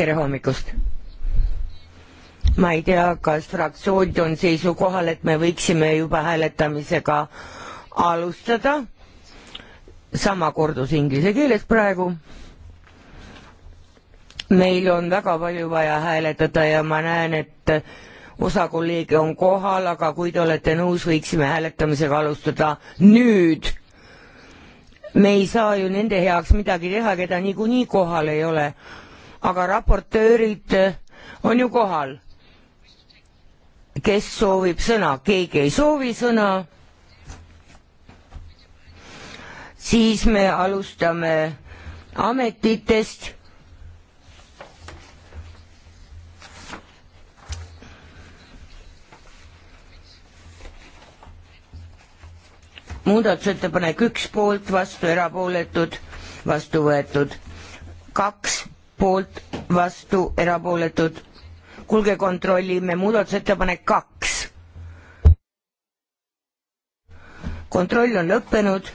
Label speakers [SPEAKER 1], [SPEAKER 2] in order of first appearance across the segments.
[SPEAKER 1] tere hommikust! ma ei tea, kas fraktsioonid on seisukohal, et me võiksime juba hääletamisega alustada. sama kordus inglise keeles praegu. meil on väga palju vaja hääletada ja ma näen, et osa kolleege on kohal, aga kui te olete nõus, võiksime hääletamisega alustada nüüd. me ei saa ju nende heaks midagi teha, keda niikuinii kohal ei ole aga raportöörid eh, on ju kohal. kes soovib sõna, keegi ei soovi sõna. siis me alustame ametitest muudatusettepanek üks poolt, vastu erapooletud, vastu võetud. kaks poolt, vastu, erapooletud. kuulge, kontrollime muudatusettepanek kaks. kontroll on lõppenud,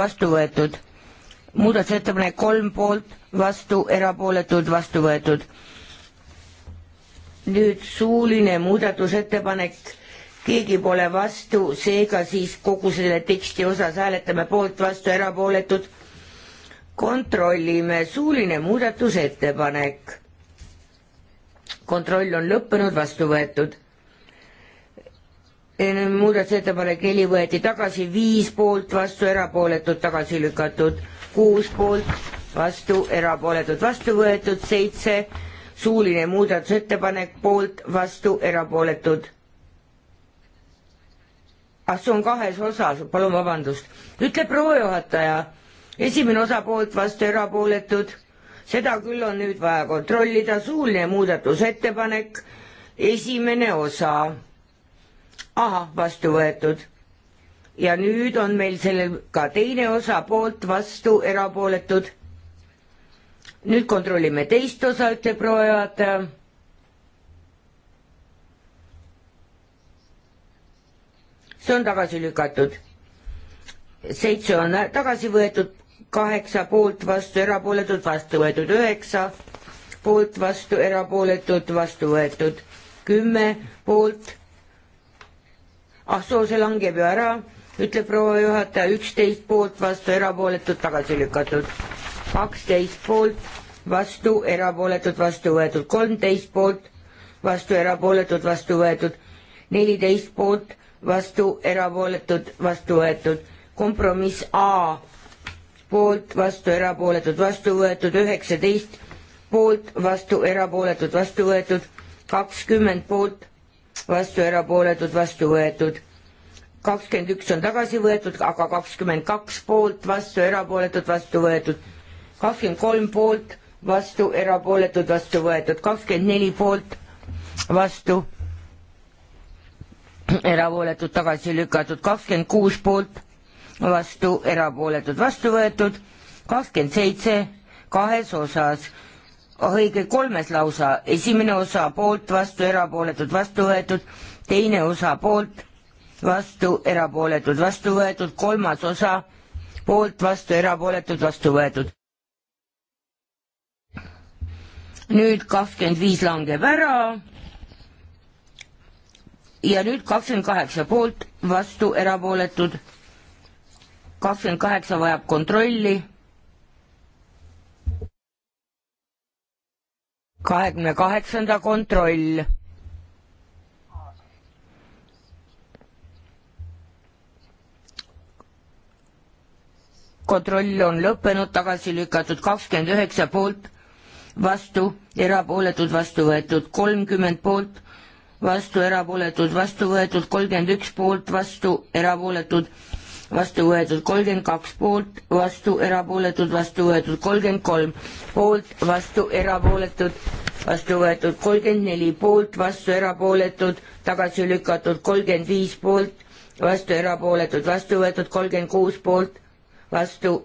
[SPEAKER 1] vastu võetud. muudatusettepanek kolm poolt, vastu, erapooletud, vastu võetud. nüüd suuline muudatusettepanek, keegi pole vastu, seega siis kogu selle teksti osas hääletame poolt, vastu, erapooletud kontrollime, suuline muudatusettepanek. kontroll on lõppenud, vastu võetud. muudatusettepanek neli võeti tagasi, viis poolt, vastu, erapooletud, tagasi lükatud, kuus poolt, vastu, erapooletud, vastu võetud, seitse, suuline muudatusettepanek, poolt, vastu, erapooletud ah, see on kahes osas, palun vabandust, ütleb proua juhataja esimene osapoolt vastu erapooletud, seda küll on nüüd vaja kontrollida, suuline muudatusettepanek, esimene osa. ahah, vastu võetud. ja nüüd on meil sellel ka teine osa poolt vastu erapooletud. nüüd kontrollime teist osa, ütleb proua juhataja see on tagasi lükatud. seitse on tagasi võetud, kaheksa poolt vastu, erapooletud, vastu võetud üheksa, poolt vastu, erapooletud, vastu võetud kümme poolt. ah soo, see langeb ju ära, ütleb proua juhataja, üksteist poolt vastu, erapooletud, tagasi lükatud, kaksteist poolt vastu, erapooletud, vastu võetud, kolmteist poolt vastu, erapooletud, vastu võetud, neliteist poolt vastu, erapooletud, vastu võetud, kompromiss A poolt, vastu, erapooletud, vastu võetud, üheksateist poolt, vastu, erapooletud, vastu võetud, kakskümmend poolt, vastu, erapooletud, vastu võetud. kakskümmend üks on tagasi võetud, aga kakskümmend kaks poolt, vastu, erapooletud, vastu võetud. kakskümmend kolm poolt, vastu, erapooletud, vastu võetud, kakskümmend neli poolt, vastu, erapooletud, tagasi lükatud, kakskümmend kuus poolt vastu erapooletud, vastu võetud kakskümmend seitse kahes osas, õige kolmes lausa, esimene osa poolt, vastu erapooletud, vastu võetud, teine osa poolt, vastu erapooletud, vastu võetud, kolmas osa poolt, vastu erapooletud, vastu võetud. nüüd kakskümmend viis langeb ära ja nüüd kakskümmend kaheksa poolt, vastu erapooletud kakskümmend kaheksa vajab kontrolli. kahekümne kaheksanda kontroll. kontroll on lõppenud, tagasi lükatud kakskümmend üheksa poolt, vastu, erapooletud, vastu võetud kolmkümmend poolt, vastu, erapooletud, vastu võetud kolmkümmend üks poolt, vastu, erapooletud vastu võetud kolmkümmend kaks poolt, vastu erapooletud, vastu võetud kolmkümmend kolm poolt, vastu erapooletud, vastu võetud kolmkümmend neli poolt, vastu erapooletud, tagasi lükatud kolmkümmend viis poolt, vastu erapooletud, vastu võetud kolmkümmend kuus poolt, vastu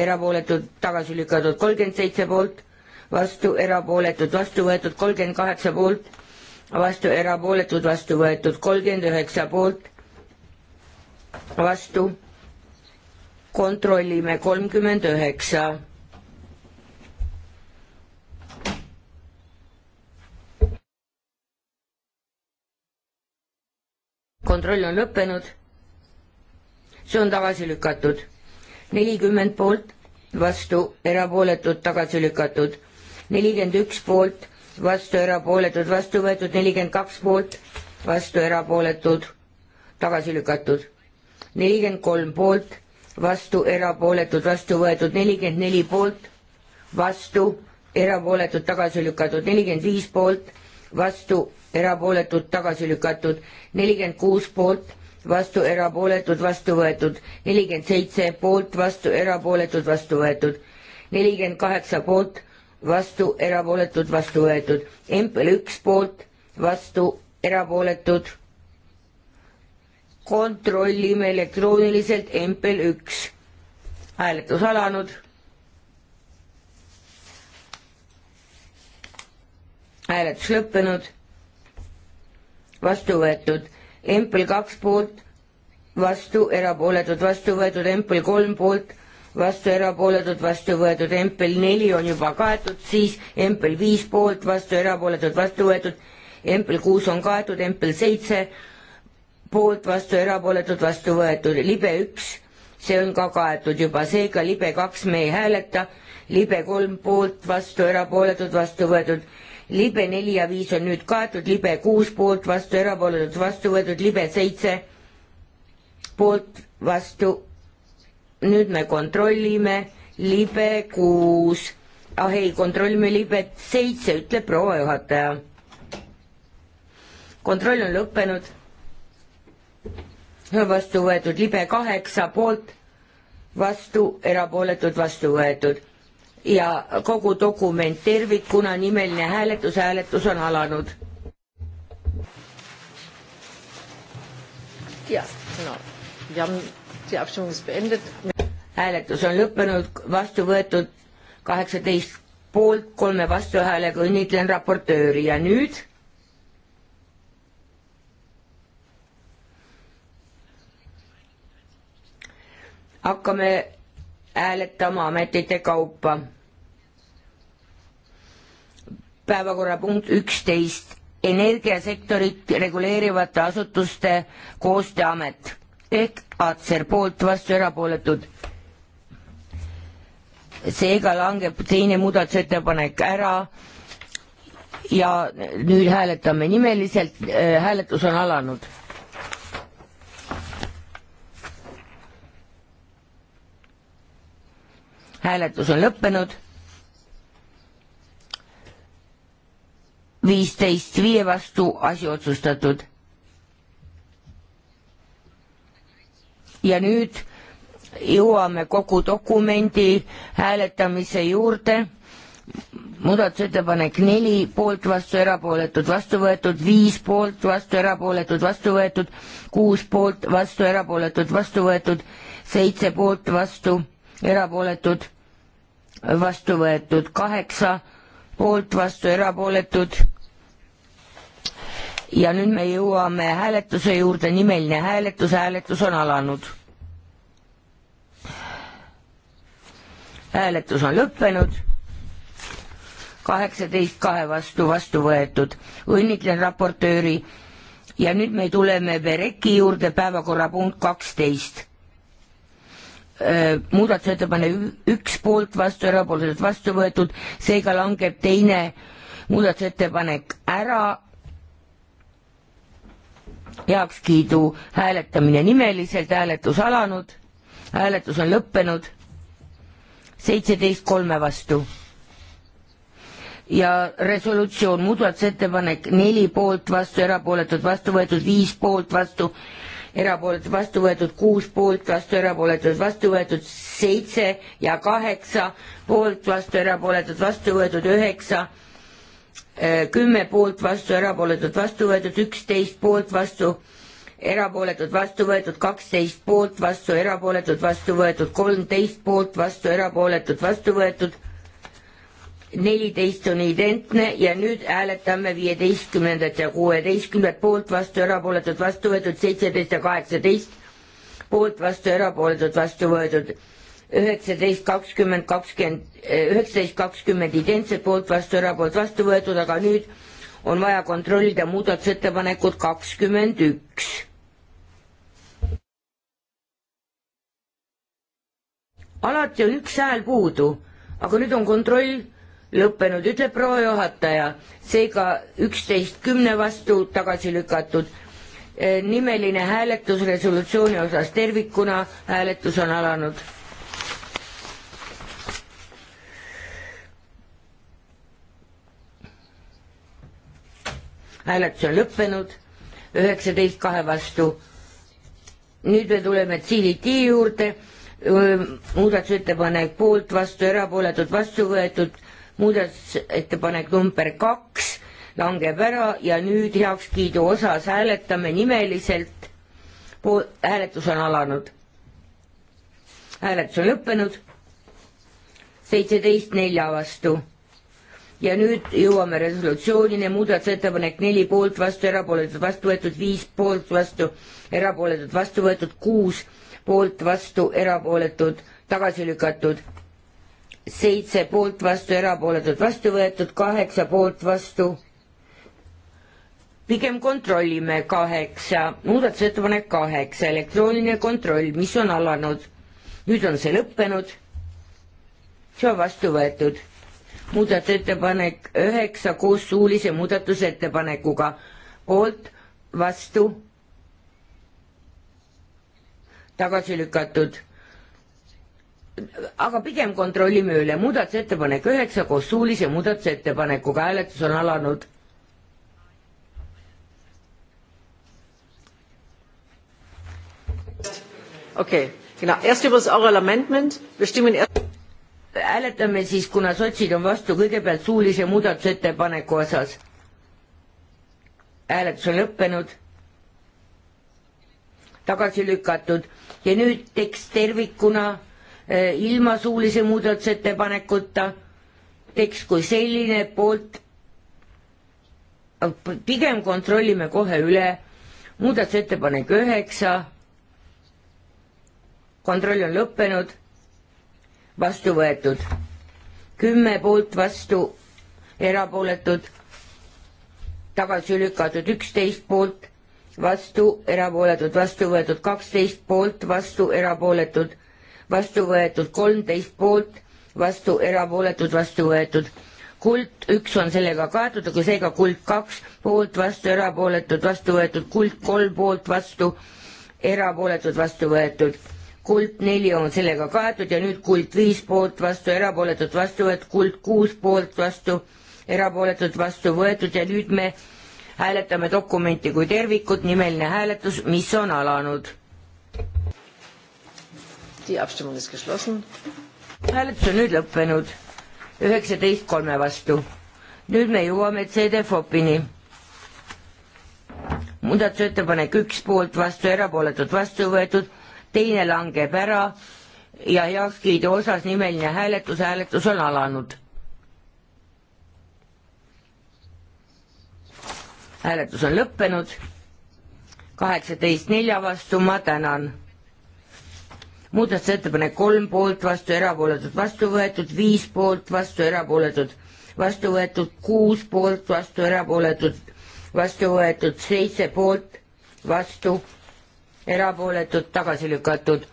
[SPEAKER 1] erapooletud, tagasi lükatud kolmkümmend seitse poolt, vastu erapooletud, vastu võetud kolmkümmend kaheksa poolt, vastu erapooletud, vastu võetud kolmkümmend üheksa poolt, vastu kontrollime, kolmkümmend üheksa. kontroll on lõppenud. see on tagasi lükatud. nelikümmend poolt, vastu, erapooletud, tagasi lükatud. nelikümmend üks poolt, vastu, erapooletud, vastu võetud, nelikümmend kaks poolt, vastu, erapooletud, tagasi lükatud. nelikümmend kolm poolt vastu, erapooletud, vastu võetud nelikümmend neli poolt, vastu, erapooletud, tagasi lükatud nelikümmend viis poolt, vastu, erapooletud, tagasi lükatud nelikümmend kuus poolt, vastu, erapooletud, vastu võetud nelikümmend seitse poolt, vastu, erapooletud, vastu võetud nelikümmend kaheksa poolt, vastu, erapooletud, vastu võetud, empel üks poolt, vastu, erapooletud kontrollime elektrooniliselt Empel üks. hääletus alanud. hääletus lõppenud. vastu võetud Empel kaks poolt, vastu erapooletud, vastu võetud Empel kolm poolt, vastu erapooletud, vastu võetud Empel neli on juba kaetud, siis Empel viis poolt, vastu erapooletud, vastu võetud Empel kuus on kaetud, Empel seitse poolt vastu, erapooletud vastu võetud, libe üks, see on ka kaetud juba, seega libe kaks me ei hääleta, libe kolm poolt vastu, erapooletud vastu võetud, libe neli ja viis on nüüd kaetud, libe kuus poolt vastu, erapooletud vastu võetud, libe seitse poolt vastu. nüüd me kontrollime libe kuus, ah ei, kontrollime libet seitse, ütleb proua juhataja. kontroll on lõppenud vastu võetud, libe kaheksa poolt vastu, erapooletud vastu võetud ja kogu dokument tervikuna, nimeline hääletus, hääletus on alanud. hääletus on lõppenud, vastu võetud kaheksateist poolt, kolme vastuhäälega õnnitlen raportööri ja nüüd hakkame hääletama ametite kaupa. päevakorrapunkt üksteist, energiasektorit reguleerivate asutuste koostööamet ehk Atser poolt vastu erapooletud. seega langeb teine muudatusettepanek ära ja nüüd hääletame nimeliselt, äh, hääletus on alanud hääletus on lõppenud. viisteist viie vastu asi otsustatud. ja nüüd jõuame kogu dokumendi hääletamise juurde. muudatusettepanek neli poolt vastu, erapooletud vastu võetud, viis poolt vastu, erapooletud vastu võetud, kuus poolt vastu, erapooletud vastu võetud, seitse poolt vastu erapooletud, vastu võetud kaheksa, poolt, vastu, erapooletud. ja nüüd me jõuame hääletuse juurde, nimeline hääletus, hääletus on alanud. hääletus on lõppenud, kaheksateist kahe vastu, vastu võetud, õnnitlen raportööri ja nüüd me tuleme Vereki juurde, päevakorrapunkt kaksteist Äh, muudatusettepanek üks poolt vastu, erapooletult vastu võetud, seega langeb teine muudatusettepanek ära. heakskiidu hääletamine nimeliselt, hääletus alanud, hääletus on lõppenud, seitseteist kolme vastu. ja resolutsioon, muudatusettepanek neli poolt vastu, erapooletult vastu võetud, viis poolt vastu erapooletud vastu võetud kuus poolt, vastu erapooletud vastu võetud seitse ja kaheksa poolt, vastu erapooletud vastu võetud üheksa äh, kümme poolt vastu, erapooletud vastu võetud, üksteist poolt vastu, erapooletud vastu võetud, kaksteist poolt vastu, erapooletud vastu võetud, kolmteist poolt vastu, erapooletud vastu võetud neliteist on identne ja nüüd hääletame viieteistkümnendat ja kuueteistkümnendat poolt, vastu, erapooletud, vastu võetud, seitseteist ja kaheksateist poolt, vastu, erapooletud, vastu võetud, üheksateist, kakskümmend, kakskümmend, eh, üheksateist, kakskümmend identsed poolt, vastu, erapoolt, vastu võetud, aga nüüd on vaja kontrollida muudatusettepanekut kakskümmend üks. alati on üks hääl puudu, aga nüüd on kontroll lõppenud, ütleb proua juhataja, seega üksteist kümne vastu tagasi lükatud. E, nimeline hääletus resolutsiooni osas tervikuna, hääletus on alanud. hääletus on lõppenud, üheksateist kahe vastu. nüüd me tuleme Tsiliti juurde, muudatusettepanek poolt, vastu, erapooletud, vastu võetud muudatusettepanek number kaks langeb ära ja nüüd heakskiidu osas hääletame nimeliselt. hääletus on alanud. hääletus on lõppenud. seitseteist nelja vastu. ja nüüd jõuame resolutsioonini, muudatusettepanek neli poolt vastu, erapooletud vastu võetud, viis poolt vastu, erapooletud vastu võetud, kuus poolt vastu, erapooletud tagasi lükatud seitse poolt vastu, erapooletud vastu võetud, kaheksa poolt vastu. pigem kontrollime kaheksa, muudatusettepanek kaheksa, elektrooniline kontroll, mis on alanud. nüüd on see lõppenud. see on vastu võetud. muudatusettepanek üheksa koos suulise muudatusettepanekuga, poolt, vastu, tagasi lükatud aga pigem kontrollime üle, muudatusettepanek üheksa koos suulise muudatusettepanekuga, hääletus on alanud. okei okay., genau, erst über das oral amendment, bestimmen erst hääletame siis, kuna sotsid on vastu, kõigepealt suulise muudatusettepaneku osas. hääletus on lõppenud, tagasi lükatud ja nüüd tekst tervikuna Eh, ilma suulise muudatusettepanekuta, tekst kui selline poolt, pigem kontrollime kohe üle, muudatusettepanek üheksa, kontroll on lõppenud, vastu võetud, kümme poolt vastu, erapooletud, tagasi lükatud üksteist poolt, vastu, erapooletud, vastu võetud kaksteist poolt, vastu, erapooletud vastu võetud, kolmteist poolt, vastu erapooletud, vastu võetud. kuld üks on sellega kaetud, aga seega kuld kaks poolt, vastu erapooletud, vastu võetud, kuld kolm poolt, vastu erapooletud, vastu võetud. kuld neli on sellega kaetud ja nüüd kuld viis poolt, vastu erapooletud, vastu võetud, kuld kuus poolt, vastu erapooletud, vastu võetud ja nüüd me hääletame dokumenti kui tervikut, nimeline hääletus, mis on alanud hääletus on nüüd lõppenud, üheksateist kolme vastu. nüüd me jõuame CD-FOP-ini. muudatusettepanek üks poolt vastu, erapooletud vastu võetud, teine langeb ära ja heakskiidu osas nimeline hääletus, hääletus on alanud. hääletus on lõppenud, kaheksateist nelja vastu, ma tänan muudatusettepanek kolm poolt, vastu erapooletud, vastu võetud, viis poolt, vastu erapooletud, vastu võetud, kuus poolt, vastu erapooletud, vastu võetud, seitse poolt, vastu erapooletud, tagasi lükatud,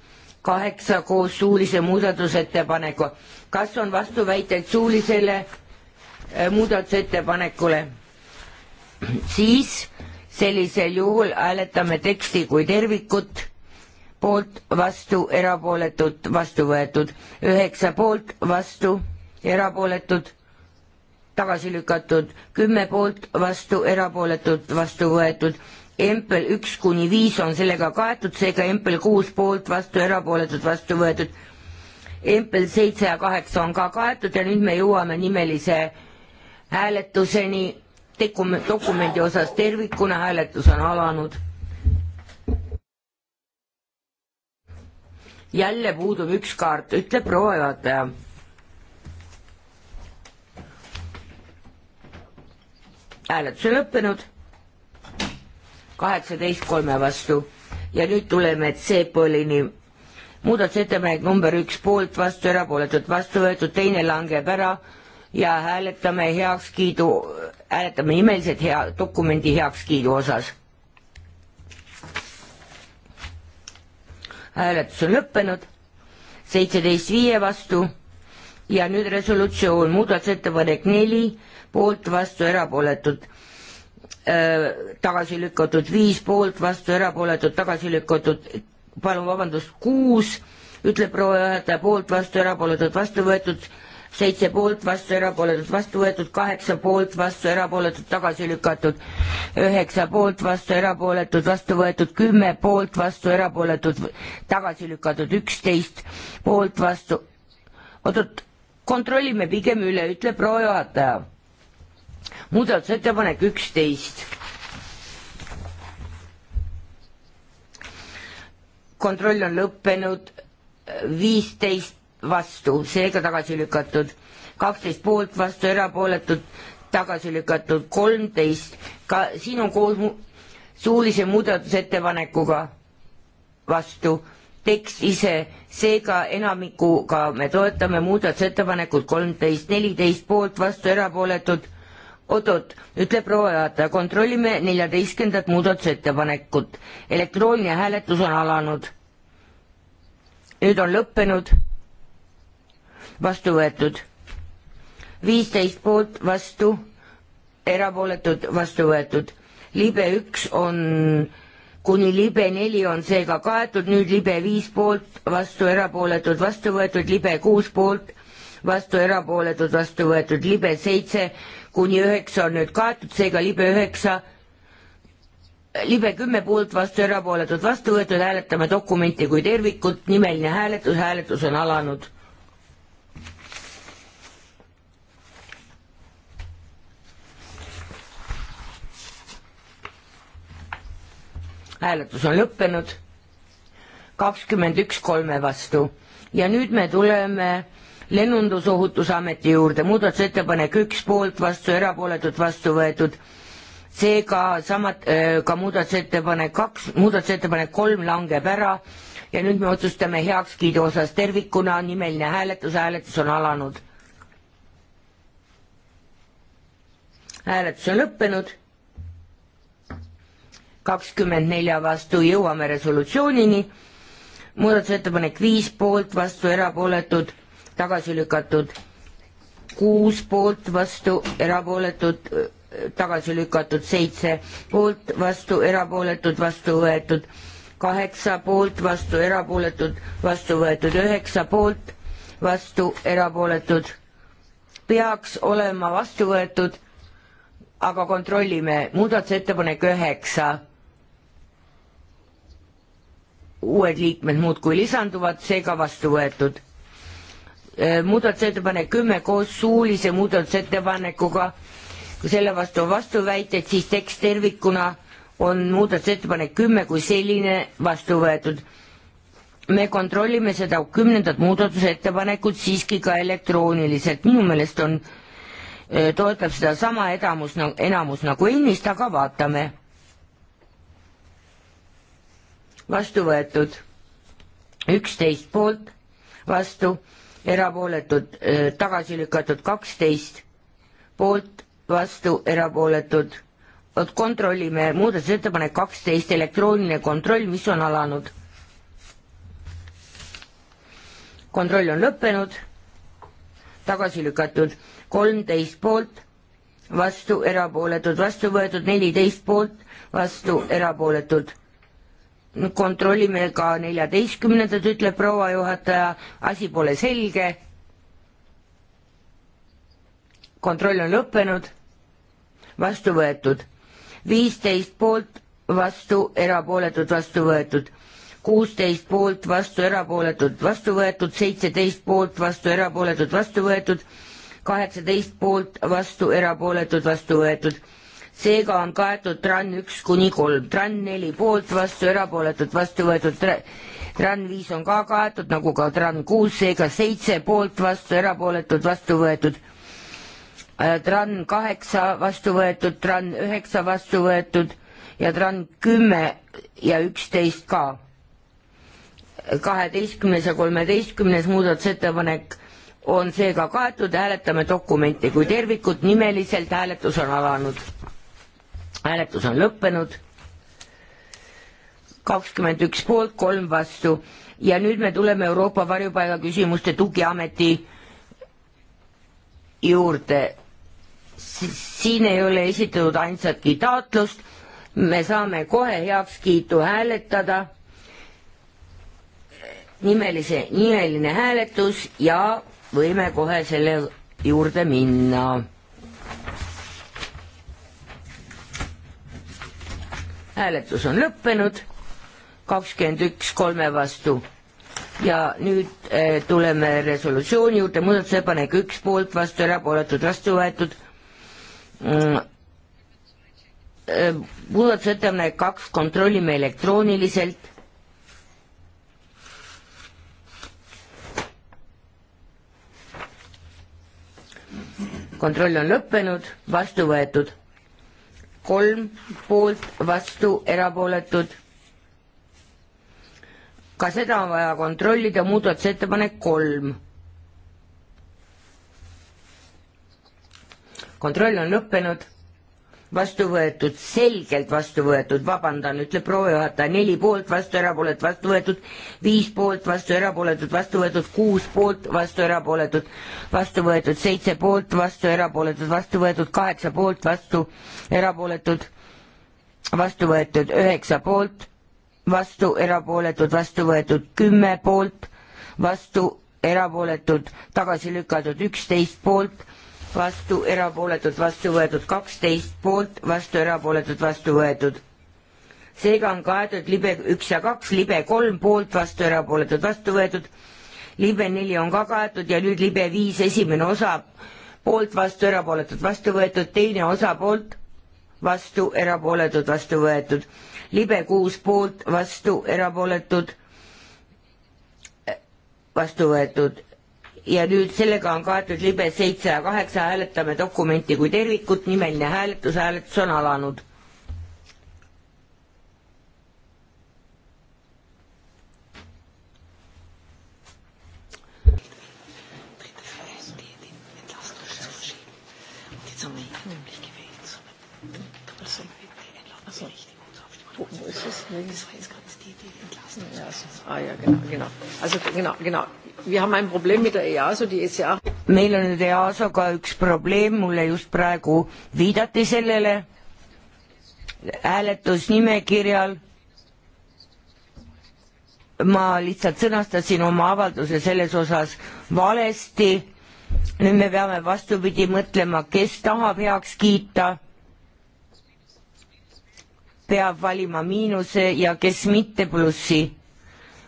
[SPEAKER 1] kaheksa koos suulise muudatusettepaneku. kas on vastuväiteid suulisele äh, muudatusettepanekule? siis sellisel juhul hääletame teksti kui tervikut poolt, vastu, erapooletud, vastu võetud, üheksa poolt, vastu, erapooletud, tagasi lükatud, kümme poolt, vastu, erapooletud, vastu võetud, empel üks kuni viis on sellega kaetud, seega empel kuus poolt, vastu, erapooletud, vastu võetud, empel seitse ja kaheksa on ka kaetud ja nüüd me jõuame nimelise hääletuseni, dokumendi osas tervikuna hääletus on alanud jälle puudub üks kaart, ütleb proua juhataja. hääletus on lõppenud, kaheksateist kolme vastu ja nüüd tuleme C-poolini. muudatusettepanek number üks poolt vastu, erapooletult vastu võetud, teine langeb ära ja hääletame heakskiidu, hääletame nimeliselt hea, dokumendi heakskiidu osas hääletus on lõppenud, seitseteist viie vastu ja nüüd resolutsioon, muudatusettepanek neli, poolt, vastu, erapooletud äh, tagasi lükatud viis poolt, vastu erapooletud, tagasi lükatud, palun vabandust, kuus, ütleb proua juhataja, poolt, vastu, erapooletud, vastu võetud seitse poolt, vastu erapooletud, vastu võetud, kaheksa poolt, vastu erapooletud, tagasi lükatud, üheksa poolt, vastu erapooletud, vastu võetud, kümme poolt, vastu erapooletud, tagasi lükatud, üksteist poolt, vastu, oot-oot, kontrollime pigem üle, ütleb proua juhataja. muudatusettepanek üksteist. kontroll on lõppenud, viisteist vastu, seega tagasi lükatud. kaksteist poolt vastu, erapooletud, tagasi lükatud, kolmteist, ka siin on koos mu suulise muudatusettepanekuga vastu tekst ise, seega enamikuga me toetame muudatusettepanekut kolmteist, neliteist poolt vastu, erapooletud. oot-oot, ütleb proua juhataja, kontrollime neljateistkümnendat muudatusettepanekut. elektrooniline hääletus on alanud. nüüd on lõppenud vastu võetud. viisteist poolt vastu, erapooletud vastu võetud. libe üks on kuni libe neli on seega kaetud, nüüd libe viis poolt vastu, erapooletud vastu võetud, libe kuus poolt vastu, erapooletud vastu võetud, libe seitse kuni üheksa on nüüd kaetud, seega libe üheksa libe kümme poolt vastu, erapooletud vastu võetud, hääletame dokumenti kui tervikut, nimeline hääletus, hääletus on alanud hääletus on lõppenud, kakskümmend üks kolme vastu ja nüüd me tuleme lennundusohutusameti juurde, muudatusettepanek üks poolt vastu, erapooletult vastu võetud, seega samad, äh, ka muudatusettepanek kaks, muudatusettepanek kolm langeb ära ja nüüd me otsustame heakskiidu osas tervikuna, nimeline hääletus, hääletus on alanud. hääletus on lõppenud kakskümmend nelja vastu, jõuame resolutsioonini. muudatusettepanek viis poolt, vastu erapooletud, tagasi lükatud. kuus poolt, vastu erapooletud, tagasi lükatud, seitse poolt, vastu erapooletud, vastu võetud kaheksa poolt, vastu erapooletud, vastu võetud üheksa poolt, vastu erapooletud. peaks olema vastu võetud, aga kontrollime, muudatusettepanek üheksa uued liikmed muudkui lisanduvad, seega vastu võetud. Äh, muudatusettepanek kümme koos suulise muudatusettepanekuga, kui selle vastu on vastuväited, siis tekst tervikuna on muudatusettepanek kümme kui selline vastu võetud. me kontrollime seda kümnendat muudatusettepanekut siiski ka elektrooniliselt, minu meelest on, äh, toetab sedasama enamus, nagu, enamus nagu ennist, aga vaatame vastu võetud üksteist poolt, vastu, erapooletud äh,, tagasi lükatud kaksteist poolt, vastu, erapooletud. vot kontrollime muudatusettepanek kaksteist, elektrooniline kontroll, mis on alanud. kontroll on lõppenud, tagasi lükatud kolmteist poolt, vastu, erapooletud, vastu võetud neliteist poolt, vastu, erapooletud kontrollime ka neljateistkümnendat, ütleb proua juhataja, asi pole selge. kontroll on lõppenud, vastu võetud, viisteist poolt, vastu, erapooletud, vastu võetud kuusteist poolt, vastu erapooletud, vastu võetud, seitseteist poolt, vastu erapooletud, vastu võetud, kaheksateist poolt, vastu erapooletud, vastu võetud seega on kaetud TRAN üks kuni kolm, TRAN neli poolt vastu, erapooletult vastu võetud, TRAN viis on ka kaetud, nagu ka TRAN kuus, seega seitse poolt vastu, erapooletult vastu võetud äh, TRAN kaheksa vastu võetud, TRAN üheksa vastu võetud ja TRAN kümme ja üksteist ka. kaheteistkümnes ja kolmeteistkümnes muudatusettepanek on seega kaetud, hääletame dokumenti kui tervikut, nimeliselt hääletus on alanud hääletus on lõppenud, kakskümmend üks poolt, kolm vastu ja nüüd me tuleme Euroopa Varjupaigaküsimuste Tugiameti juurde. siin ei ole esitatud ainsatki taotlust, me saame kohe heakskiitu hääletada, nimelise, nimeline hääletus ja võime kohe selle juurde minna hääletus on lõppenud, kakskümmend üks kolme vastu. ja nüüd äh, tuleme resolutsiooni juurde, muudatusettepanek üks poolt vastu, erapooletud vastu võetud mm.. Eh, muudatusettepanek kaks, kontrollime elektrooniliselt kontroll on lõppenud, vastu võetud kolm poolt, vastu, erapooletud. ka seda on vaja kontrollida, muudatusettepanek kolm. kontroll on lõppenud vastu võetud, selgelt vastu võetud, vabandan, ütleb proua juhataja, neli poolt, vastu erapooletud, vastu võetud, viis poolt, vastu erapooletud, vastu võetud, kuus poolt, vastu erapooletud, vastu võetud, seitse poolt, vastu erapooletud, vastu võetud, kaheksa poolt, vastu erapooletud, vastu võetud, üheksa poolt, vastu erapooletud, vastu võetud, kümme poolt, vastu erapooletud, tagasi lükatud, üksteist poolt vastu, erapooletud, vastu võetud kaksteist poolt, vastu erapooletud, vastu võetud. seega on kaetud libe üks ja kaks, libe kolm poolt, vastu erapooletud, vastu võetud, libe neli on ka kaetud ja nüüd libe viis, esimene osa poolt, vastu erapooletud, vastu võetud, teine osa poolt, vastu erapooletud, vastu võetud, libe kuus poolt, vastu erapooletud, vastu võetud ja nüüd sellega on kaetud libe seitse ja kaheksa, hääletame dokumenti kui tervikut, nimeline hääletus, hääletus on alanud.
[SPEAKER 2] Das war Ah ja, genau, genau. Also genau, genau. Wir haben ein Problem mit der
[SPEAKER 1] EASO, die ECA. meil on nüüd EASO-ga üks probleem, mulle just praegu viidati sellele hääletusnimekirjal. ma lihtsalt sõnastasin oma avalduse selles osas valesti. nüüd me peame vastupidi mõtlema, kes tahab heaks kiita peab valima miinuse ja kes mitte plussi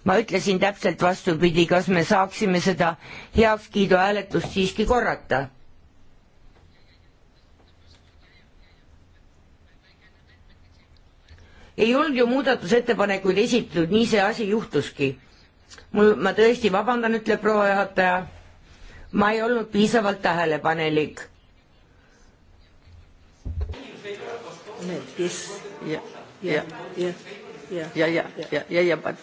[SPEAKER 1] ma ütlesin täpselt vastupidi, kas me saaksime seda heakskiidu hääletust siiski korrata? ei olnud ju muudatusettepanekuid esitatud, nii see asi juhtuski. mul, ma tõesti vabandan, ütleb proua juhataja, ma ei olnud piisavalt tähelepanelik. Need, kes, jah, jah, jah. Yeah. Yeah, yeah,
[SPEAKER 2] yeah, yeah, yeah, yeah but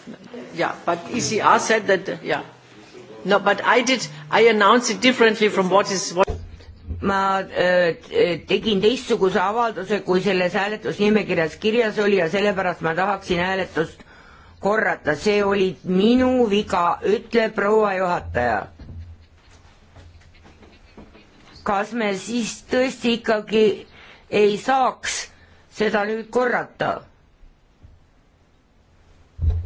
[SPEAKER 2] yeah, but ECR said that uh, yeah. No, but I did.
[SPEAKER 1] I announced it differently from what is what. ma öö, äh, äh, tegin teistsuguse avalduse, kui selles hääletusnimekirjas kirjas oli ja sellepärast ma tahaksin hääletust korrata, see oli minu viga, ütleb proua juhataja. kas me siis tõesti ikkagi ei saaks seda nüüd korrata?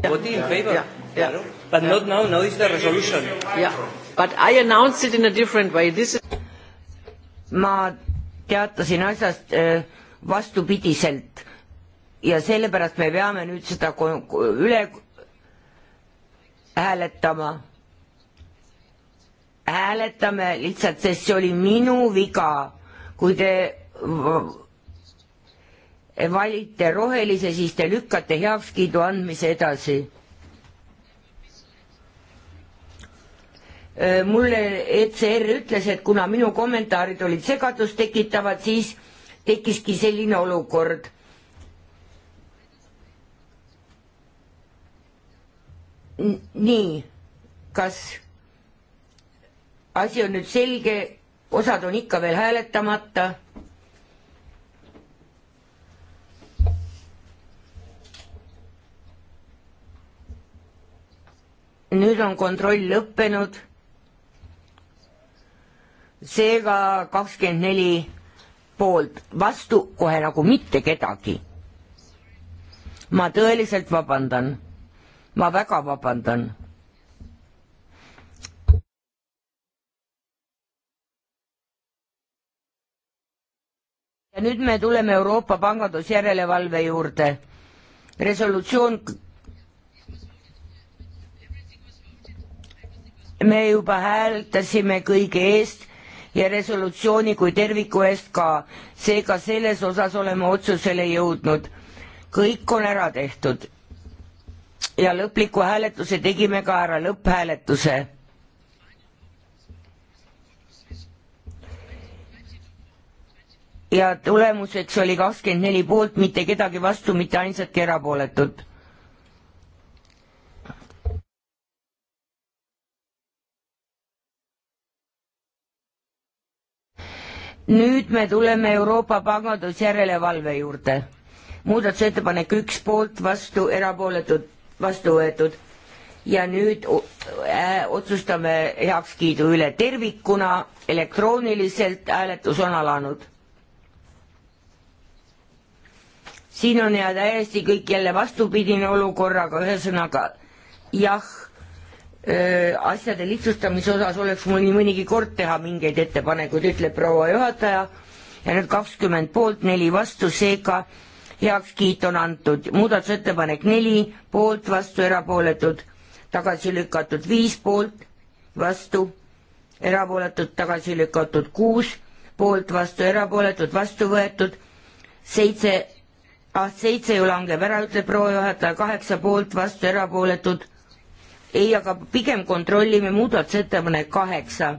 [SPEAKER 2] Voting in favor? Yeah. yeah. yeah. But yeah. not now, now is the resolution. Yeah. But I announced it in a different way. This is...
[SPEAKER 1] ma teatasin asjast äh, vastupidiselt ja sellepärast me peame nüüd seda üle hääletama. hääletame lihtsalt, sest see oli minu viga, kui te valite rohelise, siis te lükkate heakskiidu andmise edasi. Äh, mulle ECR ütles, et kuna minu kommentaarid olid segadust tekitavad, siis tekkiski selline olukord. nii, kas asi on nüüd selge, osad on ikka veel hääletamata nüüd on kontroll lõppenud. seega kakskümmend neli poolt, vastu kohe nagu mitte kedagi. ma tõeliselt vabandan, ma väga vabandan. ja nüüd me tuleme Euroopa pangandusjärelevalve juurde. resolutsioon me juba hääletasime kõige eest ja resolutsiooni kui terviku eest ka, seega selles osas oleme otsusele jõudnud. kõik on ära tehtud. ja lõpliku hääletuse tegime ka ära, lõpphääletuse. ja tulemuseks oli kakskümmend neli poolt, mitte kedagi vastu, mitte ainsatki erapooletut nüüd me tuleme Euroopa pangandusjärelevalve juurde. muudatusettepanek üks poolt, vastu, erapooletud, vastu võetud ja nüüd äh, otsustame heakskiidu üle tervikuna, elektrooniliselt hääletus on alanud. siin on ja täiesti kõik jälle vastupidine olukorraga, ühesõnaga jah Äh, asjade lihtsustamise osas oleks mul nii mõnigi kord teha mingeid ettepanekuid, ütleb proua juhataja. ja nüüd kakskümmend poolt, neli vastu, seega heakskiit on antud. muudatusettepanek neli, poolt, vastu, erapooletud, tagasi lükatud, viis poolt, vastu, erapooletud, tagasi lükatud, kuus poolt, vastu, erapooletud, vastu võetud, seitse, ah seitse ju langeb ära, ütleb proua juhataja, kaheksa poolt, vastu, erapooletud ei, aga pigem kontrollime muudatusettepanek kaheksa.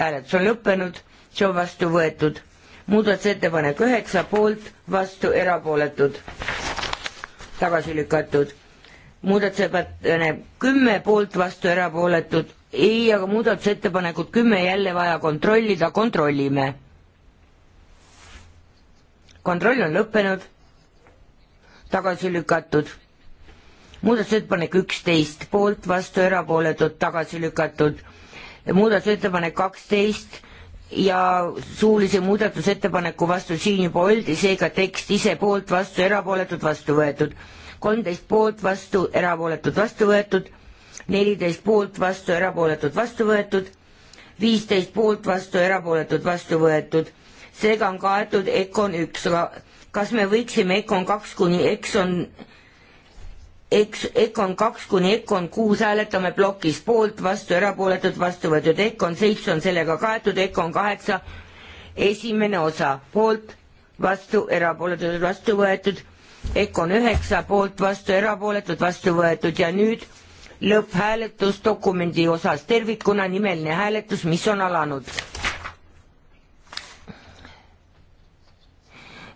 [SPEAKER 1] hääletus on lõppenud, see on vastu võetud. muudatusettepanek üheksa poolt, vastu erapooletud, tagasi lükatud. muudatusettepanek kümme poolt, vastu erapooletud, ei, aga muudatusettepanekud kümme jälle vaja kontrollida, kontrollime. kontroll on lõppenud tagasi lükatud. muudatusettepanek üksteist, poolt, vastu, erapooletud, tagasi lükatud. muudatusettepanek kaksteist ja suulise muudatusettepaneku vastu siin juba oldi, seega tekst ise poolt, vastu, erapooletud, vastu võetud. kolmteist poolt, vastu, erapooletud, vastu võetud. neliteist poolt, vastu, erapooletud, vastu võetud. viisteist poolt, vastu, erapooletud, vastu võetud. seega on kaetud EKOn üks, aga kas me võiksime EKOn kaks kuni EKSON, EKS, EKOn kaks kuni EKOn kuus hääletame plokis poolt, vastu erapooletud, vastu võetud, EKOn seitse on sellega kaetud, EKOn kaheksa esimene osa poolt, vastu erapooletud, vastu võetud, EKOn üheksa poolt, vastu erapooletud, vastu võetud ja nüüd lõpphääletus dokumendi osas tervikuna, nimeline hääletus, mis on alanud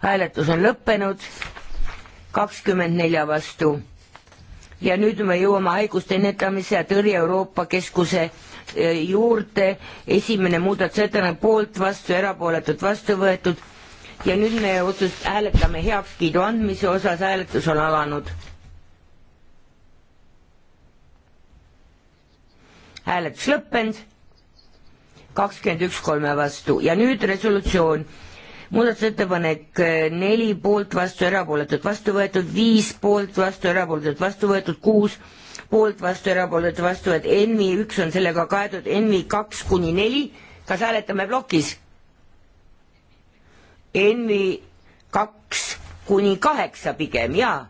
[SPEAKER 1] hääletus on lõppenud, kakskümmend nelja vastu. ja nüüd me jõuame haiguste ennetamise ja tõrje Euroopa Keskuse e, juurde, esimene muudatusettepanek poolt, vastu, erapooletult vastu võetud ja nüüd me otsust-, hääletame heakskiidu andmise osas, hääletus on alanud. hääletus lõppenud, kakskümmend üks kolme vastu ja nüüd resolutsioon muudatusettepanek äh, neli poolt, vastu, erapooletud, vastu võetud, viis poolt, vastu, erapooletud, vastu võetud, kuus poolt, vastu, erapooletud, vastu võetud, NV üks on sellega kaetud, NV kaks kuni neli, kas hääletame plokis? NV kaks kuni kaheksa pigem, jaa.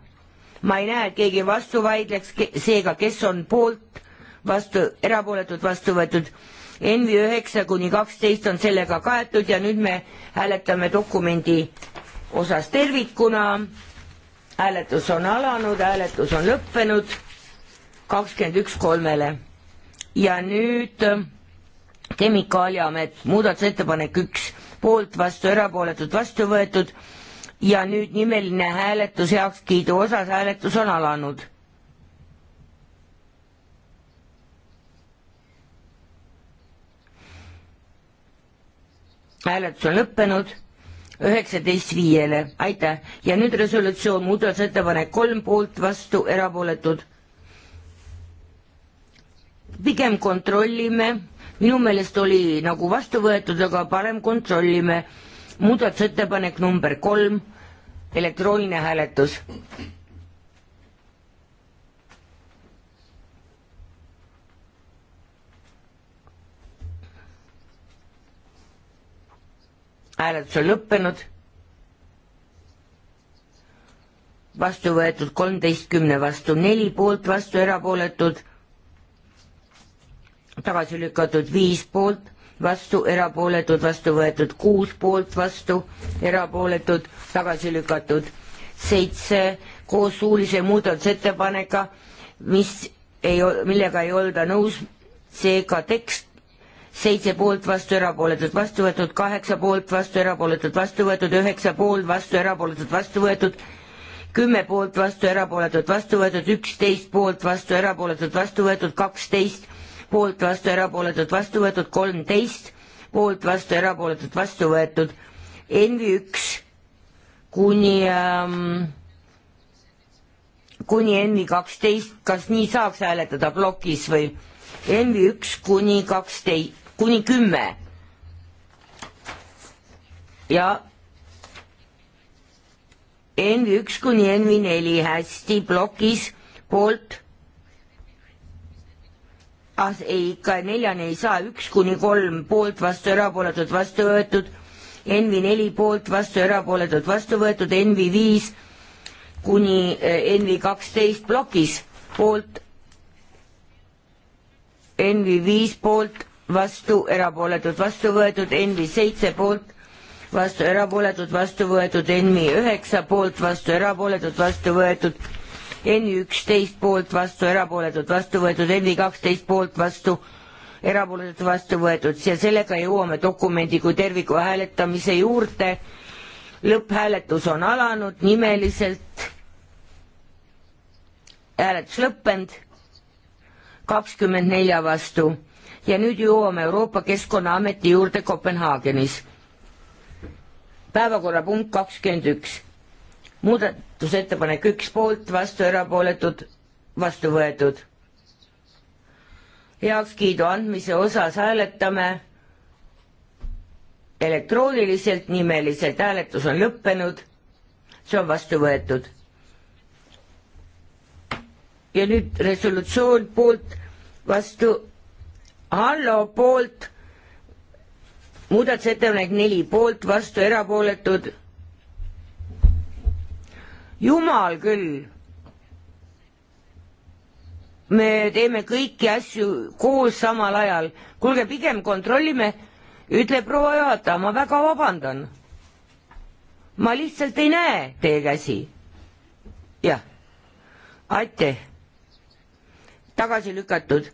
[SPEAKER 1] ma ei näe, et keegi vastu vaidleks ke, seega kes on poolt, vastu, erapooletud, vastu võetud NV üheksa kuni kaksteist on sellega kaetud ja nüüd me hääletame dokumendi osas tervikuna. hääletus on alanud, hääletus on lõppenud kakskümmend üks kolmele ja nüüd äh, Kemikaaliamet, muudatusettepanek üks, poolt, vastu, erapooletud, vastu võetud ja nüüd nimeline hääletus heakskiidu osas, hääletus on alanud hääletus on lõppenud, üheksateist viiele, aitäh. ja nüüd resolutsioon, muudatusettepanek kolm poolt, vastu, erapooletud. pigem kontrollime, minu meelest oli nagu vastu võetud, aga parem kontrollime. muudatusettepanek number kolm, elektrooniline hääletus hääletus on lõppenud. vastu võetud kolmteist kümne vastu, neli poolt vastu, erapooletud. tagasi lükatud viis poolt vastu, erapooletud, vastu võetud kuus poolt vastu, erapooletud, tagasi lükatud seitse koos suulise muudatusettepaneka, mis ei, millega ei olda nõus, seega tekst seitse poolt, vastu, erapooletud, vastu võetud, kaheksa poolt, vastu, erapooletud, vastu võetud, üheksa poolt, vastu, erapooletud, vastu võetud, kümme poolt, vastu, erapooletud, vastu võetud, üksteist poolt, vastu, erapooletud, vastu võetud, kaksteist poolt, vastu, erapooletud, vastu võetud, kolmteist poolt, vastu, erapooletud, vastu võetud, Envi üks kuni ähm, kuni Envi kaksteist, kas nii saaks hääletada plokis või Envi üks kuni kaksteist, kuni kümme. ja NV üks kuni NV neli hästi plokis poolt. ah ei, ikka neljani ei saa, üks kuni kolm poolt, vastu erapooletud, vastu võetud. NV neli poolt, vastu erapooletud, vastu võetud, NV viis kuni eh, NV kaksteist plokis poolt. NV viis poolt vastu, erapooletud, vastu võetud, NV seitse poolt, vastu erapooletud, vastu võetud, NV üheksa poolt, vastu erapooletud, vastu võetud, NV üksteist poolt, vastu erapooletud, vastu võetud, NV kaksteist poolt, vastu erapooletud, vastu võetud ja sellega jõuame dokumendi kui terviku hääletamise juurde. lõpphääletus on alanud nimeliselt. hääletus lõppenud, kakskümmend nelja vastu ja nüüd jõuame Euroopa Keskkonnaameti juurde Kopenhaagenis. päevakorrapunkt kakskümmend üks. muudatusettepanek üks poolt, vastu erapooletud, vastu võetud. heakskiidu andmise osas hääletame elektrooniliselt, nimeliselt, hääletus on lõppenud, see on vastu võetud. ja nüüd resolutsioon poolt vastu Allo poolt, muudatusettepanek neli poolt, vastu erapooletud. jumal küll. me teeme kõiki asju koos samal ajal. kuulge, pigem kontrollime, ütleb proua juhataja, ma väga vabandan. ma lihtsalt ei näe teie käsi. jah, aitäh. tagasi lükatud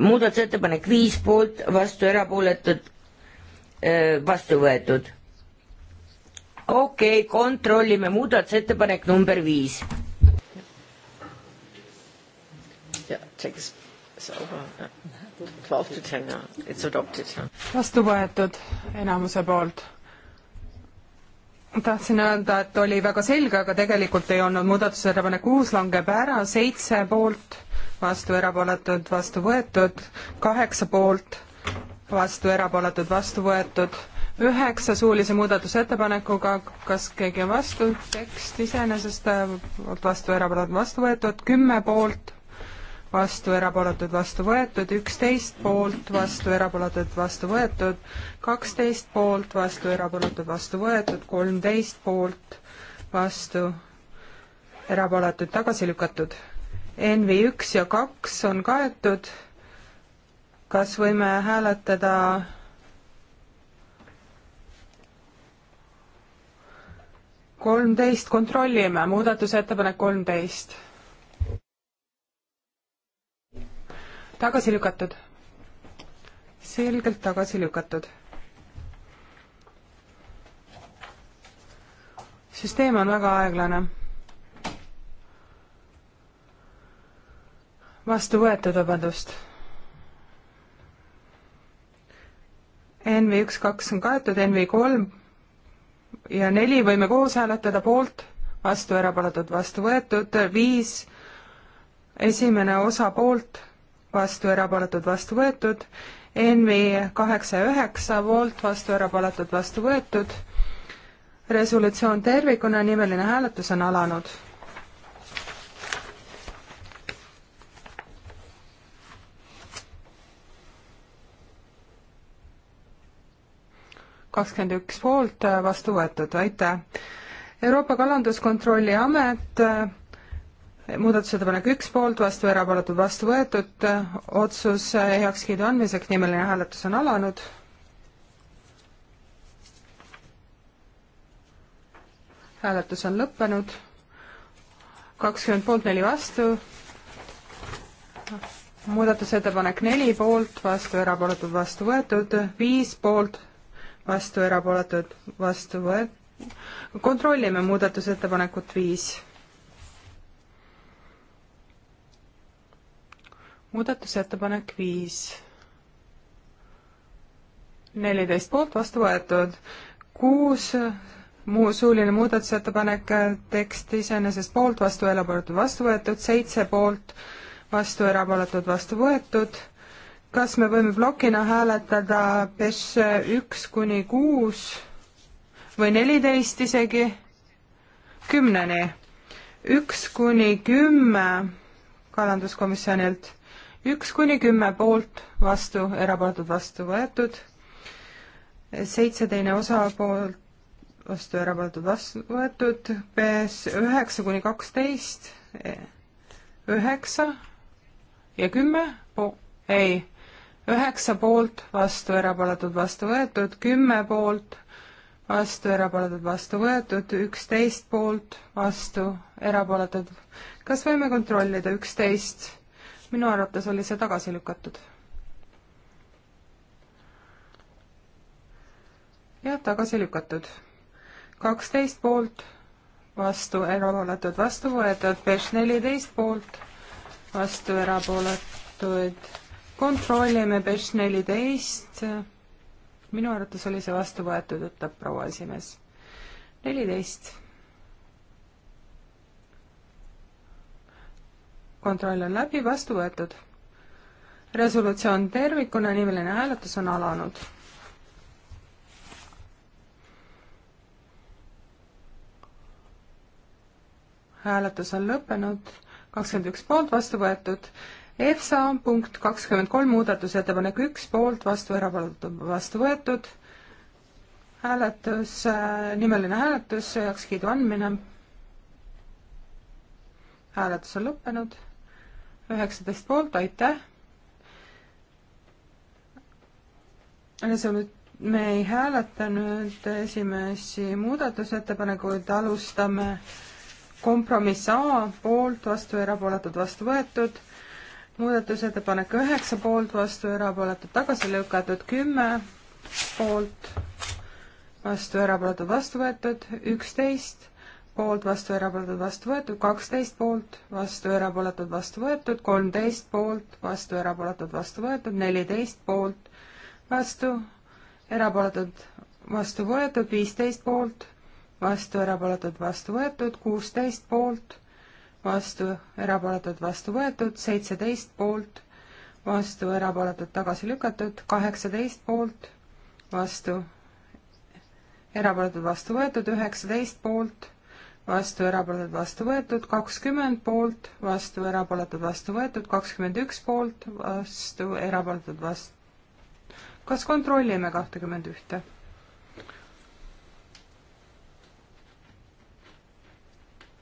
[SPEAKER 1] muudatusettepanek viis poolt, vastu erapooletud, äh, vastu võetud. okei okay,, kontrollime muudatusettepanek number viis. Uh, uh,
[SPEAKER 3] vastu võetud enamuse poolt tahtsin öelda, et oli väga selge, aga tegelikult ei olnud, muudatusettepanek kuus langeb ära, seitse poolt vastu erapooletud, vastu võetud, kaheksa poolt, vastu erapooletud, vastu võetud, üheksa suulise muudatusettepanekuga, kas keegi on vastu, tekst iseenesest äh, poolt vastu erapooletud, vastu võetud, kümme poolt, vastu erapooletud, vastu võetud, üksteist poolt, vastu erapooletud, vastu võetud, kaksteist poolt, vastu erapooletud, vastu võetud, kolmteist poolt, vastu erapooletud, tagasi lükatud NV üks ja kaks on kaetud. kas võime hääletada kolmteist, kontrollime, muudatusettepanek kolmteist. tagasi lükatud. selgelt tagasi lükatud süsteem on väga aeglane vastu võetud, vabandust. NV üks, kaks on kaetud, NV kolm ja neli võime koos hääletada poolt, vastu erapooletud, vastu võetud, viis, esimene osa poolt, vastu erapooletud, vastu võetud, NV kaheksa ja üheksa poolt, vastu erapooletud, vastu võetud, resolutsioon tervikuna, nimeline hääletus on alanud kakskümmend üks poolt, vastu võetud, aitäh. Euroopa Kalanduskontrolli Amet, muudatusettepanek üks poolt, vastu erapooletud, vastu võetud, otsus heakskiidu andmiseks, nimeline hääletus on alanud. hääletus on lõppenud, kakskümmend poolt, neli vastu muudatusettepanek neli poolt, vastu erapooletud, vastu võetud, viis poolt, vastu erapooletud, vastu võet-, kontrollime muudatusettepanekut viis. muudatusettepanek viis. neliteist poolt vastu võetud, kuus muu suuline muudatusettepanek, tekst iseenesest poolt, vastu erapooletud, vastu võetud, seitse poolt, vastu erapooletud, vastu võetud kas me võime plokina hääletada PES üks kuni kuus või neliteist isegi kümneni? üks kuni kümme kalanduskomisjonilt, üks kuni kümme poolt, vastu, erapooletud, vastu võetud, seitse teine osa poolt, vastu, erapooletud, vastu võetud, PS üheksa kuni kaksteist, üheksa ja kümme, ei, üheksa poolt, vastu, erapooletud, vastu võetud, kümme poolt, vastu, erapooletud, vastu võetud, üksteist poolt, vastu, erapooletud. kas võime kontrollida üksteist? minu arvates oli see tagasi lükatud. jah, tagasi lükatud. kaksteist poolt, vastu, erapooletud, vastu võetud, Pech neliteist poolt, vastu, erapooletuid kontrollime Pesh neliteist. minu arvates oli see vastu võetud, ütleb proua esimees. neliteist. kontroll on läbi, vastu võetud. resolutsioon tervikuna, nimeline hääletus on alanud. hääletus on lõppenud, kakskümmend üks poolt vastu võetud EFSA punkt kakskümmend kolm, muudatusettepanek üks, poolt, vastu, erapooletu, vastu võetud, hääletus, äh, nimeline hääletus, heakskiidu andmine, hääletus on lõppenud, üheksateist poolt, aitäh. see on nüüd me ei hääleta nüüd esimesi muudatusettepanekuid, alustame kompromiss A poolt, vastu erapooletud, vastu võetud, muudatusettepanek üheksa poolt, vastu erapooletud, tagasi lükatud kümme poolt, vastu erapooletud, vastu võetud üksteist, poolt, vastu erapooletud, vastu võetud kaksteist poolt, vastu erapooletud, vastu võetud kolmteist poolt, vastu erapooletud, vastu võetud neliteist poolt, vastu erapooletud, vastu võetud viisteist poolt, vastu erapooletud, vastu võetud kuusteist poolt vastu, erapooletud, vastu võetud, seitseteist poolt, vastu, erapooletud, tagasi lükatud, kaheksateist poolt, vastu, erapooletud, vastu võetud, üheksateist poolt, vastu, erapooletud, vastu võetud, kakskümmend poolt, vastu, erapooletud, vastu võetud, kakskümmend üks poolt, vastu, erapooletud, vastu. kas kontrollime kahtekümmend ühte?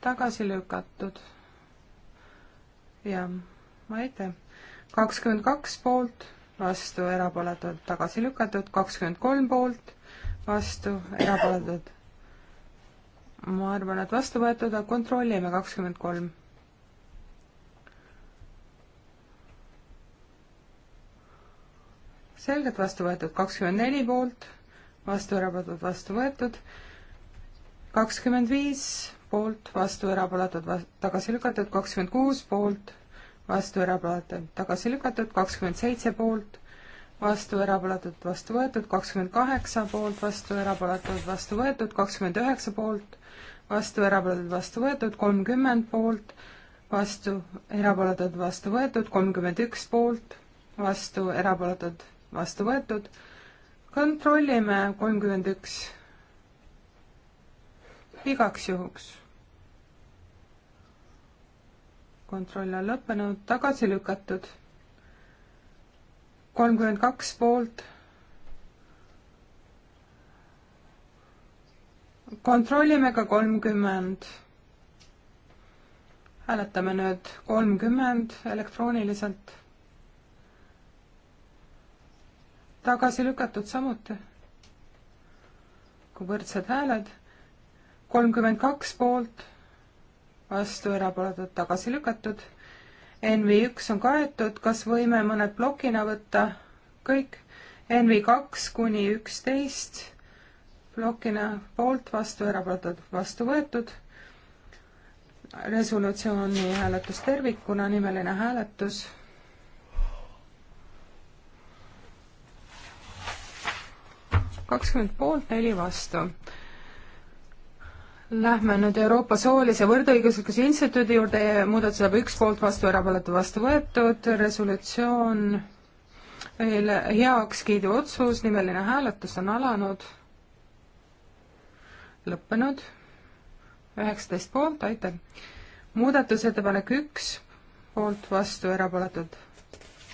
[SPEAKER 3] tagasi lükatud. jah, ma ei tea. kakskümmend kaks poolt, vastu, erapooletud, tagasi lükatud, kakskümmend kolm poolt, vastu, erapooletud. ma arvan, et vastu võetud, aga kontrollime, kakskümmend kolm. selgelt vastu võetud, kakskümmend neli poolt, vastu, erapooletud, vastu võetud, kakskümmend viis poolt, vastu, erapooletud, tagasi lükatud, kakskümmend kuus poolt, vastu, erapooletud, tagasi lükatud, kakskümmend seitse poolt, vastu, erapooletud, vastu võetud, kakskümmend kaheksa poolt, vastu, erapooletud, vastu võetud, kakskümmend üheksa poolt, vastu, erapooletud, vastu võetud, kolmkümmend poolt, vastu, erapooletud, vastu võetud, kolmkümmend üks poolt, vastu, erapooletud, vastu võetud, kontrollime kolmkümmend üks igaks juhuks. kontroll on lõppenud, tagasi lükatud. kolmkümmend kaks poolt. kontrollime ka kolmkümmend. hääletame nüüd kolmkümmend elektrooniliselt. tagasi lükatud samuti. kui võrdsed hääled kolmkümmend kaks poolt, vastu erapooletud tagasi lükatud. NV üks on kaetud, kas võime mõned plokina võtta? kõik. NV kaks kuni üksteist plokina poolt, vastu erapooletud, vastu võetud. resolutsiooni hääletus tervikuna, nimeline hääletus kakskümmend poolt, neli vastu. Lähme nüüd Euroopa Soolise Võrdõiguslikkuse Instituudi juurde, muudatus saab üks poolt vastu, erapooletu vastu võetud, resolutsioon veel heakskiidu otsus, nimeline hääletus on alanud, lõppenud, üheksateist poolt, aitäh. muudatusettepanek üks, poolt vastu, erapooletud,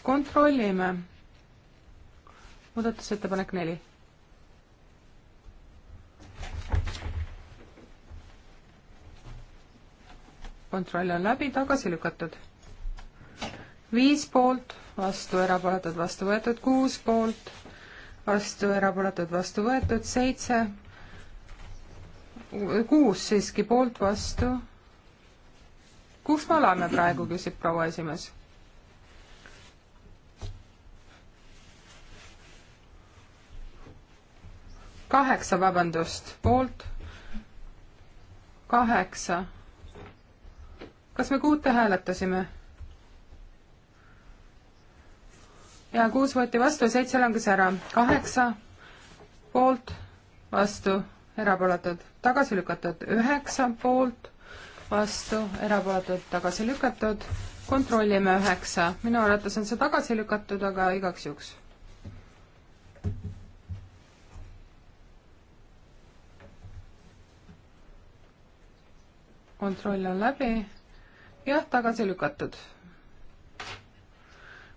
[SPEAKER 3] kontrollime. muudatusettepanek neli kontroll on läbi, tagasi lükatud. viis poolt, vastu, erapooletud, vastu võetud, kuus poolt, vastu, erapooletud, vastu võetud, seitse, kuus siiski poolt, vastu. kus me oleme praegu, küsib proua esimees kaheksa, vabandust, poolt, kaheksa, kas me kuute hääletasime? ja kuus võeti vastu, seitse langes ära, kaheksa poolt, vastu, erapooletud, tagasi lükatud, üheksa poolt, vastu, erapooletud, tagasi lükatud, kontrollime üheksa, minu arvates on see tagasi lükatud, aga igaks juhuks. kontroll on läbi jah, tagasi lükatud.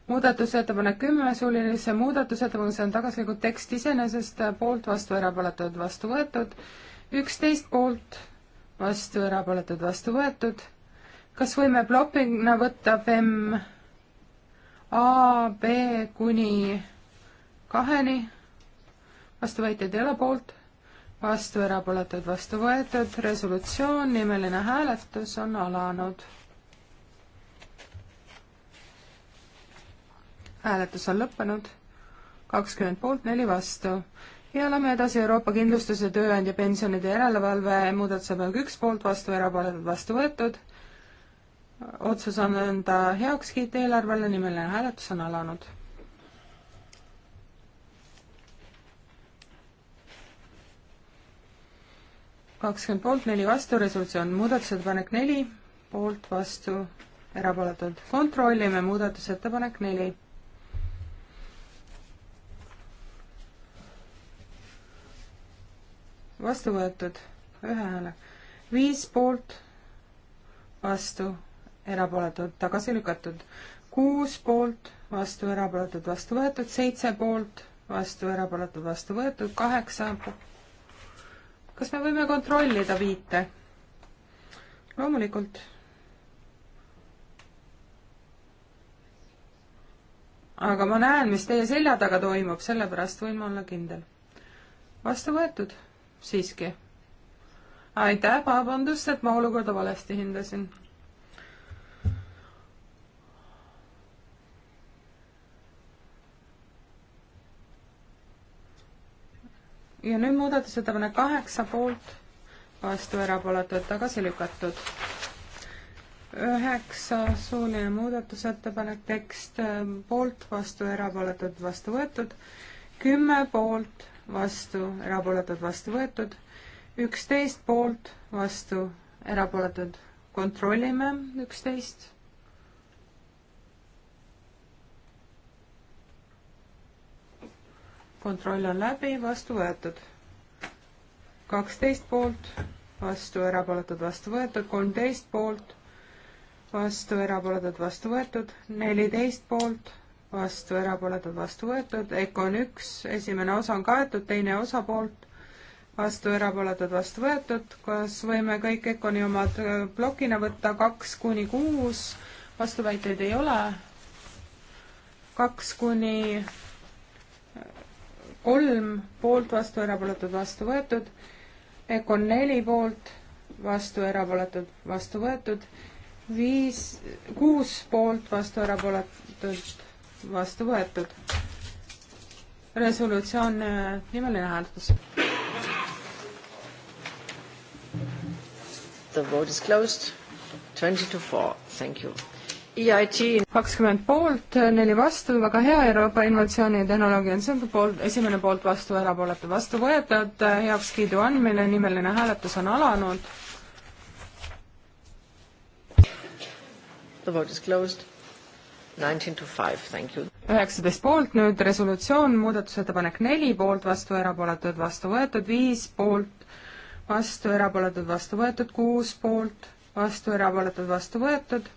[SPEAKER 3] muudatusettepanek kümme, suulise muudatusettepanek, see on tagasi lükatud tekst iseenesest, poolt, vastu, erapooletud, vastu võetud, üksteist poolt, vastu, erapooletud, vastu võetud. kas võime plokina võtta FEM A, B kuni kaheni, vastuvõitjaid ei ole poolt, vastu erapooletud, vastu võetud, resolutsioon, nimeline hääletus on alanud hääletus on lõppenud, kakskümmend poolt, neli vastu. ja oleme edasi Euroopa Kindlustuse Tööandja pensionide järelevalve muudatusepanek üks poolt vastu, erapooletud vastu võetud. otsus on anda heakskiit eelarvele, nimeline hääletus on alanud kakskümmend poolt, neli vastu, resolutsioon muudatusettepanek neli, poolt, vastu, erapooletud. kontrollime muudatusettepanek neli. vastu võetud ühe hääle, viis poolt, vastu, erapooletud, tagasi lükatud, kuus poolt, vastu, erapooletud, vastu võetud, seitse poolt, vastu, erapooletud, vastu võetud, kaheksa. kas me võime kontrollida viite? loomulikult. aga ma näen, mis teie selja taga toimub, sellepärast võin ma olla kindel. vastu võetud siiski. aitäh, vabandust, et ma olukorda valesti hindasin. ja nüüd muudatusettepanek kaheksa poolt, vastu erapooletud, tagasi lükatud. üheksa suuline muudatusettepanek, tekst poolt, vastu erapooletud, vastu võetud. kümme poolt vastu, erapooletud, vastu võetud, üksteist poolt, vastu, erapooletud, kontrollime üksteist. kontroll on läbi, vastu võetud. kaksteist poolt, vastu, erapooletud, vastu võetud, kolmteist poolt, vastu, erapooletud, vastu võetud, neliteist poolt vastu, erapooletud, vastu võetud, EKOn üks, esimene osa on kaetud, teine osa poolt, vastu, erapooletud, vastu võetud, kas võime kõik EKOni omad äh, plokina võtta, kaks kuni kuus, vastuväiteid ei ole, kaks kuni äh, kolm poolt, vastu, erapooletud, vastu võetud, EKOn neli poolt, vastu, erapooletud, vastu võetud, viis, kuus poolt, vastu, erapooletud, vastu võetud. resolutsioon, äh, nimeline hääletus.
[SPEAKER 2] The vote is closed. Twenty to four, thank you.
[SPEAKER 3] EIT kakskümmend poolt, neli vastu, väga hea, Euroopa Innovatsiooni ja Tehnoloogia Ensemble poolt, esimene poolt vastu, erapooletu vastu võetud, heakskiidu andmine, nimeline hääletus on alanud. The vote is closed üheksateist poolt, nüüd resolutsioon, muudatusettepanek neli, poolt, vastu, erapooletud, vastu võetud, viis poolt, vastu, erapooletud, vastu võetud, kuus poolt, vastu, erapooletud, vastu võetud,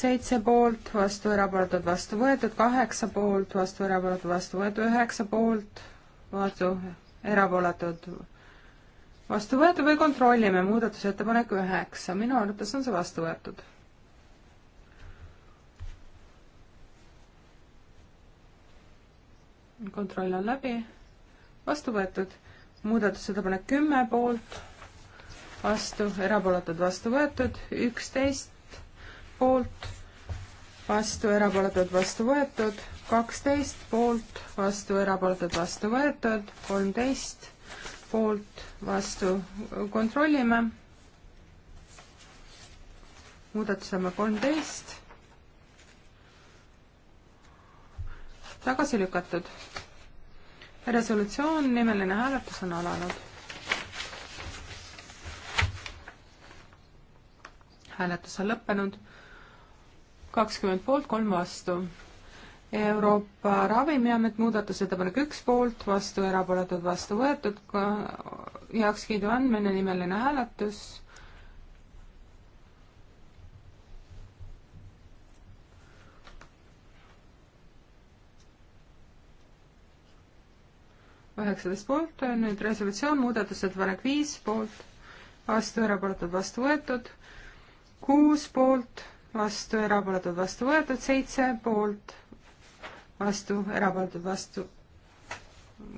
[SPEAKER 3] seitse poolt, vastu, erapooletud, vastu võetud, kaheksa poolt, vastu, erapooletud, vastu võetud, üheksa poolt, vastu, erapooletud, vastu võetud või kontrollime muudatusettepanek üheksa, minu arvates on see vastu võetud kontroll on läbi, vastu võetud, muudatusettepanek kümme poolt, vastu, erapooletud, vastu võetud, üksteist poolt, vastu, erapooletud, vastu võetud, kaksteist poolt, vastu, erapooletud, vastu võetud, kolmteist poolt, vastu, kontrollime, muudatus number kolmteist tagasi lükatud. resolutsioon, nimeline hääletus on alanud. hääletus on lõppenud. kakskümmend poolt, kolm vastu. Euroopa Ravimiamet muudatusettepanek üks poolt, vastu erapooletud, vastu võetud, heakskiidu andmine, nimeline hääletus üheksateist poolt, nüüd resolutsioon, muudatusettepanek viis poolt, vastu, erapooletud, vastu võetud, kuus poolt, vastu, erapooletud, vastu võetud, seitse poolt, vastu, erapooletud, vastu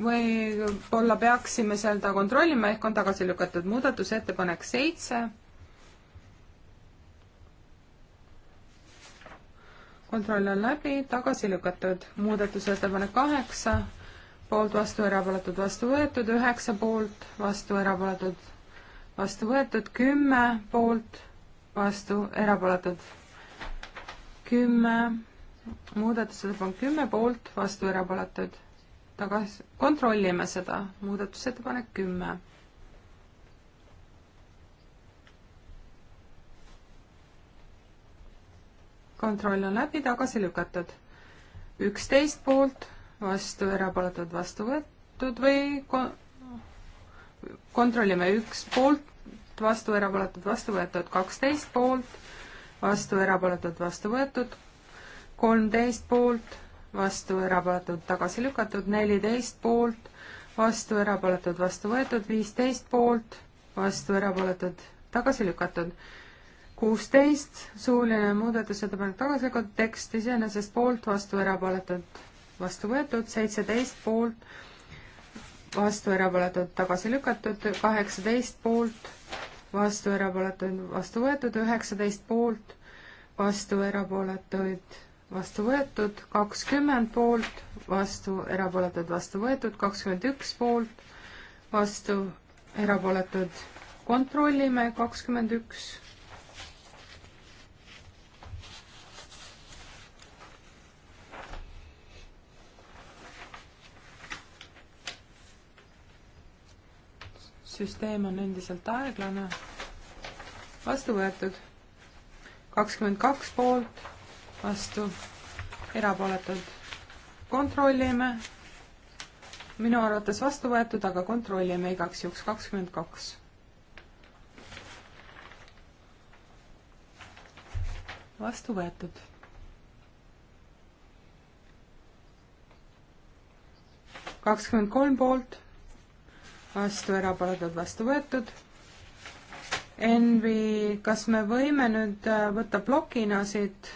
[SPEAKER 3] võib-olla peaksime seda kontrollima, ehk on tagasi lükatud muudatusettepanek seitse. kontroll on läbi, tagasi lükatud muudatusettepanek kaheksa poolt, vastu, erapooletud, vastu võetud, üheksa poolt, vastu, erapooletud, vastu võetud, kümme poolt, vastu, erapooletud, kümme, muudatusettepanek kümme poolt, vastu, erapooletud, tagasi, kontrollime seda, muudatusettepanek kümme kontroll on läbi, tagasi lükatud. üksteist poolt, vastu, erapooletud, vastu võetud või kon-, kontrollime üks poolt, vastu, erapooletud, vastu võetud, kaksteist poolt, vastu, erapooletud, vastu võetud, kolmteist poolt, vastu, erapooletud, tagasi lükatud, neliteist poolt, vastu, erapooletud, vastu võetud, viisteist poolt, vastu, erapooletud, tagasi lükatud kuusteist, suuline muudatusettepanek tagasi lükatud, tekst iseenesest poolt, vastu erapooletud, vastu võetud, seitseteist poolt, vastu erapooletud, tagasi lükatud, kaheksateist poolt, vastu erapooletuid, vastu võetud, üheksateist poolt, vastu erapooletuid, vastu võetud, kakskümmend poolt, vastu erapooletud, vastu võetud, kakskümmend üks poolt, vastu erapooletud, kontrollime, kakskümmend üks süsteem on endiselt aeglane. vastu võetud. kakskümmend kaks poolt, vastu, erapooletud. kontrollime. minu arvates vastu võetud, aga kontrollime igaks juhuks kakskümmend kaks. vastu võetud kakskümmend kolm poolt, vastu, erapooletud, vastu võetud. Envi, kas me võime nüüd äh, võtta plokina siit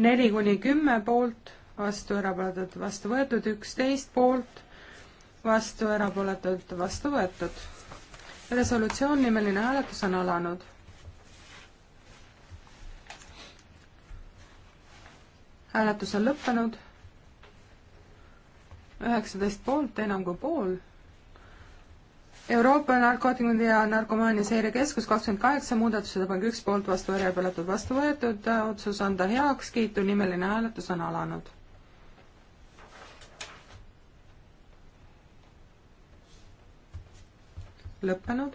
[SPEAKER 3] neli kuni kümme poolt, vastu, erapooletud, vastu võetud, üksteist poolt, vastu, erapooletud, vastu võetud. resolutsioon nimeline hääletus on alanud. hääletus on lõppenud üheksateist poolt, enam kui pool. Euroopa Narkootikumide ja Narkomaania Seirekeskus kakskümmend kaheksa, muudatusettepanek üks poolt, vastu erapooletud, vastu võetud, otsus anda heakskiitu, nimeline hääletus on alanud. lõppenud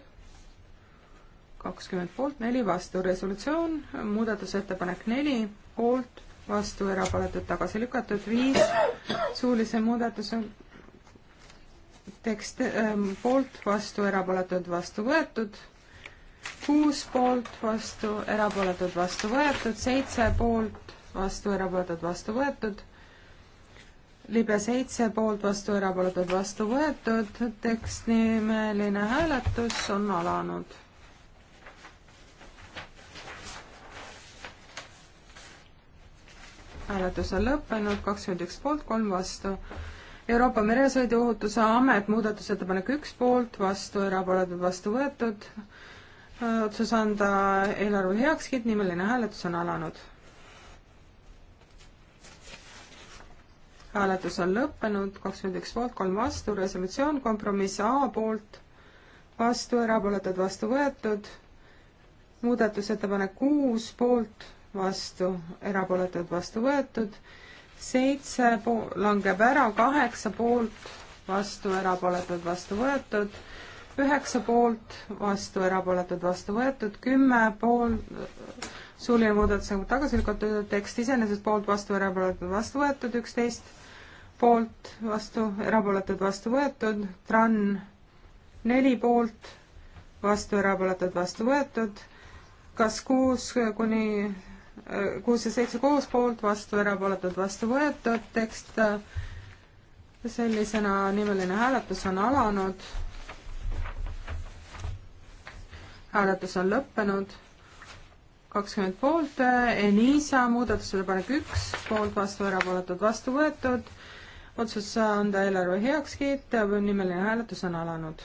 [SPEAKER 3] kakskümmend poolt, neli vastu, resolutsioon, muudatusettepanek neli, poolt, vastu, erapooletud, tagasi lükatud, viis suulise muudatuse tekst ähm, poolt, vastu, erapooletud, vastu võetud, kuus poolt, vastu, erapooletud, vastu võetud, seitse poolt, vastu, erapooletud, vastu võetud, libe seitse poolt, vastu, erapooletud, vastu võetud, tekstnimeline hääletus on alanud hääletus on lõppenud, kakskümmend üks poolt, kolm vastu. Euroopa Meresõiduohutuse Amet, muudatusettepanek üks poolt, vastu, erapooletud, vastu võetud. otsus anda eelarve heakskiit, nimeline hääletus on alanud. hääletus on lõppenud, kakskümmend üks poolt, kolm vastu, resolutsioon, kompromiss A poolt, vastu, erapooletud, vastu võetud. muudatusettepanek kuus poolt vastu, erapooletud, vastu võetud, seitse po-, langeb ära, kaheksa poolt, vastu, erapooletud, vastu võetud, üheksa poolt, vastu, erapooletud, vastu võetud, kümme pool, suuline muudatusega tagasi lükatud, tekst iseenesest poolt, vastu, erapooletud, vastu võetud, üksteist poolt, vastu, erapooletud, vastu võetud, TRAN neli poolt, vastu, erapooletud, vastu võetud, kas kuus kuni kuus ja seitse koos poolt, vastu, erapooletud, vastu võetud, tekst äh, sellisena nimeline hääletus on alanud. hääletus on lõppenud kakskümmend poolt, äh, Enisa muudatusettepanek üks, poolt vastu, erapooletud vastu võetud, otsus anda eelarve heakskiit, nimeline hääletus on alanud.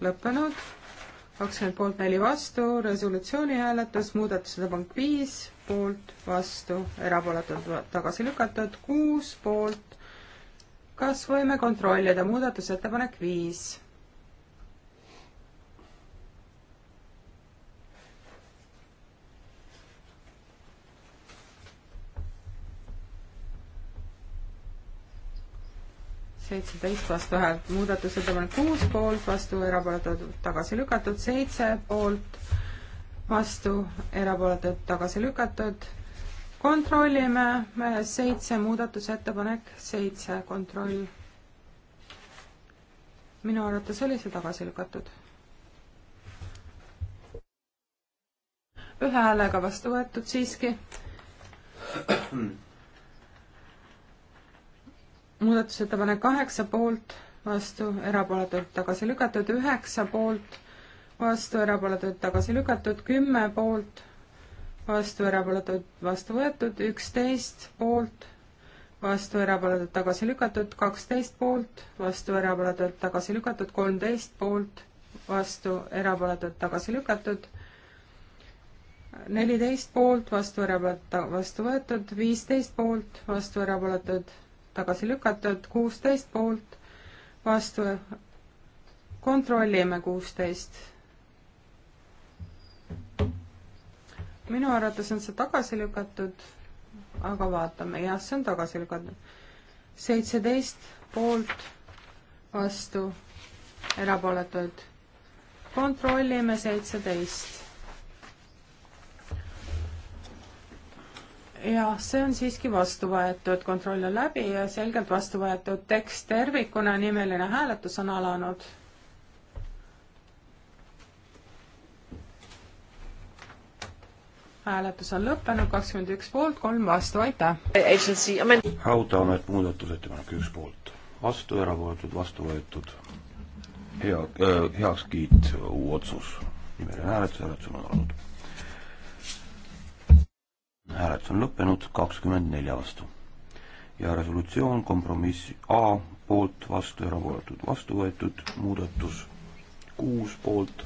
[SPEAKER 3] lõppenud kakskümmend poolt neli vastu, resolutsiooni hääletus, muudatusettepanek viis poolt vastu, erapooletult tagasi lükatud, kuus poolt. kas võime kontrollida muudatusettepanek viis? seitseteist vastu häält, muudatusettepanek kuus poolt, vastu erapooletud, tagasi lükatud, seitse poolt, vastu erapooletud, tagasi lükatud. kontrollime seitse, muudatusettepanek seitse, kontroll. minu arvates oli see tagasi lükatud. ühe häälega vastu võetud siiski muudatusettepanek kaheksa poolt, vastu, erapooletult tagasi lükatud, üheksa poolt, vastu, erapooletult tagasi lükatud, kümme poolt, vastu, erapooletult vastu võetud, üksteist poolt, vastu, erapooletult tagasi lükatud, kaksteist poolt, vastu, erapooletult tagasi lükatud, kolmteist poolt, vastu, erapooletult tagasi lükatud neliteist poolt, vastu erapooletu, vastu võetud, viisteist poolt, vastu erapooletud, tagasi lükatud, kuusteist poolt, vastu, kontrollime kuusteist. minu arvates on see tagasi lükatud, aga vaatame, jah, see on tagasi lükatud. seitseteist poolt, vastu, erapooletuid. kontrollime seitseteist jah, see on siiski vastu võetud, kontroll on läbi ja selgelt vastu võetud tekst tervikuna, nimeline hääletus on alanud. hääletus on lõppenud, kakskümmend üks poolt, kolm vastu, aitäh!
[SPEAKER 4] raudteeamet muudatusettepanek üks poolt, vastu erapooletud, vastu võetud, hea äh,, heakskiit, otsus, nimeline hääletus, hääletus on alanud hääletus on lõppenud, kakskümmend nelja vastu. ja resolutsioon kompromiss A poolt, vastu, erapooletud, vastu võetud, muudatus kuus poolt,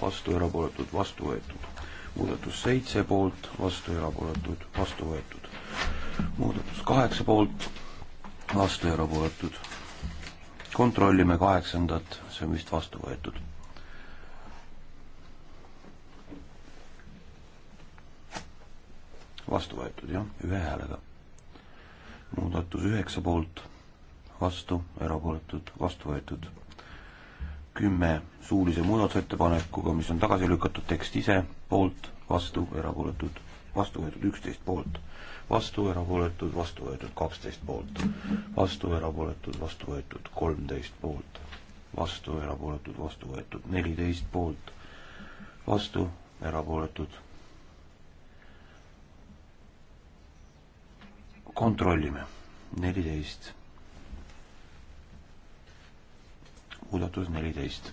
[SPEAKER 4] vastu, erapooletud, vastu võetud. muudatus seitse poolt, vastu, erapooletud, vastu võetud. muudatus kaheksa poolt, vastu, erapooletud. kontrollime kaheksandat, see on vist vastu võetud vastu võetud, jah, ühe häälega. muudatus üheksa poolt, vastu, erapooletud, vastu võetud. kümme suulise muudatusettepanekuga, mis on tagasi lükatud tekst ise, poolt, vastu, erapooletud, vastu võetud üksteist poolt, vastu, erapooletud, vastu võetud kaksteist poolt, vastu, erapooletud, vastu võetud kolmteist poolt, vastu, erapooletud, vastu võetud neliteist poolt, vastu, erapooletud kontrollime. neliteist. muudatus neliteist.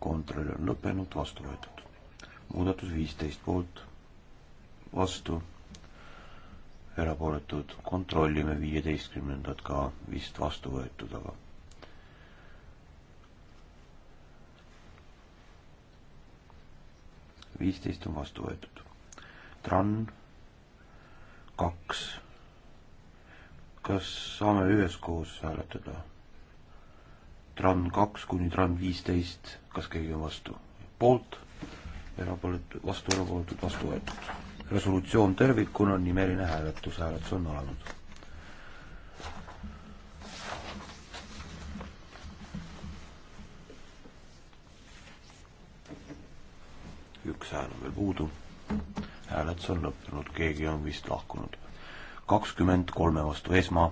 [SPEAKER 4] kontroll on lõppenud, vastu võetud. muudatus viisteist poolt, vastu, erapooletud, kontrollime viieteistkümnendat ka vist vastu võetud, aga viisteist on vastu võetud. TRAN kaks. kas saame üheskoos hääletada? TRAN kaks kuni TRAN viisteist, kas keegi on vastu? poolt, erapooletu, vastu erapooletud, vastu võetud. resolutsioon tervikuna, nimeline hääletus, hääletus on alanud üks hääl on veel puudu. hääletus on lõppenud, keegi on vist lahkunud. kakskümmend kolme vastu esma,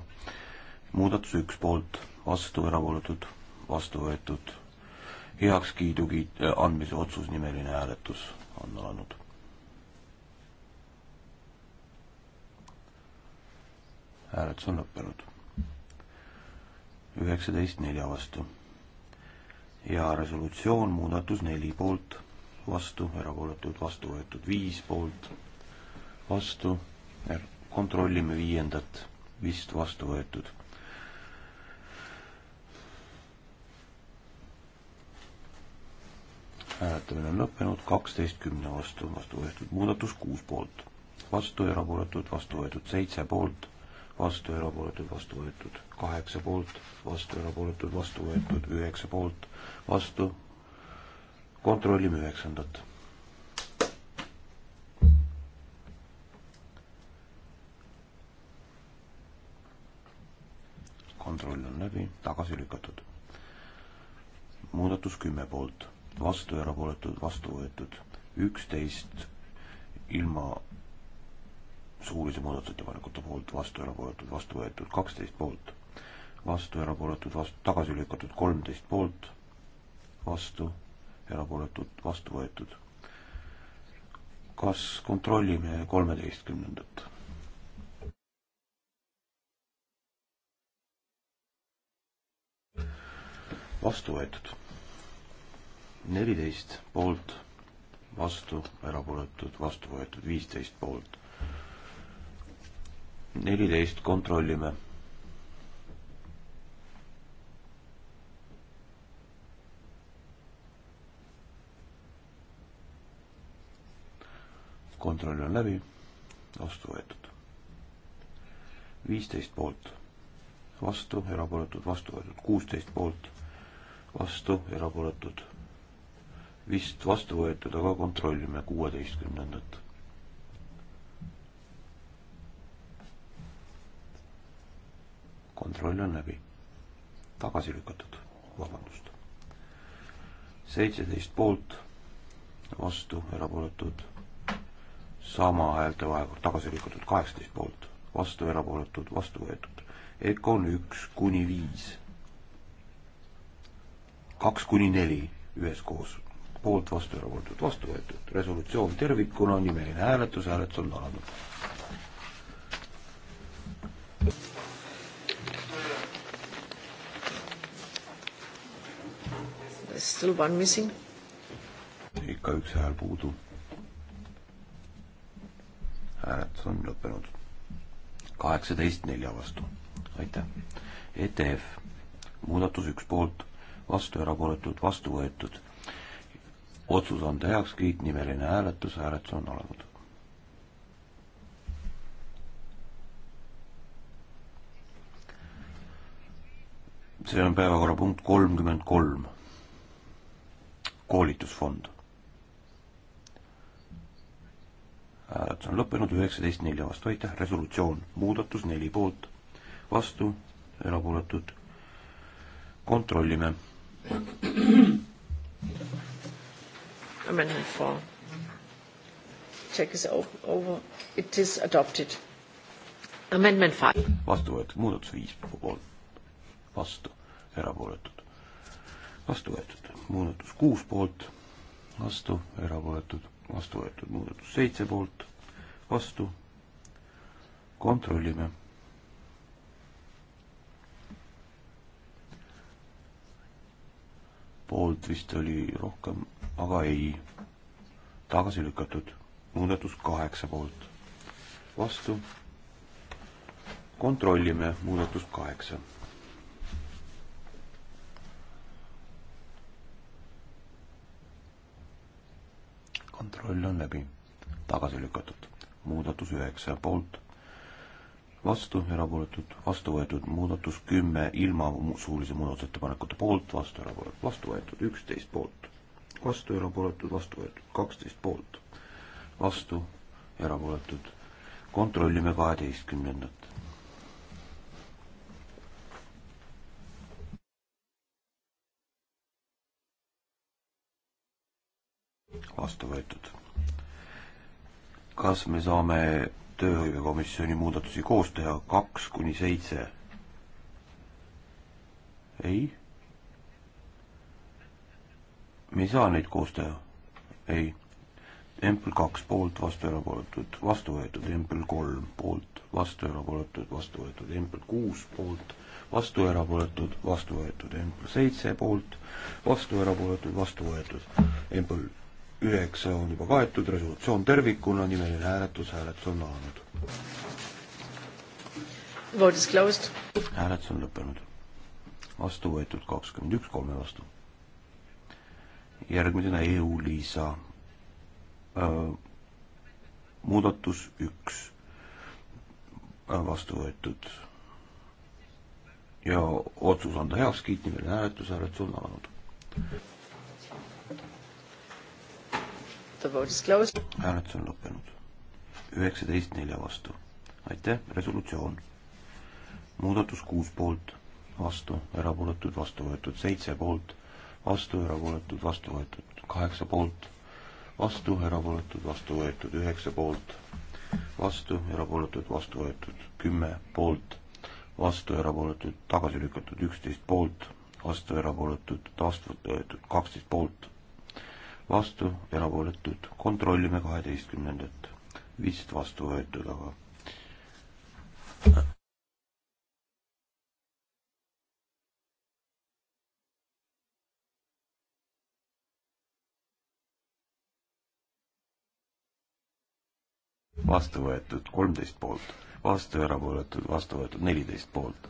[SPEAKER 4] muudatus üks poolt, vastu erapooletud, vastu võetud, heakskiidu kiit-, äh, andmise otsus, nimeline hääletus on alanud. hääletus on lõppenud. üheksateist nelja vastu ja resolutsioon muudatus neli poolt vastu, erapooletud vastu võetud viis poolt, vastu, er-, kontrollime viiendat, vist vastu võetud. hääletamine on lõppenud, kaksteist kümne vastu, vastu võetud muudatus kuus poolt, vastu erapooletud, vastu võetud seitse poolt, vastu erapooletud, vastu võetud kaheksa poolt, vastu erapooletud, vastu võetud üheksa poolt, vastu kontrollime üheksandat. kontroll on läbi, tagasi lükatud. muudatus kümme poolt, vastu erapooletud, vastu võetud üksteist ilma suulise muudatusettepanekute poolt, vastu erapooletud, vastu võetud kaksteist poolt, vastu erapooletud, vastu tagasi lükatud kolmteist poolt, vastu erapooletud vastu võetud. kas kontrollime kolmeteistkümnendat? vastu võetud. neliteist poolt, vastu, erapooletud, vastu võetud, viisteist poolt. neliteist kontrollime kontroll on läbi, vastu võetud. viisteist poolt, vastu, erapooletud, vastu võetud, kuusteist poolt, vastu, erapooletud. vist vastu võetud, aga kontrollime kuueteistkümnendat. kontroll on läbi, tagasi lükatud, vabandust. seitseteist poolt, vastu, erapooletud sama häälte vahekord tagasi lükatud kaheksateist poolt, vastu erapooletud, vastu võetud. EKOn üks kuni viis, kaks kuni neli üheskoos, poolt, vastu erapooletud, vastu võetud. resolutsioon tervikuna, nimeline hääletus, hääletus on alanud.
[SPEAKER 2] Still one missing.
[SPEAKER 4] ikka üks hääl puudu hääletus on lõppenud. kaheksateist nelja vastu. aitäh. ETF, muudatus üks poolt, vastu erapooletud, vastu võetud. otsus anda heakskiit, nimeline hääletus, hääletus on alanud. see on päevakorrapunkt kolmkümmend kolm, koolitusfond hääletus on lõppenud, üheksateist nelja vastu, aitäh, resolutsioon, muudatus neli poolt, vastu, erapooletud, kontrollime.
[SPEAKER 2] Amendment four. Check is over, it is adopted. Amendment five.
[SPEAKER 4] vastu võetud, muudatus viis poolt, vastu, erapooletud, vastu võetud, muudatus kuus poolt, vastu, erapooletud vastu võetud muudatus seitse poolt, vastu, kontrollime. poolt vist oli rohkem, aga ei, tagasi lükatud, muudatus kaheksa poolt, vastu, kontrollime muudatust kaheksa kontroll on läbi. tagasi lükatud. muudatus üheksa poolt, vastu, erapooletud, vastu võetud, muudatus kümme ilma suulise muudatusettepanekute poolt, vastu, erapooletud, vastu võetud, üksteist poolt, vastu, erapooletud, vastu võetud, kaksteist poolt, vastu, erapooletud. kontrollime kaheteistkümnendat.
[SPEAKER 5] vastu võetud.
[SPEAKER 4] kas me saame tööhõivekomisjoni muudatusi koos teha kaks kuni seitse? ei. me ei saa neid koos teha. ei. Tempel kaks poolt, vastu erapooletud, vastu võetud, Tempel kolm poolt, vastu erapooletud, vastu võetud, Tempel kuus poolt, vastu erapooletud, vastu võetud, Tempel seitse poolt, vastu erapooletud, vastu võetud, Tempel üheksa on juba kaetud, resolutsioon tervikuna, nimeline hääletus, hääletus on alanud.
[SPEAKER 2] Vote is closed.
[SPEAKER 4] hääletus on lõppenud. vastu võetud kakskümmend üks, kolme vastu. järgmisena EU-liisa äh, muudatus üks äh, vastu võetud ja otsus anda heakskiit, nimeline hääletus, hääletus on alanud.
[SPEAKER 2] The vote is closed.
[SPEAKER 4] hääletus on lõppenud. üheksateist nelja vastu. aitäh, resolutsioon. muudatus kuus poolt, vastu, erapooletud, vastu võetud seitse poolt, vastu, erapooletud, vastu võetud kaheksa poolt, vastu, erapooletud, vastu võetud üheksa poolt, vastu, erapooletud, vastu võetud kümme poolt, vastu, erapooletud, tagasi lükatud üksteist poolt, vastu, erapooletud, vastu võetud kaksteist poolt vastu, erapooletud, kontrollime kaheteistkümnendat, vist vastu võetud, aga vastu võetud kolmteist poolt, vastu erapooletud, vastu võetud neliteist poolt,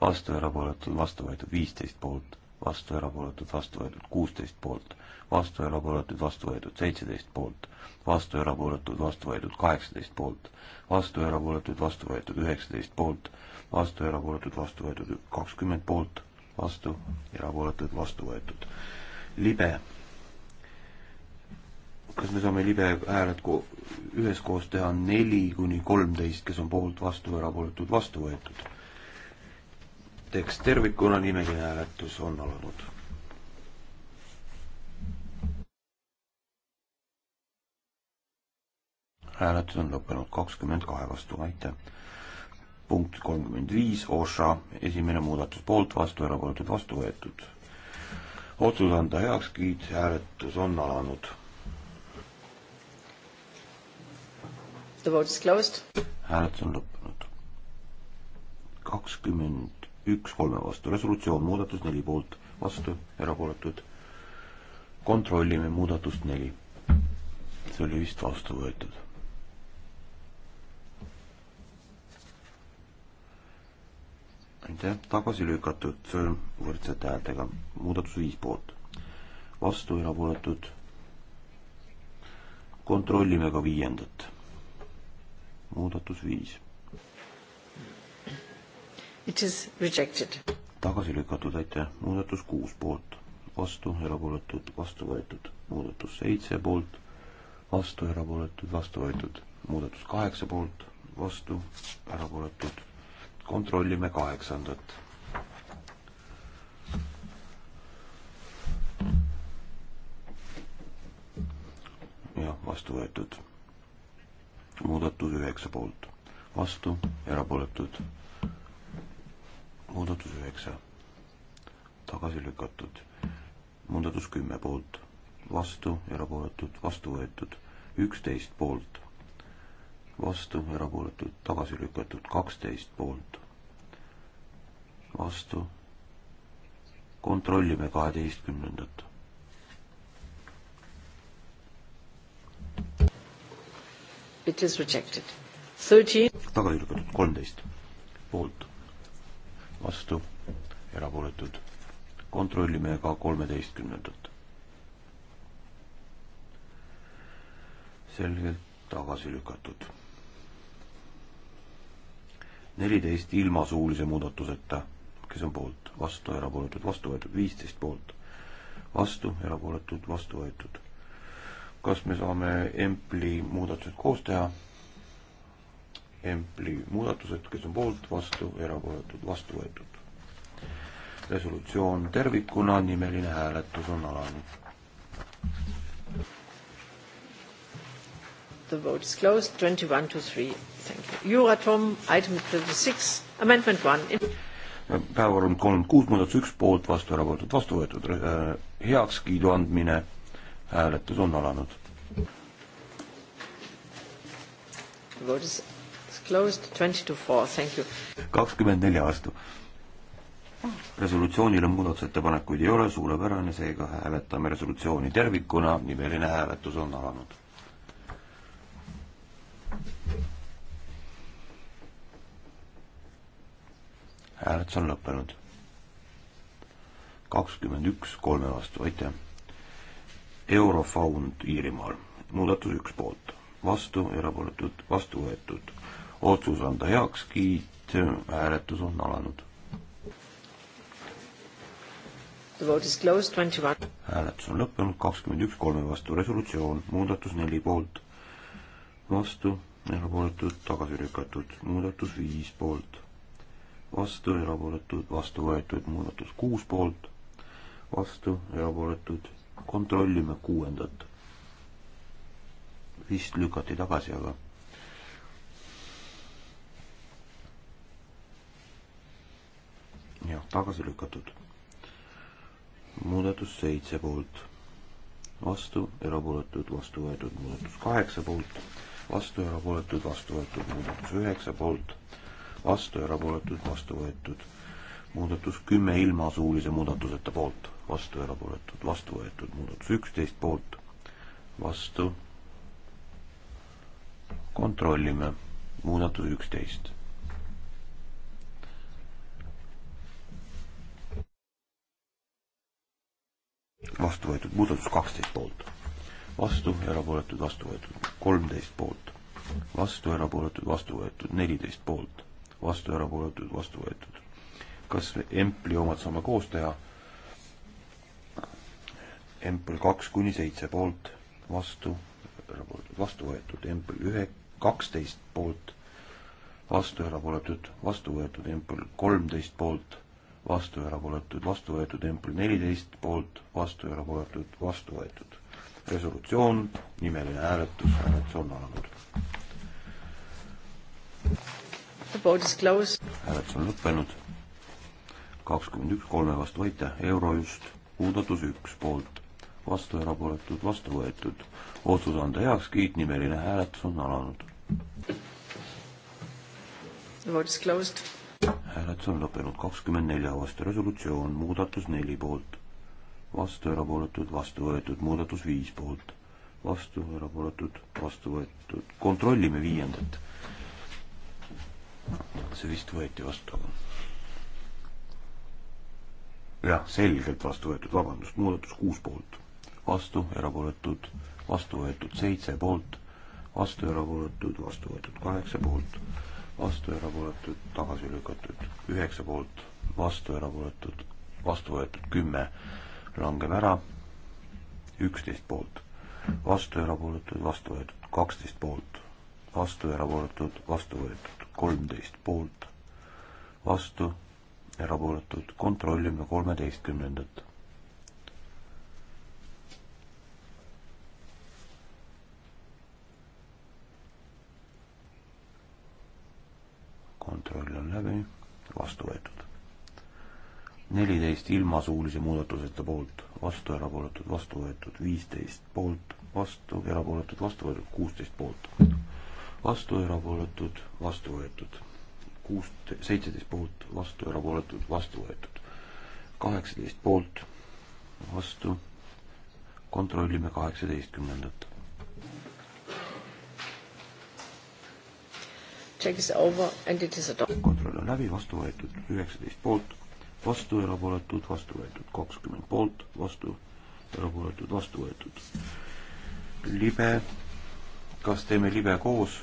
[SPEAKER 4] vastu erapooletud, vastu võetud viisteist poolt vastu erapooletud, vastu võetud kuusteist poolt, vastu erapooletud, vastu võetud seitseteist poolt, vastu erapooletud, vastu võetud kaheksateist poolt, vastu erapooletud, vastu võetud üheksateist poolt, vastu erapooletud, vastu võetud kakskümmend poolt, vastu erapooletud, vastu võetud. libe. kas me saame libe hääled ko-, üheskoos teha neli kuni kolmteist, kes on poolt, vastu, erapooletud, vastu võetud? tekst tervikuna, nimeline hääletus on alanud. hääletus on lõppenud kakskümmend kahe vastu, aitäh. punkt kolmkümmend viis, OSHA, esimene muudatus poolt, vastu, erapooletud, vastu võetud. otsus anda heakskiit, hääletus on alanud.
[SPEAKER 2] The vote is closed.
[SPEAKER 4] hääletus on lõppenud kakskümmend üks kolme vastu, resolutsioon muudatus neli poolt, vastu, erapooletud. kontrollime muudatust neli. see oli vist vastu võetud. aitäh, tagasi lükatud võrdsete häältega, muudatus viis poolt, vastu, erapooletud. kontrollime ka viiendat. muudatus viis
[SPEAKER 2] It is rejected.
[SPEAKER 4] tagasi lükatud, aitäh. muudatus kuus poolt, vastu, erapooletud, vastu võetud. muudatus seitse poolt, vastu, erapooletud, vastu võetud. muudatus kaheksa poolt, vastu, erapooletud. kontrollime kaheksandat ja vastu võetud. muudatus üheksa poolt, vastu, erapooletud, muudatus üheksa, tagasi lükatud. muudatus kümme poolt, vastu, erapooletud, vastu võetud, üksteist poolt, vastu, erapooletud, tagasi lükatud, kaksteist poolt, vastu, kontrollime kaheteistkümnendat.
[SPEAKER 2] It is rejected. Thirteen.
[SPEAKER 4] tagasi lükatud kolmteist poolt vastu, erapooletud. kontrollime ka kolmeteistkümnendat. selgelt tagasi lükatud. neliteist ilma suulise muudatuseta, kes on poolt, vastu, erapooletud, vastu võetud, viisteist poolt, vastu, erapooletud, vastu võetud. kas me saame Empli muudatused koos teha? Empli muudatused, kes on poolt, vastu, erapooletud, vastu võetud. resolutsioon tervikuna, nimeline hääletus on alanud.
[SPEAKER 2] The vote is closed, twenty one to three, thank you. Euratom, item twenty six, amendment one In....
[SPEAKER 4] päevakorrand kolmkümmend kuus, muudatus üks poolt, vastu, erapooletud, vastu võetud, äh, heakskiidu andmine, hääletus on alanud. The vote is kakskümmend neli vastu. resolutsioonile muudatusettepanekuid ei ole, suurepärane, seega hääletame resolutsiooni tervikuna, nimeline hääletus on alanud. hääletus on lõppenud. kakskümmend üks kolme vastu, aitäh. Eurofound Iirimaal, muudatus üks poolt, vastu, erapooletud, vastu võetud otsus anda heakskiit, hääletus on alanud. hääletus on lõppenud, kakskümmend üks kolme vastu, resolutsioon, muudatus neli poolt, vastu, erapooletud, tagasi lükatud, muudatus viis poolt, vastu, erapooletud, vastu võetud, muudatus kuus poolt, vastu, erapooletud, kontrollime kuuendat. vist lükati tagasi, aga jah, tagasi lükatud. muudatus seitse poolt, vastu, erapooletud, vastu võetud, muudatus kaheksa poolt, vastu, erapooletud, vastu võetud, muudatus üheksa poolt, vastu, erapooletud, vastu võetud, muudatus kümme ilma suulise muudatuseta poolt, vastu, erapooletud, vastu võetud, muudatus üksteist poolt, vastu, kontrollime, muudatus üksteist vastu võetud, muudatus kaksteist poolt, vastu, erapooletud, vastu võetud, kolmteist poolt, vastu, erapooletud, vastu võetud, neliteist poolt, vastu, erapooletud, vastu võetud. kas Empli omad saame koos teha? Empel kaks kuni seitse poolt, vastu, erapooletud, vastu võetud, Empel ühe, kaksteist poolt, vastu, erapooletud, vastu võetud, Empel kolmteist poolt vastu, erapooletud, vastu võetud, empl neliteist poolt, vastu, erapooletud, vastu võetud. resolutsioon, nimeline hääletus, hääletus on alanud.
[SPEAKER 2] hääletus
[SPEAKER 4] on lõppenud. kakskümmend üks, kolme vastu, aitäh, Eurojust, muudatus üks poolt, vastu, erapooletud, vastu võetud. otsus anda heakskiit, nimeline hääletus on alanud.
[SPEAKER 2] The vote is closed
[SPEAKER 4] hääletus on lõppenud kakskümmend nelja vastu resolutsioon, muudatus neli poolt, vastu erapooletud, vastu võetud, muudatus viis poolt, vastu erapooletud, vastu võetud, kontrollime viiendat. see vist võeti vastu. jah, selgelt vastu võetud, vabandust, muudatus kuus poolt, vastu erapooletud, vastu võetud seitse poolt, vastu erapooletud, vastu võetud kaheksa poolt vastu erapooletud, tagasi lükatud üheksa poolt, vastu erapooletud, vastu võetud kümme, langeb ära, üksteist poolt, vastu erapooletud, vastu võetud kaksteist poolt, vastu erapooletud, vastu võetud kolmteist poolt, vastu erapooletud, kontrollime kolmeteistkümnendat kontroll on läbi, vastu võetud. neliteist ilma suulise muudatuseta poolt, vastu, erapooletud, vastu võetud, viisteist poolt, vastu, erapooletud, vastu võetud, kuusteist poolt, vastu, erapooletud, vastu võetud, kuus, seitseteist poolt, vastu, erapooletud, vastu võetud, kaheksateist poolt, vastu, kontrollime kaheksateistkümnendat
[SPEAKER 2] Check is over and it is
[SPEAKER 4] adopted. kontroll on läbi, vastu võetud üheksateist poolt, vastu erapooletud, vastu võetud kakskümmend poolt, vastu erapooletud, vastu võetud. libe, kas teeme libe koos?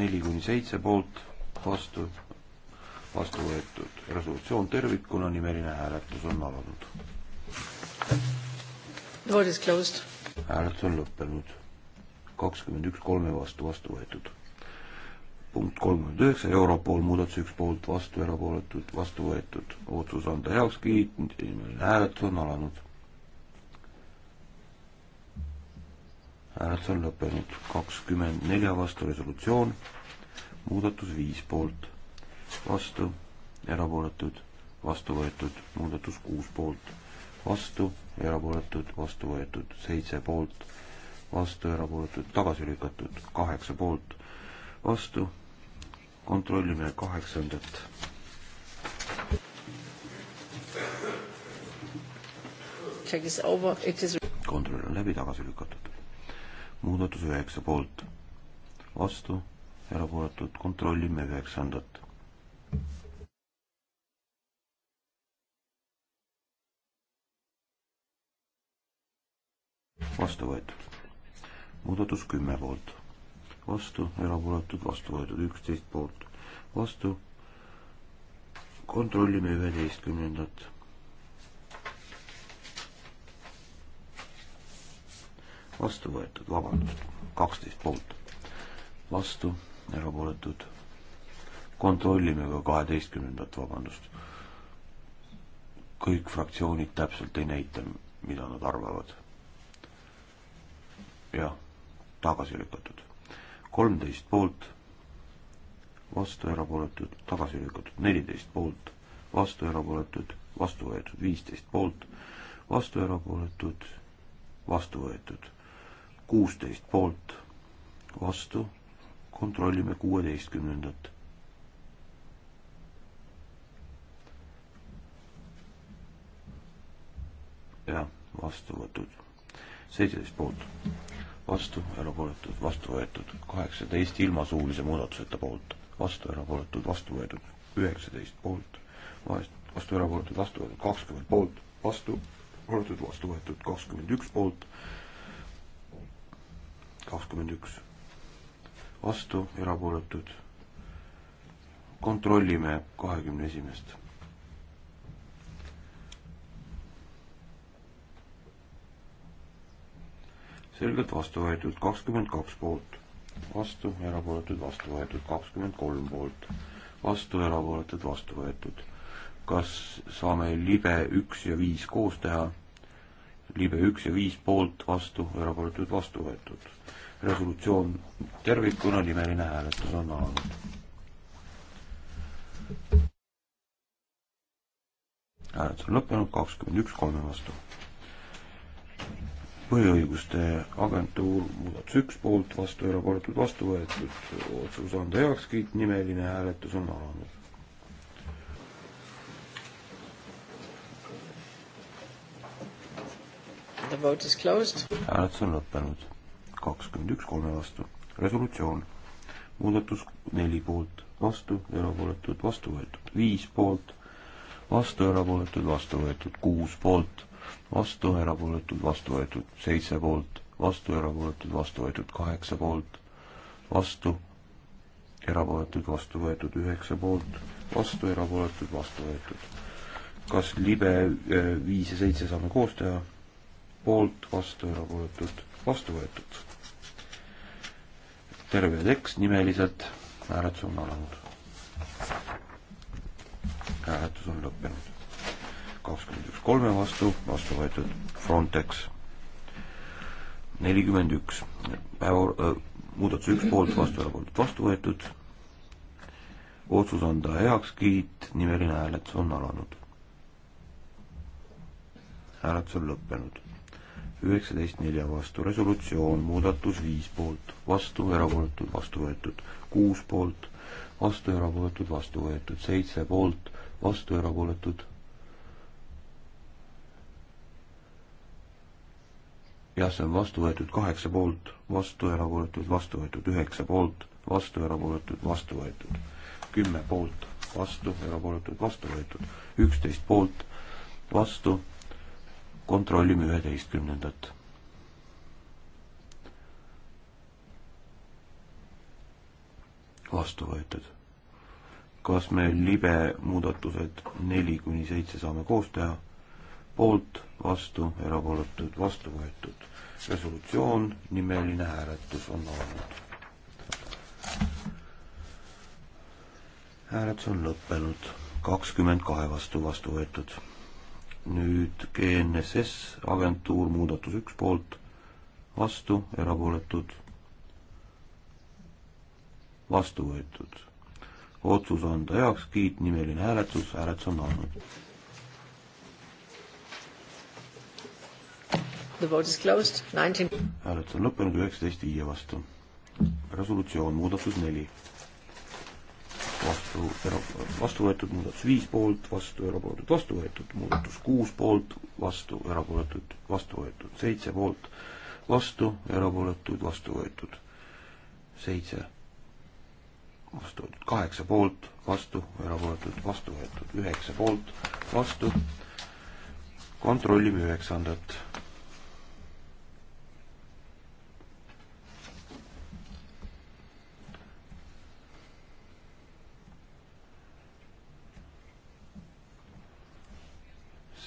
[SPEAKER 4] neli kuni seitse poolt, vastu, vastu võetud. resolutsioon tervikuna, nimeline hääletus on alanud. hääletus on lõppenud. kakskümmend üks kolme vastu, vastu võetud punkt kolmkümmend üheksa, Europol muudatus üks poolt vastu, erapooletud, vastu võetud. otsus anda heakskiit, esimene hääletus on alanud. hääletus on lõppenud, kakskümmend nelja vastu resolutsioon, muudatus viis poolt, vastu, erapooletud, vastu võetud, muudatus kuus poolt, vastu, erapooletud, vastu võetud, seitse poolt, vastu, erapooletud, tagasi lükatud, kaheksa poolt, vastu kontrollime kaheksandat. kontroll on läbi, tagasi lükatud. muudatus üheksa poolt, vastu, erapooletud, kontrollime üheksandat. vastu võetud. muudatus kümme poolt vastu, erapooletud, vastu võetud üksteist poolt, vastu. kontrollime üheteistkümnendat. vastu võetud, vabandust, kaksteist poolt, vastu, erapooletud. kontrollime ka kaheteistkümnendat, vabandust. kõik fraktsioonid täpselt ei näita, mida nad arvavad. jah, tagasi lükatud kolmteist poolt, vastu erapooletud, tagasi lükatud neliteist poolt, vastu erapooletud, vastu võetud viisteist poolt, vastu erapooletud, vastu võetud kuusteist poolt, vastu kontrollime kuueteistkümnendat. jah, vastu võetud seitseteist poolt vastu, erapooletud, vastu võetud, kaheksateist ilma suulise muudatuseta poolt, vastu, erapooletud, vastu võetud, üheksateist poolt, vastu, erapooletud, vastu võetud, kakskümmend poolt, vastu, erapooletud, vastu võetud, kakskümmend üks poolt, kakskümmend üks, vastu, erapooletud, kontrollime kahekümne esimest selgelt vastu võetud kakskümmend kaks poolt, vastu erapooletud, vastu võetud kakskümmend kolm poolt, vastu erapooletud, vastu võetud. kas saame libe üks ja viis koos teha? libe üks ja viis poolt, vastu, erapooletud, vastu võetud. resolutsioon tervikuna, nimeline hääletus on alanud. hääletus on lõppenud, kakskümmend üks kolme vastu põhiõiguste agentuur muudatus üks poolt, vastu erapooletud, vastu võetud, otsus anda heakskiit, nimeline hääletus on alanud.
[SPEAKER 2] The vote is closed.
[SPEAKER 4] hääletus on lõppenud, kakskümmend üks kolme vastu, resolutsioon, muudatus neli poolt, vastu, erapooletud, vastu võetud, viis poolt, vastu, erapooletud, vastu võetud, kuus poolt vastu, erapooletud, vastu võetud seitse poolt, vastu, erapooletud, vastu võetud kaheksa poolt, vastu, erapooletud, vastu võetud üheksa poolt, vastu, erapooletud, vastu võetud. kas libe eh, viis ja seitse saame koos teha? poolt, vastu, erapooletud, vastu võetud. terve tekst nimeliselt, hääletus on alanud. hääletus on lõppenud kakskümmend üks kolme vastu, vastu võetud Frontex nelikümmend üks päeva äh,, muudatus üks poolt, vastu erapooletud, vastu võetud. otsus anda heakskiit, nimeline hääletus on alanud. hääletus on lõppenud. üheksateist nelja vastu resolutsioon, muudatus viis poolt, vastu erapooletud, vastu võetud, kuus poolt, vastu erapooletud, vastu võetud, seitse poolt, vastu erapooletud jah, see on vastu võetud kaheksa poolt, vastu erapooletud, vastu võetud üheksa poolt, vastu erapooletud, vastu võetud kümme poolt, vastu erapooletud, vastu võetud üksteist poolt, vastu kontrollime üheteistkümnendat. vastu võetud. kas me libe muudatused neli kuni seitse saame koos teha? poolt, vastu, erapooletud, vastu võetud. resolutsioon, nimeline hääletus on olnud. hääletus on lõppenud, kakskümmend kahe vastu, vastu võetud. nüüd GNSS agentuur muudatus üks poolt, vastu, erapooletud, vastu võetud. otsus anda heakskiit, nimeline hääletus, hääletus on olnud.
[SPEAKER 2] The vote is closed, nineteen.
[SPEAKER 4] hääletus on lõppenud, üheksateist viie vastu. resolutsioon, muudatus neli. vastu, vastu võetud muudatus viis poolt, vastu erapooletud, vastu võetud muudatus kuus poolt, vastu erapooletud, vastu võetud seitse poolt, vastu erapooletud, vastu võetud seitse vastu võetud kaheksa poolt, vastu, erapooletud, vastu võetud üheksa poolt, vastu. kontrollime üheksandat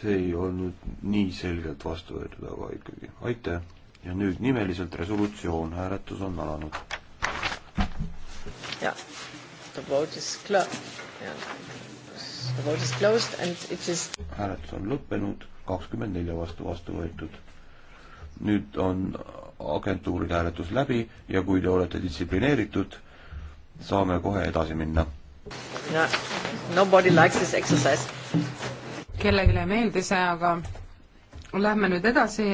[SPEAKER 4] see ei olnud nii selgelt vastu võetud, aga ikkagi aitäh. ja nüüd nimeliselt resolutsioon, hääletus on alanud.
[SPEAKER 2] jah, the vote is closed yeah.. The vote is closed and it is
[SPEAKER 4] hääletus on lõppenud, kakskümmend nelja vastu vastu võetud. nüüd on agentuuride hääletus läbi ja kui te olete distsiplineeritud, saame kohe edasi minna.
[SPEAKER 2] Nobody likes this exercise
[SPEAKER 3] kellelegi ei meeldi see, aga lähme nüüd edasi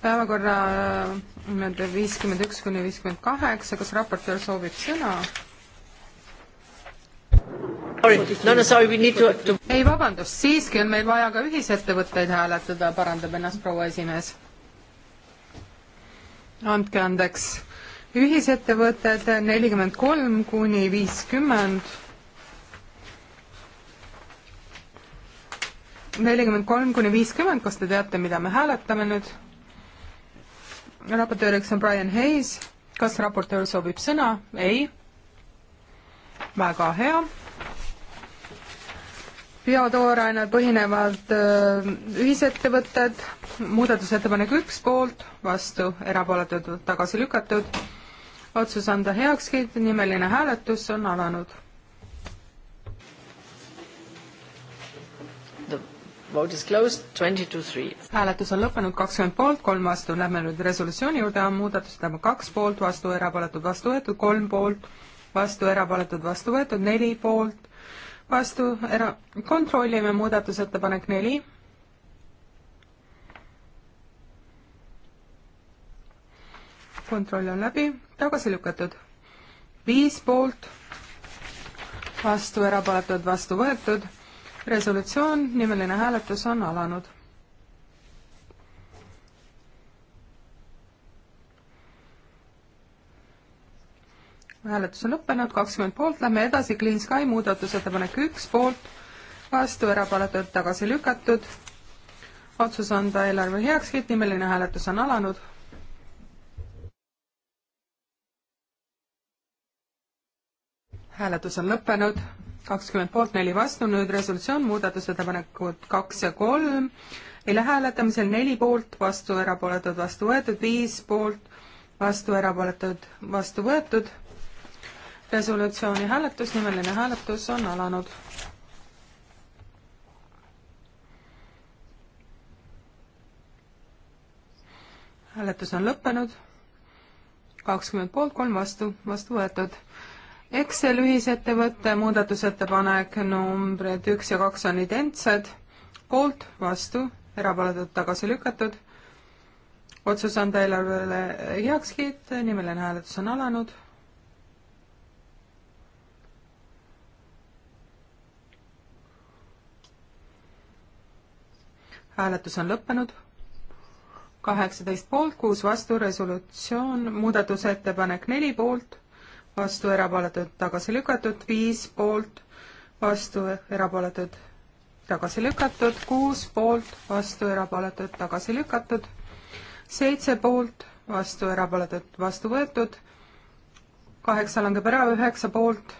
[SPEAKER 3] päevakorra äh, nii-öelda viiskümmend üks kuni viiskümmend kaheksa, kas raportöör soovib sõna?
[SPEAKER 2] No, no, sorry, to...
[SPEAKER 3] ei, vabandust, siiski on meil vaja ka ühisettevõtteid hääletada, parandab ennast proua esimees. andke andeks. ühisettevõtted nelikümmend kolm kuni viiskümmend nelikümmend kolm kuni viiskümmend, kas te teate, mida me hääletame nüüd? raportööriks on Brian Hayes, kas raportöör soovib sõna? ei. väga hea. biotoorainel põhinevad öö, äh, ühisettevõtted, muudatusettepanek üks poolt, vastu, erapooletud, tagasi lükatud. otsus anda heakskiit, nimeline hääletus on alanud
[SPEAKER 2] Vote is closed, twenty
[SPEAKER 3] to three. hääletus on lõppenud, kakskümmend poolt, kolm vastu, lähme nüüd resolutsiooni juurde, muudatusettepanek kaks poolt, vastu, erapooletud, vastu võetud, kolm poolt, vastu, erapooletud, vastu võetud, neli poolt, vastu, era-, kontrollime muudatusettepanek neli. kontroll on läbi, tagasi lükatud. viis poolt, vastu, erapooletud, vastu võetud resolutsioon, nimeline hääletus on alanud. hääletus on lõppenud, kakskümmend poolt, lähme edasi, Clean Sky muudatusettepanek üks poolt, vastu, erapooletult tagasi lükatud, otsus anda eelarve heakskiit, nimeline hääletus on alanud hääletus on lõppenud, kakskümmend poolt, neli vastu, nüüd resolutsioon, muudatusettepanekud kaks ja kolm, eile hääletamisel neli poolt, vastu erapooletud, vastu võetud, viis poolt, vastu erapooletud, vastu võetud. resolutsiooni hääletus, nimeline hääletus on alanud. hääletus on lõppenud kakskümmend poolt, kolm vastu, vastu võetud. Excel ühisettevõtte muudatusettepanek numbrid üks ja kaks on identsed, poolt, vastu, erapooletud, tagasi lükatud. otsus anda eelarvele heakskiit, nimeline hääletus on alanud. hääletus on lõppenud. kaheksateist poolt, kuus vastu, resolutsioon, muudatusettepanek neli poolt vastu erapooletud, tagasi lükatud, viis poolt, vastu erapooletud, tagasi lükatud, kuus poolt, vastu erapooletud, tagasi lükatud, seitse poolt, vastu erapooletud, vastu võetud, kaheksa langeb ära, üheksa poolt,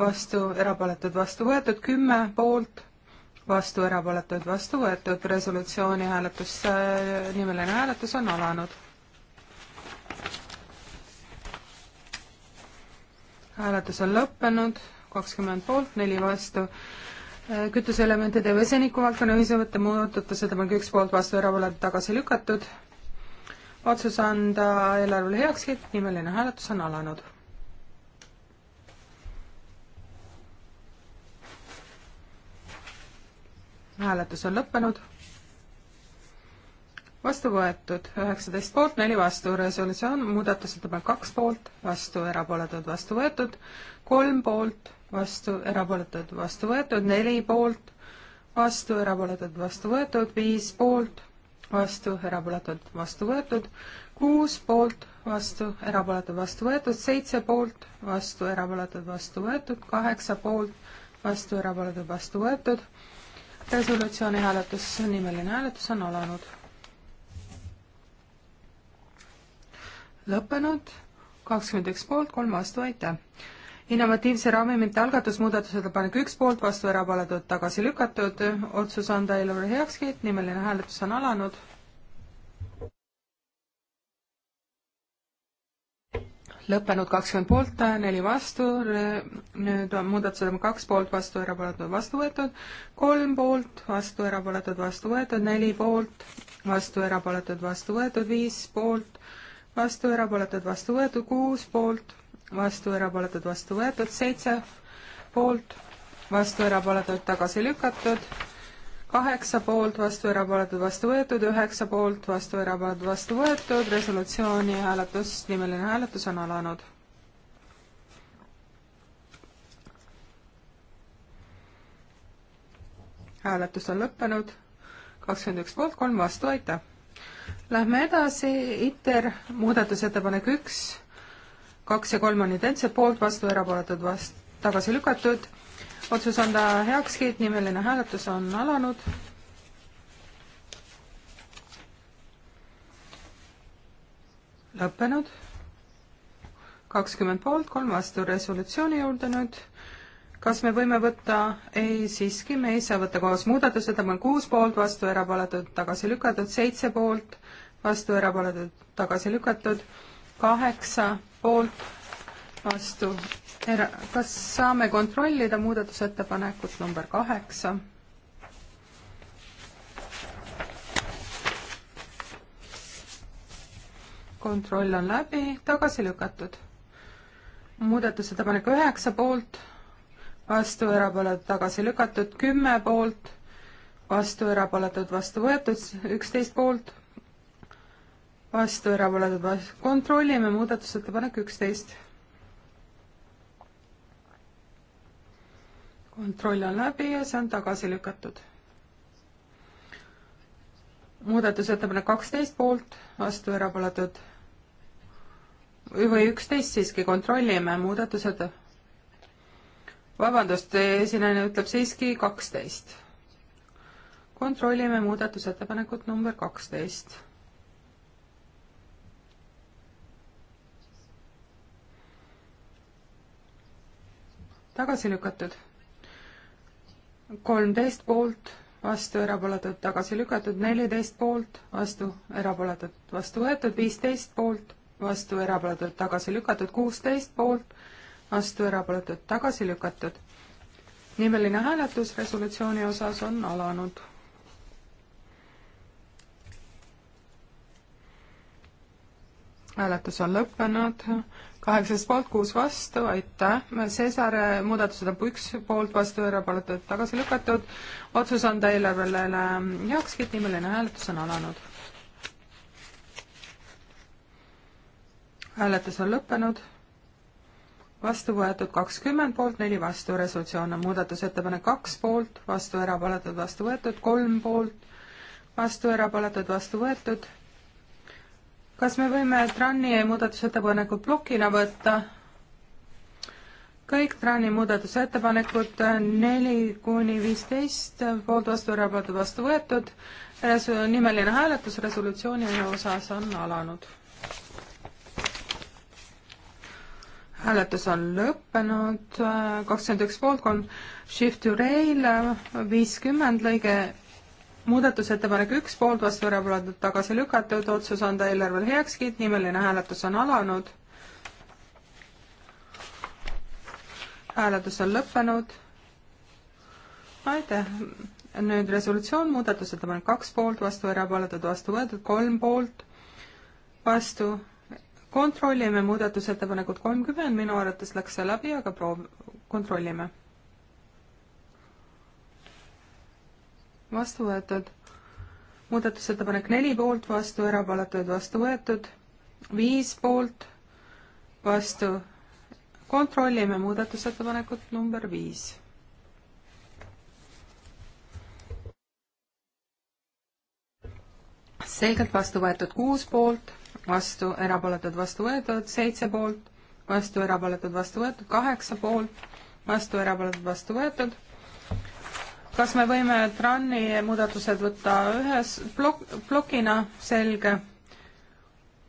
[SPEAKER 3] vastu erapooletud, vastu võetud, kümme poolt, vastu erapooletud, vastu võetud, resolutsiooni hääletus, äh, nimeline hääletus on alanud hääletus on lõppenud, kakskümmend poolt, neli vastu. Äh, kütuseelementide ja vesiniku valdkonna ühisevõtte muudatusettepanek üks poolt vastu, erapooletud tagasi lükatud. otsus anda eelarvele heakskiit, nimeline hääletus on alanud. hääletus on lõppenud vastu võetud, üheksateist poolt, neli vastu, resolutsioon, muudatusettepanek kaks poolt, vastu, erapooletud, vastu võetud, kolm poolt, vastu, erapooletud, vastu võetud, neli poolt, vastu, erapooletud, vastu võetud, viis poolt, vastu, erapooletud, vastu võetud, kuus poolt, vastu, erapooletud, vastu võetud, seitse poolt, vastu, erapooletud, vastu võetud, kaheksa poolt, vastu, erapooletud, vastu võetud, resolutsiooni hääletus, nimeline hääletus on alanud lõppenud, kakskümmend üks poolt, kolm vastu, aitäh. innovatiivse ravimite algatus, muudatusettepanek üks poolt, vastu erapooletud, tagasi lükatud, otsus anda eelarve heakskiit, nimeline hääletus on alanud. lõppenud kakskümmend poolt, neli vastu, nüüd on muudatused on kaks poolt, vastu, erapooletud, vastu võetud, kolm poolt, vastu, erapooletud, vastu võetud, neli poolt, vastu, erapooletud, vastu võetud, viis poolt, vastu, erapooletud, vastu võetud, kuus poolt, vastu, erapooletud, vastu võetud, seitse poolt, vastu, erapooletud, tagasi lükatud, kaheksa poolt, vastu, erapooletud, vastu võetud, üheksa poolt, vastu, erapooletud, vastu võetud, resolutsiooni hääletus, nimeline hääletus on alanud. hääletus on lõppenud, kakskümmend üks poolt, kolm vastu, aitäh! Lähme edasi, ITER muudatusettepanek üks, kaks ja kolm on identsed, poolt, vastu, erapooletud, vast-, tagasi lükatud. otsus anda heakskiit, nimeline hääletus on alanud. lõppenud. kakskümmend poolt, kolm vastu resolutsiooni juurde nüüd. kas me võime võtta, ei siiski, me ei saa võtta koos muudatused, on kuus poolt vastu, erapooletud tagasi lükatud, seitse poolt vastu, erapooletud, tagasi lükatud, kaheksa poolt, vastu, era-, kas saame kontrollida muudatusettepanekut number kaheksa? kontroll on läbi, tagasi lükatud. muudatusettepanek üheksa poolt, vastu, erapooletud, tagasi lükatud, kümme poolt, vastu, erapooletud, vastu võetud, üksteist poolt vastu, erapooletud vastu. kontrollime muudatusettepanek üksteist. kontroll on läbi ja see on tagasi lükatud. muudatusettepanek kaksteist poolt, vastu, erapooletud või üksteist siiski, kontrollime muudatused. vabandust, esinejana ütleb siiski kaksteist. kontrollime muudatusettepanekut number kaksteist tagasi lükatud. kolmteist poolt, vastu, erapooletud, tagasi lükatud, neliteist poolt, vastu, erapooletud, vastu võetud, viisteist poolt, vastu, erapooletud, tagasi lükatud, kuusteist poolt, vastu, erapooletud, tagasi lükatud. nimeline hääletus resolutsiooni osas on alanud hääletus on lõppenud, kaheksas poolt, kuus vastu, aitäh. Cesare muudatusettepanek üks poolt vastu, erapooletud tagasi lükatud. otsus anda eelarvele äh, heakskiit, nimeline hääletus on alanud. hääletus on lõppenud. vastu võetud kakskümmend poolt, neli vastu, resolutsioon on muudatusettepanek kaks poolt, vastu erapooletud, vastu võetud, kolm poolt, vastu erapooletud, vastu võetud kas me võime TRAN-i muudatusettepanekud plokina võtta? kõik TRAN-i muudatusettepanekud neli kuni viisteist, poolt vastu, erapooletud vastu võetud. Resu-, nimeline hääletus resolutsiooni osas on alanud. hääletus on lõppenud, kakskümmend üks poolt, kolm shift to rail, viiskümmend lõige muudatusettepanek üks poolt, vastu erapooletud, tagasi lükatud, otsus anda eelarvele heakskiit, nimeline hääletus on alanud. hääletus on lõppenud. aitäh. nüüd resolutsioon, muudatusettepanek kaks poolt, vastu erapooletud, vastu võetud, kolm poolt, vastu. kontrollime muudatusettepanekut kolmkümmend, minu arvates läks see läbi, aga proov-, kontrollime vastu võetud. muudatusettepanek neli poolt, vastu, erapooletuid, vastu võetud. viis poolt, vastu. kontrollime muudatusettepanekut number viis. selgelt vastu võetud kuus poolt, vastu, erapooletud, vastu võetud, seitse poolt, vastu, erapooletud, vastu võetud, kaheksa poolt, vastu, erapooletud, vastu võetud kas me võime TRAN-i muudatused võtta ühes plok-, plokina, selge,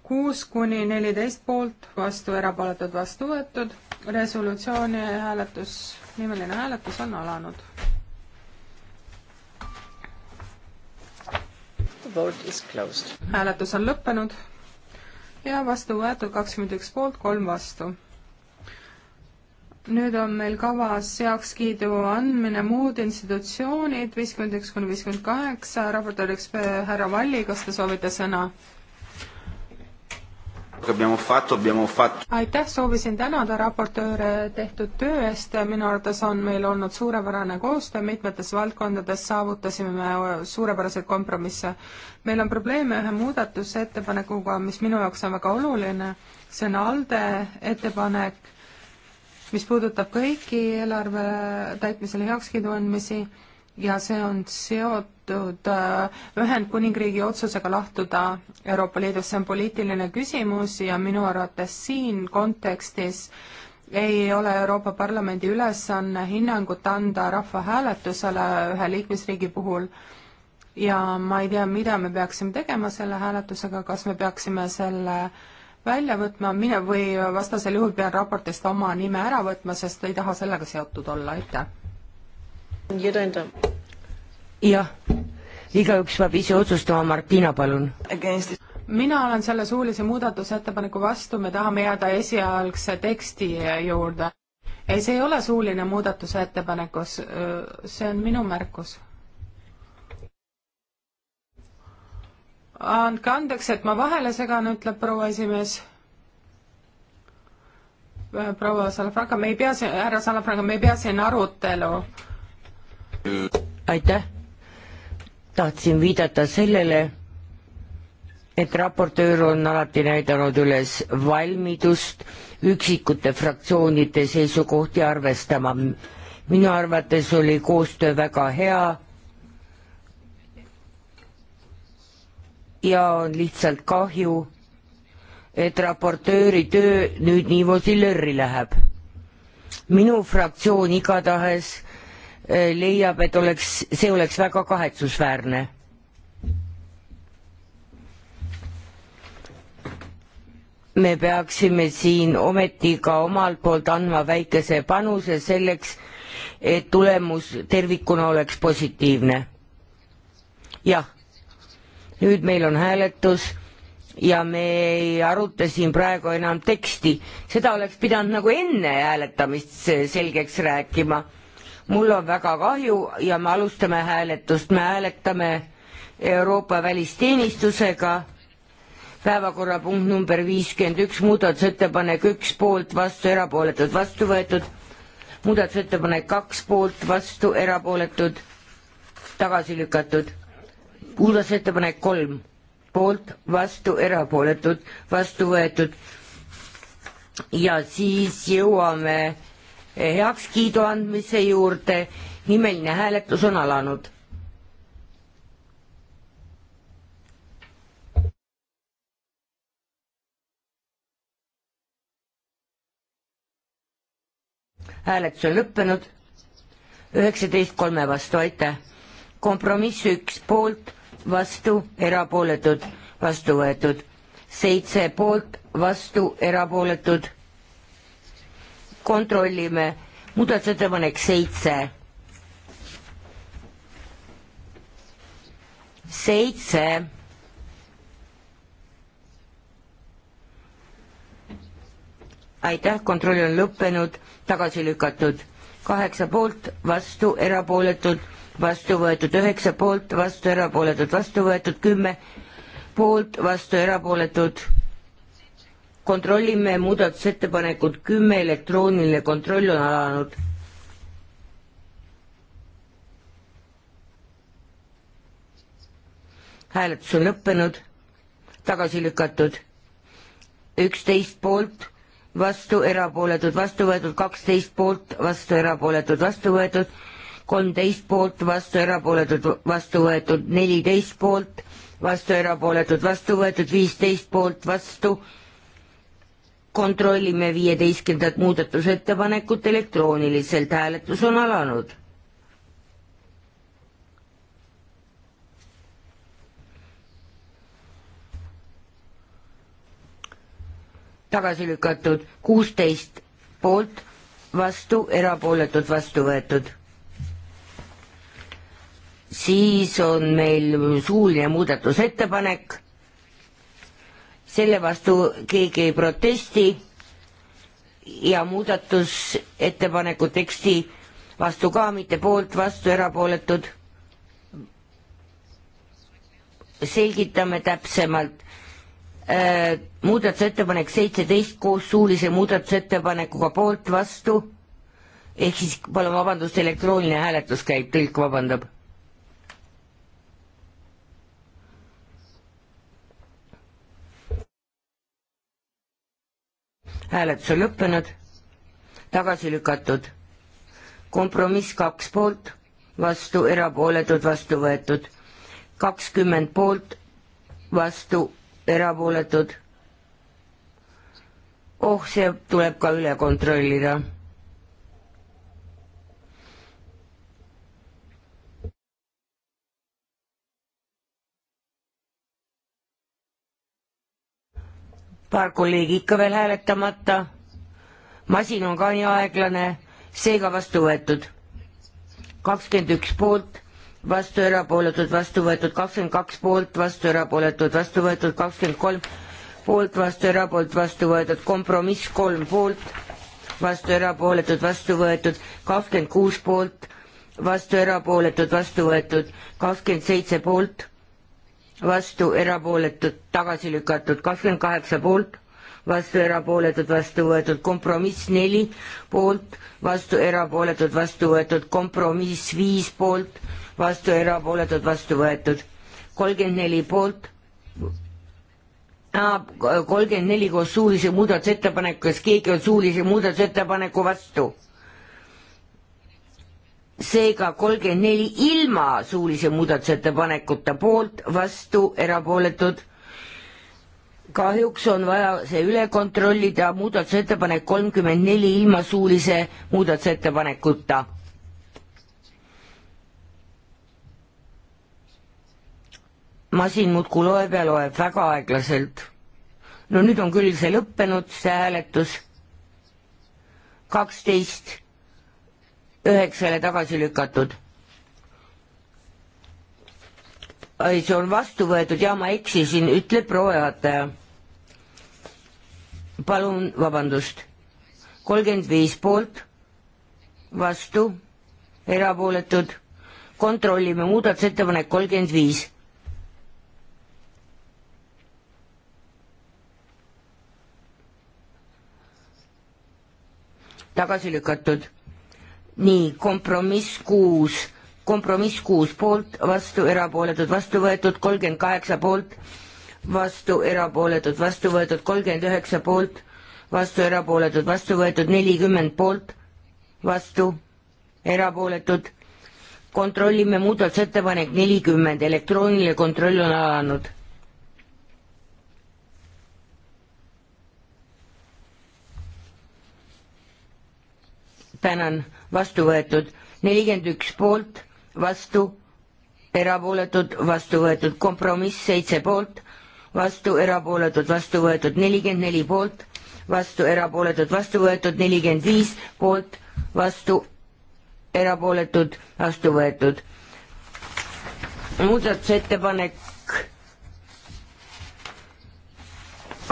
[SPEAKER 3] kuus kuni neliteist poolt, vastu erapooletud, vastu võetud, resolutsiooni hääletus, nimeline hääletus on alanud. hääletus on lõppenud ja vastu võetud kakskümmend üks poolt, kolm vastu nüüd on meil kavas heakskiidu andmine muud institutsioonid, viiskümmend üks kuni viiskümmend kaheksa, raportööriks härra Valli, kas te soovite sõna? aitäh, soovisin tänada raportööre tehtud töö eest, minu arvates on meil olnud suurepärane koostöö, mitmetes valdkondades saavutasime me suurepäraseid kompromisse. meil on probleeme ühe muudatusettepanekuga, mis minu jaoks on väga oluline, see on ALDE ettepanek mis puudutab kõiki eelarve täitmisele heakskiidu andmisi ja see on seotud äh, Ühendkuningriigi otsusega lahtuda Euroopa Liidust, see on poliitiline küsimus ja minu arvates siin kontekstis ei ole Euroopa Parlamendi ülesanne hinnangut anda rahvahääletusele ühe liikmesriigi puhul ja ma ei tea, mida me peaksime tegema selle hääletusega, kas me peaksime selle äh, välja võtma, mine või vastasel juhul pean raportist oma nime ära võtma, sest ei taha sellega seotud olla, aitäh.
[SPEAKER 1] jah, igaüks peab ise otsustama, Martina, palun.
[SPEAKER 3] mina olen selle suulise muudatusettepaneku vastu, me tahame jääda esialgse teksti juurde. ei, see ei ole suuline muudatusettepanekus, see on minu märkus andke andeks, et ma vahele segan, ütleb proua esimees. Äh, proua Salafranca, me ei pea siin, härra Salafranca, me ei pea siin arutelu. aitäh. tahtsin viidata
[SPEAKER 1] sellele, et raportöör on alati näidanud üles valmidust üksikute fraktsioonide seisukohti arvestama. minu arvates oli koostöö väga hea ja on lihtsalt kahju, et raportööri töö nüüd niimoodi lörri läheb. minu fraktsioon igatahes eh, leiab, et oleks, see oleks väga kahetsusväärne. me peaksime siin ometi ka omalt poolt andma väikese panuse selleks, et tulemus tervikuna oleks positiivne. jah nüüd meil on hääletus ja me ei aruta siin praegu enam teksti, seda oleks pidanud nagu enne hääletamist selgeks rääkima. mul on väga kahju ja me alustame hääletust, me hääletame Euroopa välisteenistusega, päevakorrapunkt number viiskümmend üks, muudatusettepanek üks poolt, vastu, erapooletud, vastu võetud, muudatusettepanek kaks poolt, vastu, erapooletud, tagasi lükatud muudatusettepanek kolm, poolt, vastu, erapooletud, vastu võetud. ja siis jõuame heakskiidu andmise juurde, nimeline hääletus on alanud. hääletus on lõppenud, üheksateist kolme vastu, aitäh. kompromiss üks poolt vastu, erapooletud, vastu võetud. seitse poolt, vastu, erapooletud. kontrollime, muudatusettepanek seitse. seitse. aitäh, kontroll on lõppenud, tagasi lükatud. kaheksa poolt, vastu, erapooletud vastu võetud üheksa poolt, vastu erapooletud, vastu võetud kümme poolt, vastu erapooletud. kontrollime muudatusettepanekut kümme, elektrooniline kontroll on alanud. hääletus on lõppenud, tagasi lükatud, üksteist poolt vastu, erapooletud, vastu võetud, kaksteist poolt, vastu erapooletud, vastu võetud kolmteist poolt, vastu erapooletud, vastu võetud neliteist poolt, vastu erapooletud, vastu võetud viisteist poolt, vastu. kontrollime viieteistkümnendat muudatusettepanekut elektrooniliselt, hääletus on alanud. tagasi lükatud kuusteist poolt, vastu, erapooletud, vastu võetud siis on meil suuline muudatusettepanek, selle vastu keegi ei protesti ja muudatusettepaneku teksti vastu ka, mitte poolt, vastu, erapooletud. selgitame täpsemalt. Äh, muudatusettepanek seitseteist koos suulise muudatusettepanekuga poolt, vastu ehk siis palun vabandust, elektrooniline hääletus käib, tõlk vabandab hääletus on lõppenud, tagasi lükatud. kompromiss kaks poolt, vastu erapooletud, vastu võetud. kakskümmend poolt, vastu erapooletud. oh, see tuleb ka üle kontrollida paar kolleegi ikka veel hääletamata, masin on ka nii aeglane, seega vastu võetud. kakskümmend üks poolt, vastu erapooletud, vastu võetud kakskümmend kaks poolt, vastu erapooletud, vastu võetud kakskümmend kolm poolt, vastu erapoolt, vastu võetud, kompromiss kolm poolt, vastu erapooletud, vastu võetud, kakskümmend kuus poolt, vastu erapooletud, vastu võetud, kakskümmend seitse poolt, vastu erapooletud, tagasi lükatud, kakskümmend kaheksa poolt, vastu erapooletud, vastu võetud, kompromiss neli poolt, vastu erapooletud, vastu võetud, kompromiss viis poolt, vastu erapooletud, vastu võetud, kolmkümmend neli poolt, kolmkümmend neli koos suulise muudatusettepanekuga, kas keegi on suulise muudatusettepaneku vastu? seega kolmkümmend neli ilma suulise muudatusettepanekuta poolt, vastu, erapooletud. kahjuks on vaja see üle kontrollida, muudatusettepanek kolmkümmend neli ilma suulise muudatusettepanekuta. masin muudkui loeb ja loeb väga aeglaselt. no nüüd on küll see lõppenud, see hääletus. kaksteist üheksale tagasi lükatud. ei, see on vastu võetud ja ma eksisin, ütleb proua juhataja. palun vabandust. kolmkümmend viis poolt, vastu, erapooletud, kontrollime muudatusettepanek kolmkümmend viis. tagasi lükatud nii, kompromiss kuus, kompromiss kuus poolt, vastu, erapooletud, vastu võetud, kolmkümmend kaheksa poolt, vastu, erapooletud, vastu võetud, kolmkümmend üheksa poolt, vastu, erapooletud, vastu võetud, nelikümmend poolt, vastu, erapooletud. kontrollime muudatusettepanek nelikümmend, elektrooniline kontroll on alanud tänan vastu võetud, nelikümmend üks poolt, vastu, erapooletud, vastu võetud, kompromiss seitse poolt, vastu, erapooletud, vastu võetud, nelikümmend neli poolt, vastu, erapooletud, vastu võetud, nelikümmend viis poolt, vastu, erapooletud, vastu võetud. muudatusettepanek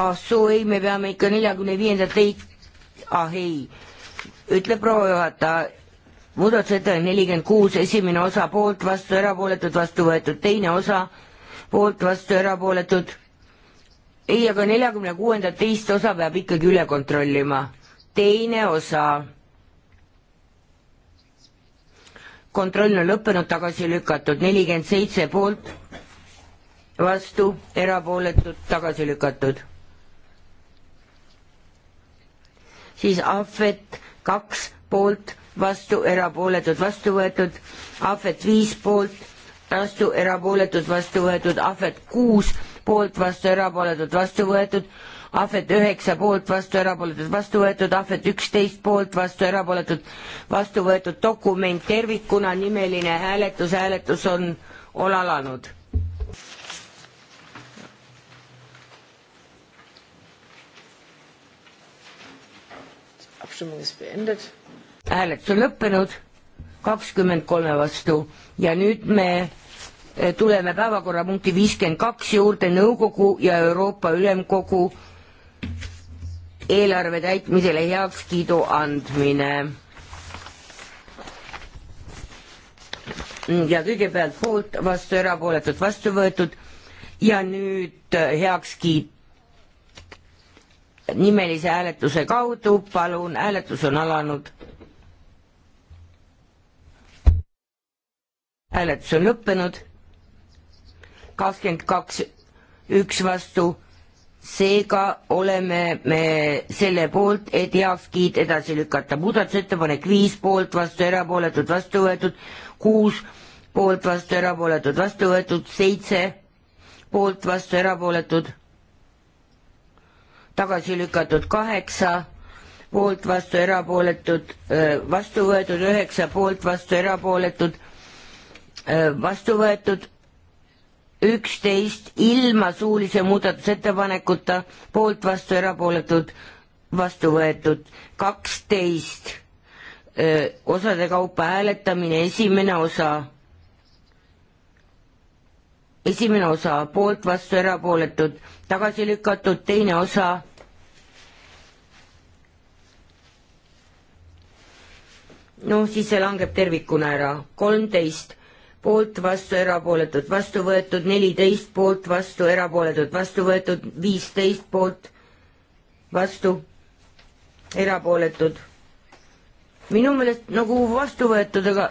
[SPEAKER 1] ah soo ei, me peame ikka neljakümne viiendat leid-, ah ei ütleb proua juhataja muudatusettepanek nelikümmend kuus, esimene osa poolt, vastu, erapooletud, vastu võetud, teine osa poolt, vastu, erapooletud. ei, aga neljakümne kuuendat teist osa peab ikkagi üle kontrollima. teine osa. kontroll on lõppenud, tagasi lükatud, nelikümmend seitse poolt, vastu, erapooletud, tagasi lükatud. siis ahvet kaks poolt, vastu, erapooletud, vastu võetud, ahvet viis poolt, vastu, erapooletud, vastu võetud, ahvet kuus poolt, vastu, erapooletud, vastu võetud, ahvet üheksa poolt, vastu, erapooletud, vastu võetud, ahvet üksteist poolt, vastu, erapooletud, vastu võetud, dokument tervikuna, nimeline hääletus, hääletus on, on alanud hääletus on lõppenud, kakskümmend kolme vastu ja nüüd me eh, tuleme päevakorrapunkti viiskümmend kaks juurde, nõukogu ja Euroopa Ülemkogu eelarve täitmisele heakskiidu andmine. ja kõigepealt poolt, vastu, erapooletult vastu võetud ja nüüd eh, heakskiit nimelise hääletuse kaudu, palun, hääletus on alanud. hääletus on lõppenud, kakskümmend kaks, üks vastu, seega oleme me selle poolt, et heakskiit edasi lükata, muudatusettepanek viis poolt vastu, erapooletud vastu võetud, kuus poolt vastu, erapooletud vastu võetud, seitse poolt vastu, erapooletud tagasi lükatud kaheksa, poolt vastu erapooletud, vastu võetud üheksa, poolt vastu erapooletud, vastu võetud üksteist ilma suulise muudatusettepanekuta, poolt vastu erapooletud, vastu võetud kaksteist, osade kaupa hääletamine, esimene osa, esimene osa poolt vastu erapooletud, tagasi lükatud, teine osa noh, siis see langeb tervikuna ära, kolmteist poolt, vastu, erapooletud, vastu võetud, neliteist poolt, vastu, erapooletud, vastu võetud, viisteist poolt, vastu, erapooletud. minu meelest nagu vastu võetud, aga,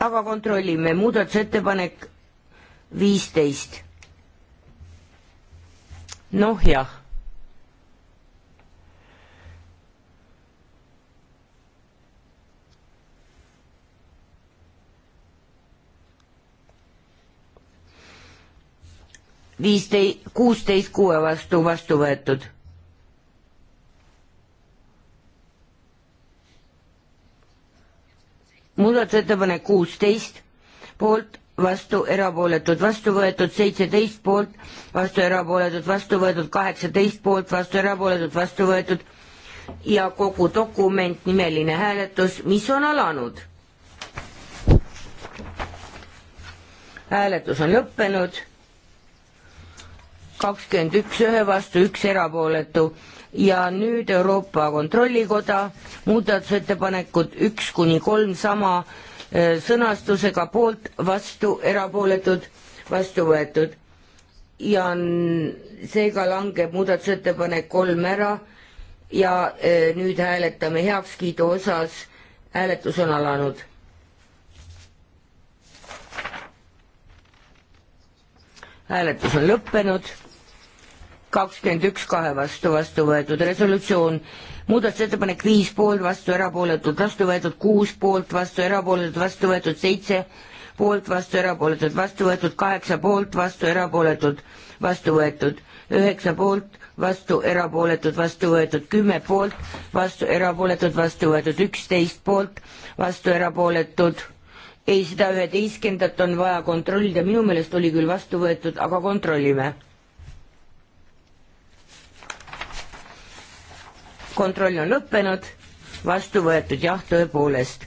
[SPEAKER 1] aga kontrollime, muudatusettepanek viisteist. noh, jah viisteist, kuusteist kuue vastu vastu võetud. muudatusettepanek kuusteist, poolt, vastu, erapooletud, vastu võetud, seitseteist poolt, vastu, erapooletud, vastu võetud, kaheksateist poolt, vastu, erapooletud, vastu võetud ja kogu dokument, nimeline hääletus, mis on alanud hääletus on lõppenud kakskümmend üks ühe vastu, üks erapooletu ja nüüd Euroopa Kontrollikoda muudatusettepanekud üks kuni kolm sama e, sõnastusega poolt, vastu, erapooletud, vastu võetud. ja seega langeb muudatusettepanek kolm ära ja e, nüüd hääletame heakskiidu osas, hääletus on alanud. hääletus on lõppenud kakskümmend üks kahe vastu vastu võetud resolutsioon, muudatusettepanek viis poolt vastu, erapooletud vastu võetud, kuus poolt vastu, erapooletud vastu võetud, seitse poolt vastu, erapooletud vastu võetud, kaheksa poolt vastu, erapooletud vastu võetud, üheksa poolt vastu, erapooletud vastu võetud, kümme poolt vastu, erapooletud vastu võetud, üksteist poolt vastu, erapooletud ei, seda üheteistkümnendat on vaja kontrollida, minu meelest oli küll vastu võetud, aga kontrollime kontroll on lõppenud, vastu võetud jah, tõepoolest,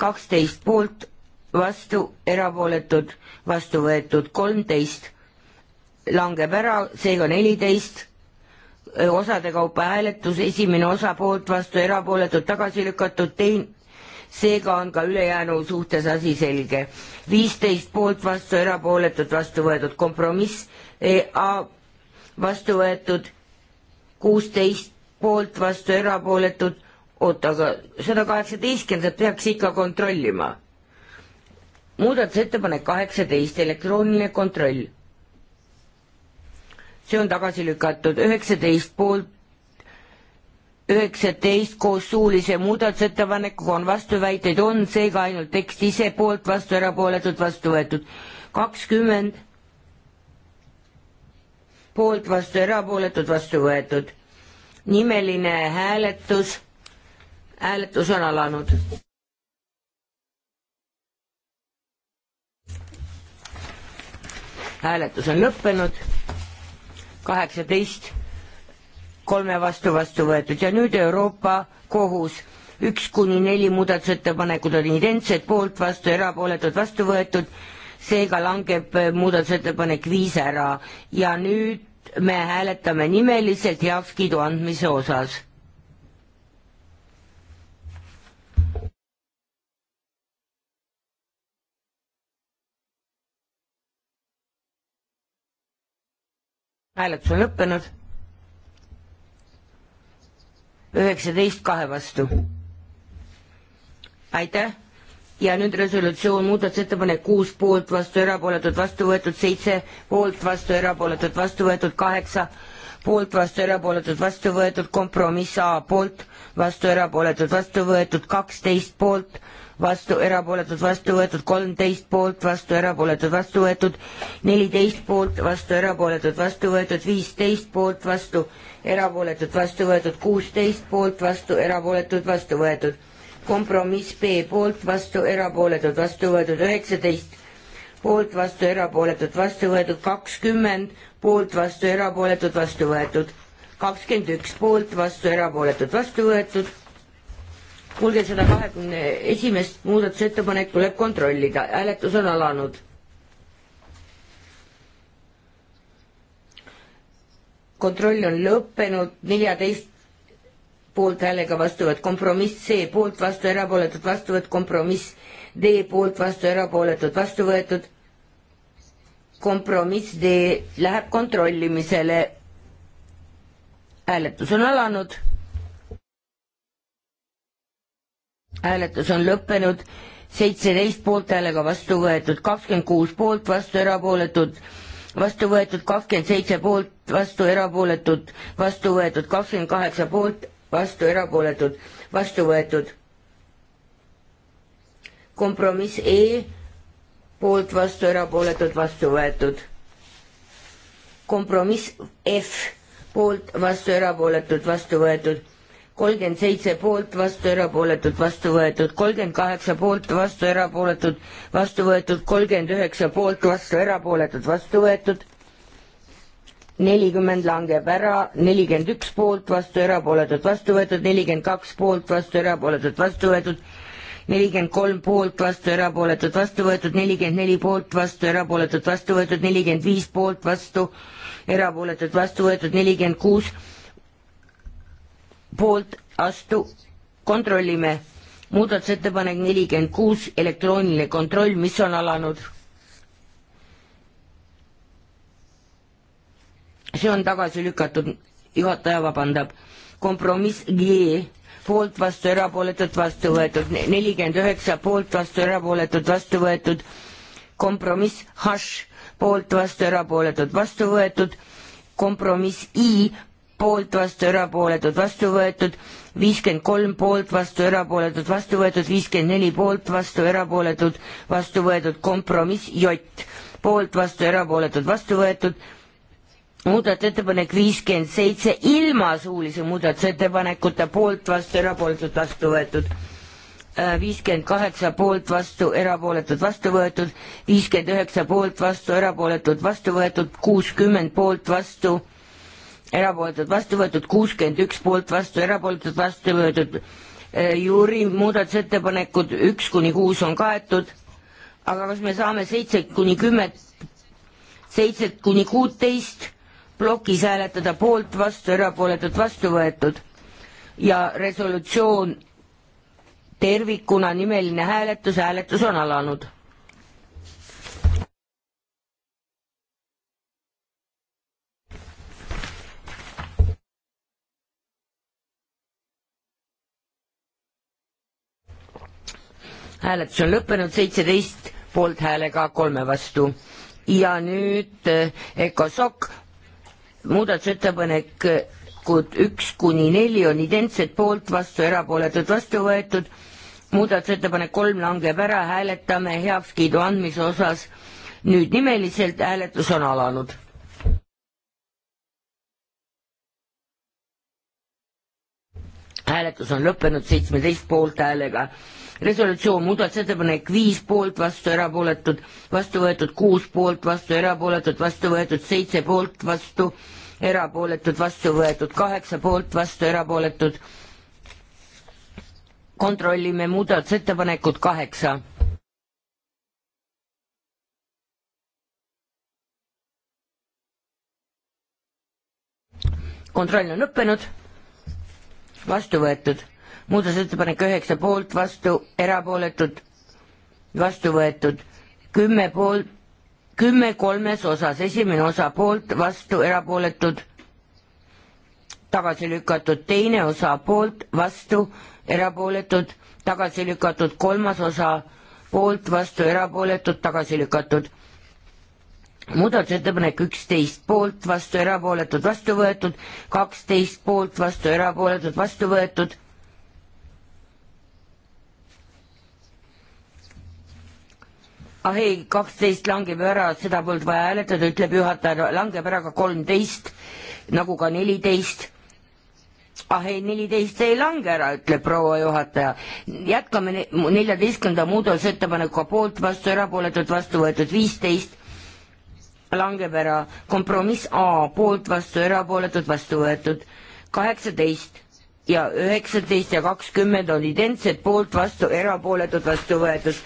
[SPEAKER 1] kaksteist poolt, vastu erapooletud, vastu võetud kolmteist, langeb ära, seega neliteist, osade kaupa hääletus, esimene osa poolt, vastu erapooletud, tagasi lükatud, tein-, seega on ka ülejäänu suhtes asi selge. viisteist poolt vastu, erapooletud vastu võetud kompromiss e, A vastu võetud kuusteist poolt, vastu erapooletud, oota, aga sada kaheksateistkümnendat peaks ikka kontrollima. muudatusettepanek kaheksateist, elektrooniline kontroll. see on tagasi lükatud, üheksateist poolt, üheksateist koos suulise muudatusettepanekuga on vastuväiteid, on seega ainult tekst ise poolt, vastu erapooletud, vastu võetud. kakskümmend poolt, vastu erapooletud, vastu võetud nimeline hääletus. hääletus on alanud. hääletus on lõppenud. kaheksateist kolme vastu vastu võetud ja nüüd Euroopa Kohus üks kuni neli muudatusettepanekud olid identsed, poolt, vastu, erapooletud, vastu võetud, seega langeb muudatusettepanek viis ära ja nüüd me hääletame nimeliselt heakskiidu andmise osas. hääletus on lõppenud. üheksateist kahe vastu. aitäh ja nüüd resolutsioon, muudatusettepanek kuus poolt, vastu erapooletud, vastu võetud seitse, poolt vastu erapooletud, vastu võetud kaheksa, poolt vastu erapooletud, vastu võetud kompromiss A poolt, vastu erapooletud, vastu võetud kaksteist poolt, vastu erapooletud, vastu võetud kolmteist poolt, vastu erapooletud, vastu võetud neliteist poolt, vastu erapooletud, vastu võetud viisteist poolt, vastu erapooletud, vastu võetud kuusteist poolt, vastu erapooletud, vastu võetud kompromiss B poolt, vastu, erapooletud, vastu võetud üheksateist, poolt, vastu, erapooletud, vastu võetud kakskümmend, poolt, vastu, erapooletud, vastu võetud kakskümmend üks, poolt, vastu, erapooletud, vastu võetud. kuulge, sada kahekümne esimest muudatusettepanek tuleb kontrollida, hääletus on alanud. kontroll on lõppenud, neljateist poolt häälega vastu võetud, kompromiss C poolt vastu, erapooletud vastu võetud, kompromiss D poolt vastu, erapooletud vastu võetud. kompromiss D läheb kontrollimisele. hääletus on alanud. hääletus on lõppenud, seitseteist poolthäälega vastu võetud, kakskümmend kuus poolt vastu, erapooletud vastu võetud kakskümmend seitse poolt, vastu erapooletud, vastu võetud kakskümmend kaheksa poolt, vastu erapooletud, vastu võetud. kompromiss E, poolt vastu erapooletud, vastu võetud. kompromiss F, poolt vastu erapooletud, vastu võetud kolmkümmend seitse poolt, vastu erapooletud, vastu võetud, kolmkümmend kaheksa poolt, vastu erapooletud, vastu võetud, kolmkümmend üheksa poolt, vastu erapooletud, vastu võetud, nelikümmend langeb ära, nelikümmend üks poolt vastu, erapooletult vastu võetud, nelikümmend kaks poolt vastu, erapooletult vastu võetud, nelikümmend kolm poolt vastu, erapooletult vastu võetud, nelikümmend neli poolt vastu, erapooletult vastu võetud, nelikümmend viis poolt vastu, erapooletult vastu võetud, nelikümmend kuus poolt vastu, kontrollime. muudatusettepanek nelikümmend kuus, elektrooniline kontroll, mis on alanud see on tagasi lükatud, juhataja vabandab. kompromiss G poolt vastu, erapooletult vastu võetud, nelikümmend üheksa poolt vastu, erapooletult vastu võetud, kompromiss H poolt vastu, erapooletult vastu võetud, kompromiss I poolt vastu, erapooletult vastu võetud, viiskümmend kolm poolt vastu, erapooletult vastu võetud, viiskümmend neli poolt vastu, erapooletult vastu võetud, kompromiss J poolt vastu, erapooletult vastu võetud muudatusettepanek viiskümmend seitse ilma suulise muudatusettepanekute poolt, vastu, erapooletud, vastu võetud. Äh, viiskümmend kaheksa poolt, vastu, erapooletud, vastu võetud. viiskümmend üheksa poolt, vastu, erapooletud, vastu võetud. kuuskümmend poolt, vastu, erapooletud, vastu võetud. kuuskümmend üks poolt, vastu, erapooletud, vastu võetud. Äh, Juri muudatusettepanekud üks kuni kuus on kaetud. aga kas me saame seitse kuni kümmet, seitset kuni kuuteist? plokis hääletada poolt, vastu, erapooletud, vastu võetud. ja resolutsioon tervikuna, nimeline hääletus, hääletus on alanud. hääletus on lõppenud, seitseteist poolthäälega, kolme vastu ja nüüd ECOSOC eh, muudatusettepanekud üks kuni neli on identsed, poolt, vastu, erapooletud, vastu võetud. muudatusettepanek kolm langeb ära, hääletame heakskiidu andmise osas. nüüd nimeliselt hääletus on alanud hääletus on lõppenud seitsmeteist poolthäälega. resolutsioon muudatusettepanek viis poolt, vastu erapooletud, vastu võetud kuus poolt, vastu erapooletud, vastu võetud seitse poolt, vastu erapooletud, vastu võetud kaheksa poolt, vastu erapooletud. kontrollime muudatusettepanekut kaheksa. kontroll on lõppenud vastu võetud, muudatusettepanek üheksa poolt, vastu, erapooletud, vastu võetud, kümme poolt, kümme kolmes osas, esimene osa poolt, vastu, erapooletud, tagasi lükatud, teine osa poolt, vastu, erapooletud, tagasi lükatud, kolmas osa poolt, vastu, erapooletud, tagasi lükatud muudatusettepanek üksteist poolt, vastu erapooletud, vastu võetud, kaksteist poolt, vastu erapooletud, vastu võetud. ah ei, kaksteist langeb ära, seda polnud vaja hääletada, ütleb juhataja, langeb ära ka kolmteist, nagu ka neliteist. ah ei, neliteist ei lange ära, ütleb proua juhataja. jätkame neljateistkümnenda muudatusettepanekuga poolt, vastu erapooletud, vastu võetud viisteist langeb ära. kompromiss A poolt, vastu, erapooletud, vastu võetud. kaheksateist ja üheksateist ja kakskümmend on identsed, poolt, vastu, erapooletud, vastu võetud.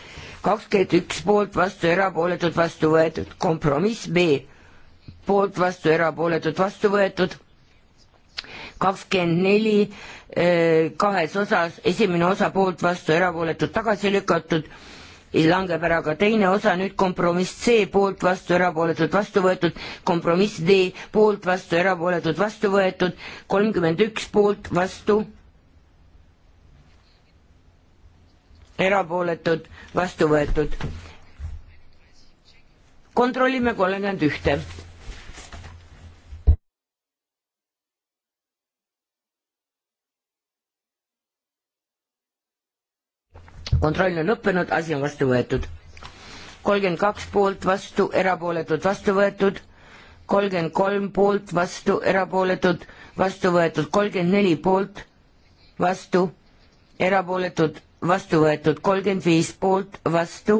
[SPEAKER 1] kakskümmend üks poolt, vastu, erapooletud, vastu võetud. kompromiss B poolt, vastu, erapooletud, vastu võetud kakskümmend neli eh, kahes osas, esimene osa poolt vastu, erapooletud tagasi lükatud langeb ära ka teine osa, nüüd kompromiss C poolt vastu, erapooletud vastu võetud, kompromiss D poolt vastu, erapooletud vastu võetud, kolmkümmend üks poolt vastu, erapooletud vastu võetud. kontrollime kolmkümmend ühte kontroll on lõppenud, asi on vastu võetud. kolmkümmend kaks poolt vastu, erapooletud vastu võetud, kolmkümmend kolm poolt vastu, erapooletud vastu võetud, kolmkümmend neli poolt vastu, erapooletud vastu võetud, kolmkümmend viis poolt vastu,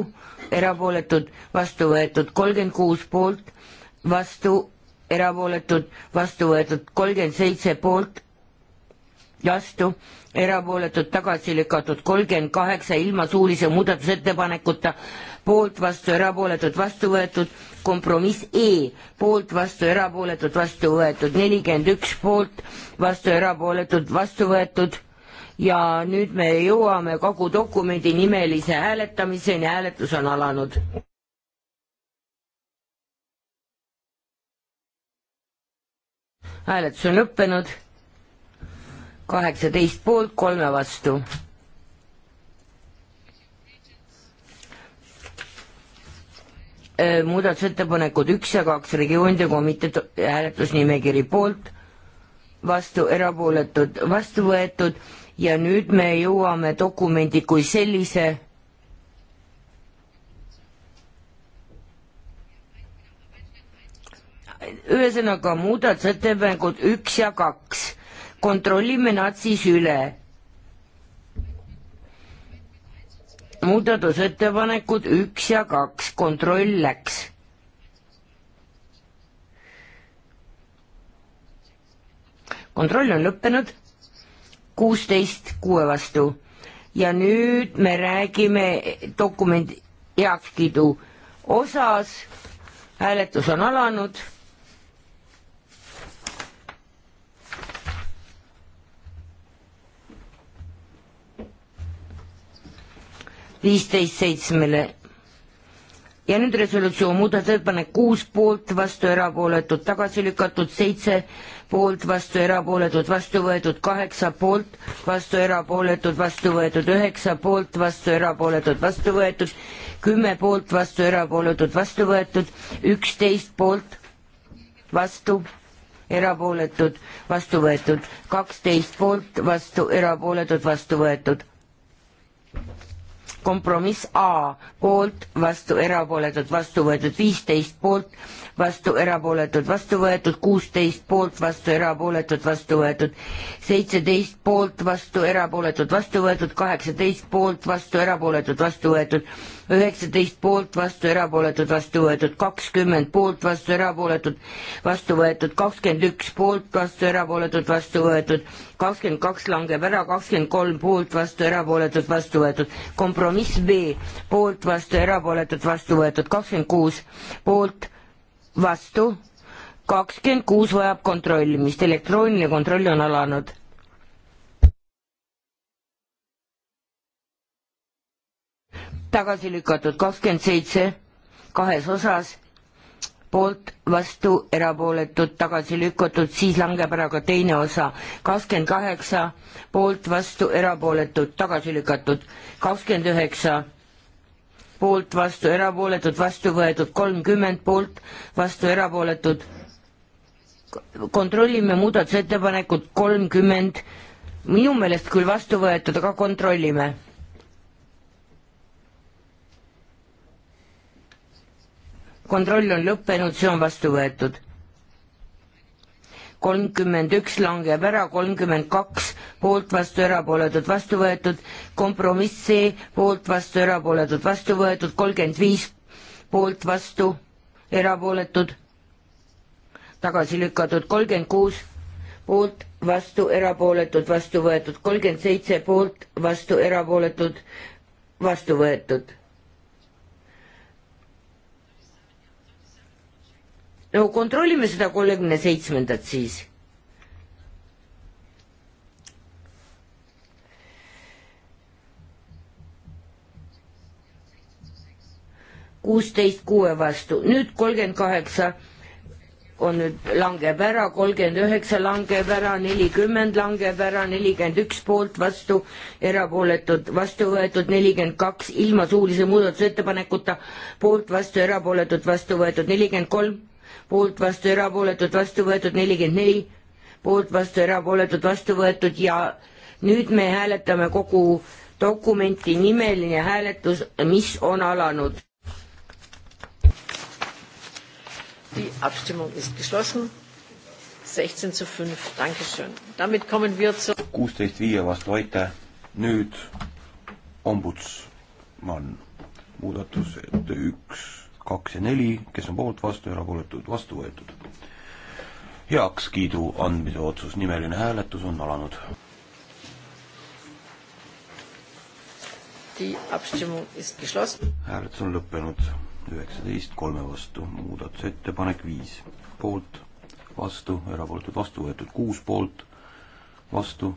[SPEAKER 1] erapooletud vastu võetud, kolmkümmend kuus poolt vastu, erapooletud vastu võetud, kolmkümmend seitse poolt vastu, erapooletud tagasi lükatud kolmkümmend kaheksa ilma suulise muudatusettepanekuta, poolt vastu erapooletud vastu võetud, kompromiss E, poolt vastu erapooletud vastu võetud, nelikümmend üks poolt vastu erapooletud vastu võetud ja nüüd me jõuame kogu dokumendi nimelise hääletamiseni, hääletus on alanud. hääletus on lõppenud kaheksateist poolt, kolme vastu. Äh, muudatusettepanekud üks ja kaks regioonide komitee hääletusnimekiri poolt, vastu erapooletud, vastu võetud ja nüüd me jõuame dokumendi kui sellise ühesõnaga muudatusettepanekud üks ja kaks kontrollime nad siis üle. muudatusettepanekud üks ja kaks, kontroll läks. kontroll on lõppenud, kuusteist kuue vastu ja nüüd me räägime dokumendi heakskiidu osas, hääletus on alanud viisteist seitsmele. ja nüüd resolutsioon, muudatusettepanek kuus poolt, vastu erapooletud, tagasi lükatud seitse poolt, vastu erapooletud, vastu võetud kaheksa poolt, vastu erapooletud, vastu võetud üheksa poolt, vastu erapooletud, vastu võetud kümme poolt, vastu erapooletud, vastu võetud üksteist poolt, vastu erapooletud, vastu võetud kaksteist poolt, vastu erapooletud, vastu võetud kompromiss A poolt, vastu, erapooletud, vastu võetud viisteist poolt, vastu erapooletud, vastu võetud kuusteist poolt, vastu erapooletud, vastu võetud seitseteist poolt, vastu erapooletud, vastu võetud kaheksateist poolt, vastu erapooletud, vastu võetud üheksateist poolt, vastu erapooletud, vastu võetud kakskümmend poolt, vastu erapooletud, vastu võetud kakskümmend üks poolt, vastu erapooletud, vastu võetud kakskümmend kaks langeb ära, kakskümmend kolm poolt, vastu erapooletud, vastu võetud. kompromiss B poolt, vastu erapooletud, vastu võetud kakskümmend kuus poolt vastu, kakskümmend kuus vajab kontrollimist, elektrooniline kontroll on alanud. tagasi lükatud kakskümmend seitse, kahes osas, poolt, vastu, erapooletud, tagasi lükatud, siis langeb ära ka teine osa, kakskümmend kaheksa, poolt, vastu, erapooletud, tagasi lükatud, kakskümmend üheksa poolt, vastu erapooletud, vastu võetud kolmkümmend poolt, vastu erapooletud. kontrollime muudatusettepanekut kolmkümmend, minu meelest küll vastu võetud, aga kontrollime. kontroll on lõppenud, see on vastu võetud kolmkümmend üks langeb ära, kolmkümmend kaks poolt vastu erapooletud vastu võetud, kompromiss C poolt vastu erapooletud vastu võetud, kolmkümmend viis poolt vastu erapooletud tagasi lükatud, kolmkümmend kuus poolt vastu erapooletud vastu võetud, kolmkümmend seitse poolt vastu erapooletud vastu võetud no kontrollime seda kolmekümne seitsmendat siis. kuusteist kuue vastu, nüüd kolmkümmend kaheksa on nüüd, langeb ära, kolmkümmend üheksa langeb ära, nelikümmend langeb ära, nelikümmend üks poolt vastu, erapooletud, vastu võetud nelikümmend kaks ilma suulise muudatusettepanekuta, poolt vastu, erapooletud, vastu võetud nelikümmend kolm poolt vastu erapooletud, vastu võetud nelikümmend neli, poolt vastu erapooletud, vastu võetud ja nüüd me hääletame kogu dokumenti nimeline hääletus, mis on alanud. Die Abstimmung
[SPEAKER 2] ist geschlossen. 16 zu 5. Dankeschön. Damit kommen wir zu...
[SPEAKER 4] 16 viie vastu, aitäh. Nüüd ombudsman. Muudatus, et üks kaks ja neli, kes on poolt, vastu, erapooletud, vastu võetud. heakskiidu andmise otsus, nimeline hääletus on alanud. hääletus on lõppenud, üheksateist kolme vastu, muudatusettepanek viis, poolt, vastu, erapooletud, vastu võetud, kuus poolt, vastu,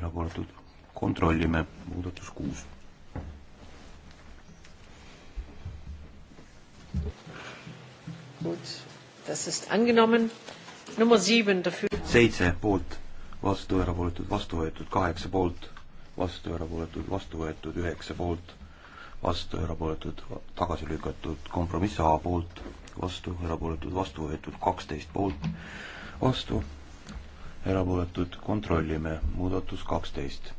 [SPEAKER 4] erapooletud, kontrollime, muudatus kuus seitse poolt, vastu, erapooletud, vastu võetud, kaheksa poolt, vastu, erapooletud, vastu võetud, üheksa poolt, vastu, erapooletud, tagasi lükatud, kompromiss A poolt, vastu, erapooletud, vastu võetud, kaksteist poolt, vastu, erapooletud, kontrollime, muudatus kaksteist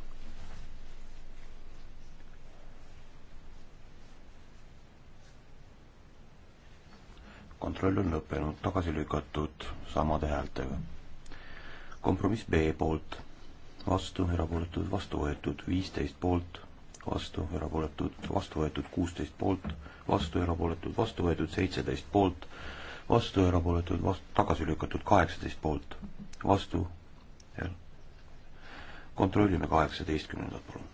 [SPEAKER 4] kontroll on lõppenud, tagasi lükatud samade häältega. kompromiss B poolt, vastu, erapooletud, vastu võetud, viisteist poolt, vastu, erapooletud, vastu võetud, kuusteist poolt, vastu, erapooletud, vastu võetud, seitseteist poolt, vastu, erapooletud, vastu, tagasi lükatud, kaheksateist poolt, vastu, kontrollime kaheksateistkümnendat, palun.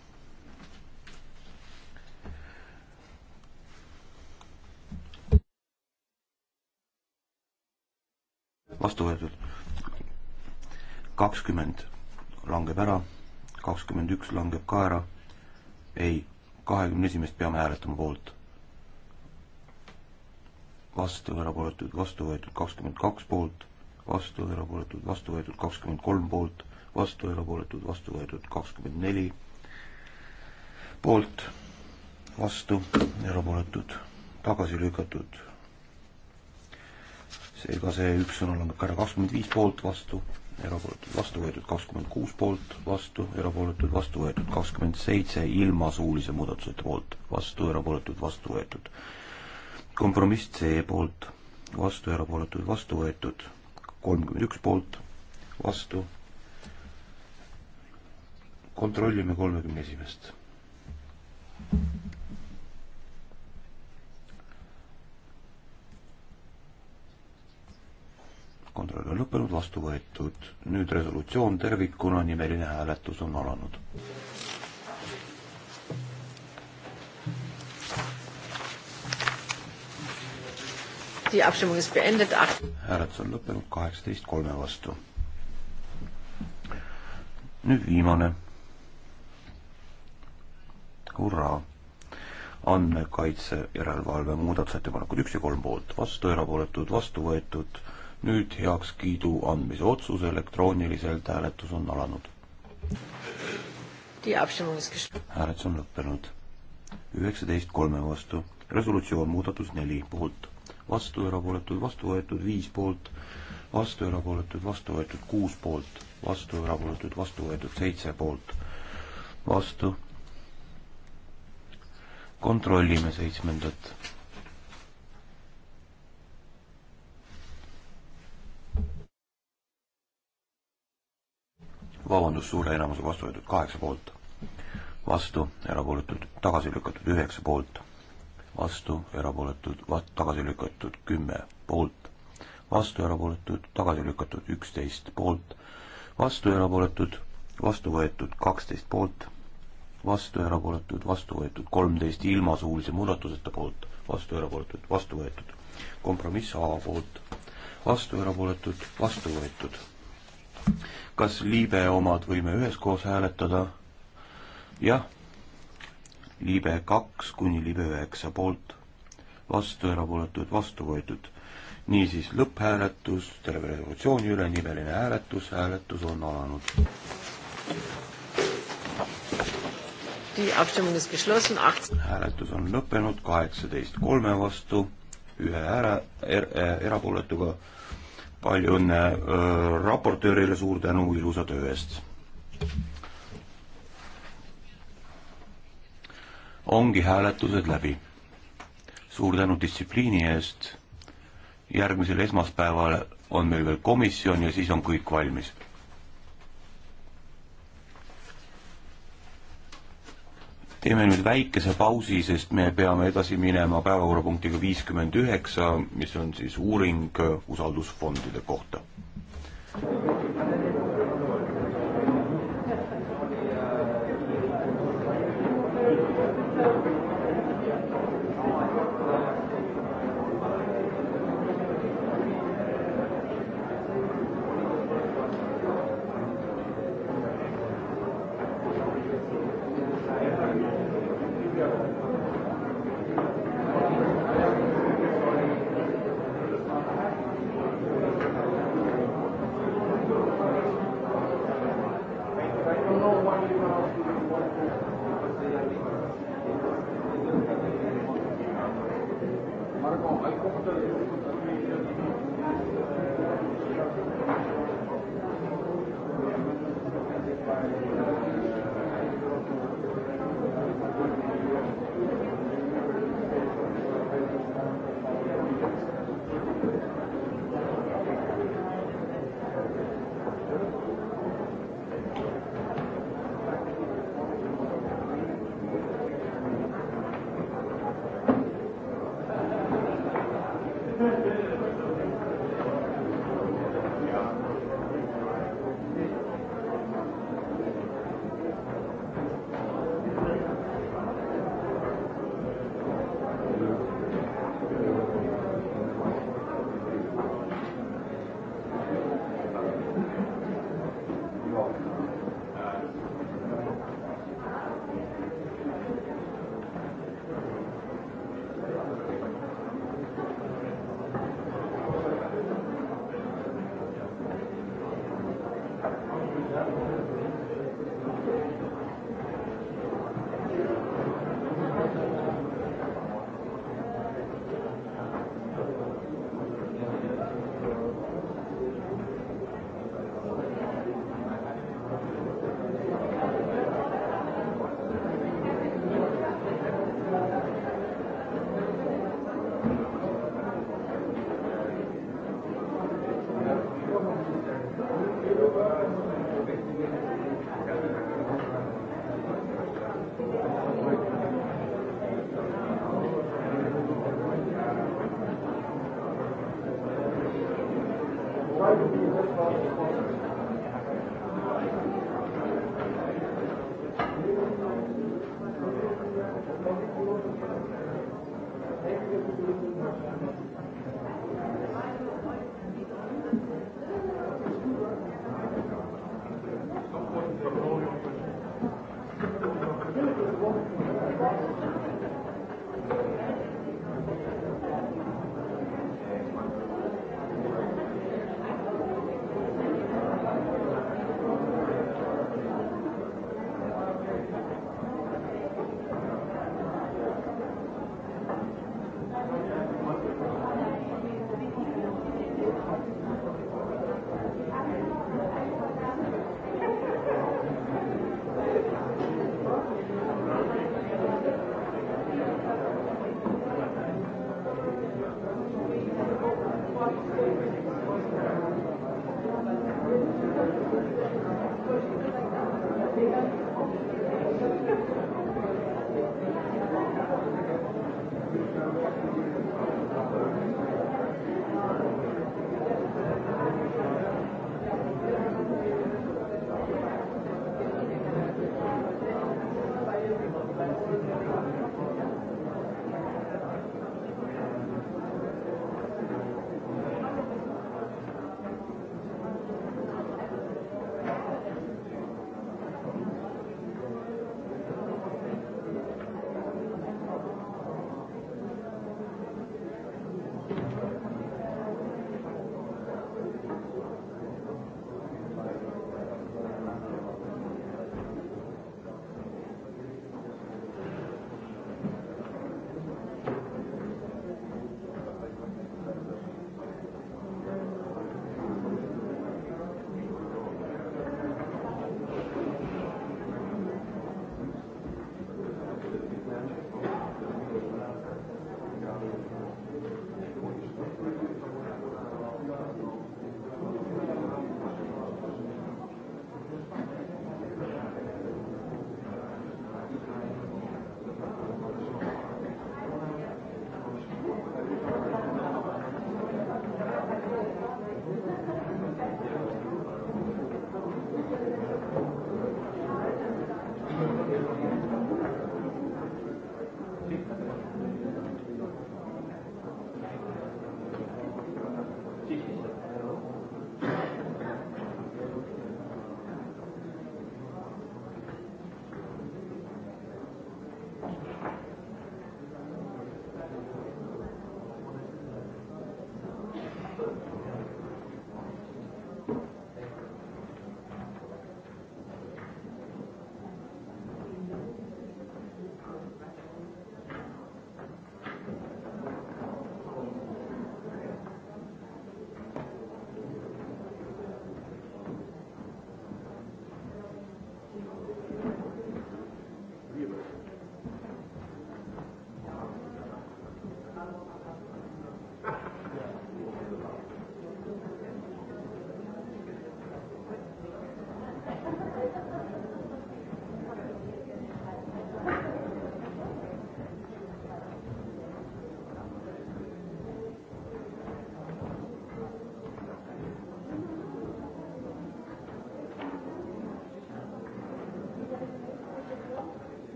[SPEAKER 4] vastu võetud. kakskümmend langeb ära, kakskümmend üks langeb ka ära. ei, kahekümne esimest peame hääletama poolt. vastu, erapooletud, vastu võetud kakskümmend kaks poolt, vastu, erapooletud, vastu võetud kakskümmend kolm poolt, vastu, erapooletud, vastu võetud kakskümmend neli poolt, vastu, erapooletud, tagasi lükatud seega see üks sõna langeb ära kakskümmend viis poolt, vastu, erapooletud, vastu võetud kakskümmend kuus poolt, vastu, erapooletud, vastu võetud kakskümmend seitse, ilma suulise muudatuseta poolt, vastu, erapooletud, vastu võetud. kompromiss C poolt, vastu, erapooletud, vastu võetud, kolmkümmend üks poolt, vastu, kontrollime kolmekümne esimest. kontroll on lõppenud, vastu võetud. nüüd resolutsioon tervikuna, nimeline hääletus on alanud. hääletus on lõppenud kaheksateist kolme vastu. nüüd viimane. hurraa andmekaitse järelevalve muudatusettepanekud üks ja kolm poolt, vastu erapooletud, vastu võetud nüüd heakskiidu andmise otsus elektrooniliselt, hääletus on alanud. hääletus on lõppenud. üheksateist kolme vastu, resolutsioon muudatus neli poolt, vastu erapooletud, vastu võetud viis poolt, vastu erapooletud, vastu võetud kuus poolt, vastu erapooletud, vastu võetud seitse poolt, vastu. kontrollime seitsmendat vabandust, suure enamuse vastu võetud kaheksa poolt, vastu erapooletud, tagasi lükatud üheksa poolt, vastu erapooletud, tagasi lükatud kümme poolt, vastu erapooletud, tagasi lükatud üksteist poolt, vastu erapooletud, vastu võetud kaksteist poolt, vastu erapooletud, vastu võetud kolmteist ilma suulise muudatuseta poolt, vastu erapooletud, vastu võetud, kompromiss A poolt, vastu erapooletud, vastu võetud kas liibe omad võime üheskoos hääletada? jah. liibe kaks kuni liibe üheksa poolt, vastu erapooletud, vastu võetud. niisiis lõpphääletus terve resolutsiooni üle, nimeline hääletus, hääletus on alanud. hääletus on lõppenud kaheksateist kolme vastu, ühe ära er,, er, erapooletuga palju õnne raportöörile, suur tänu ilusa töö eest. ongi hääletused läbi. suur tänu distsipliini eest. järgmisel esmaspäeval on meil veel komisjon ja siis on kõik valmis teeme nüüd väikese pausi, sest me peame edasi minema päevakorrapunktiga viiskümmend üheksa, mis on siis uuring usaldusfondide kohta.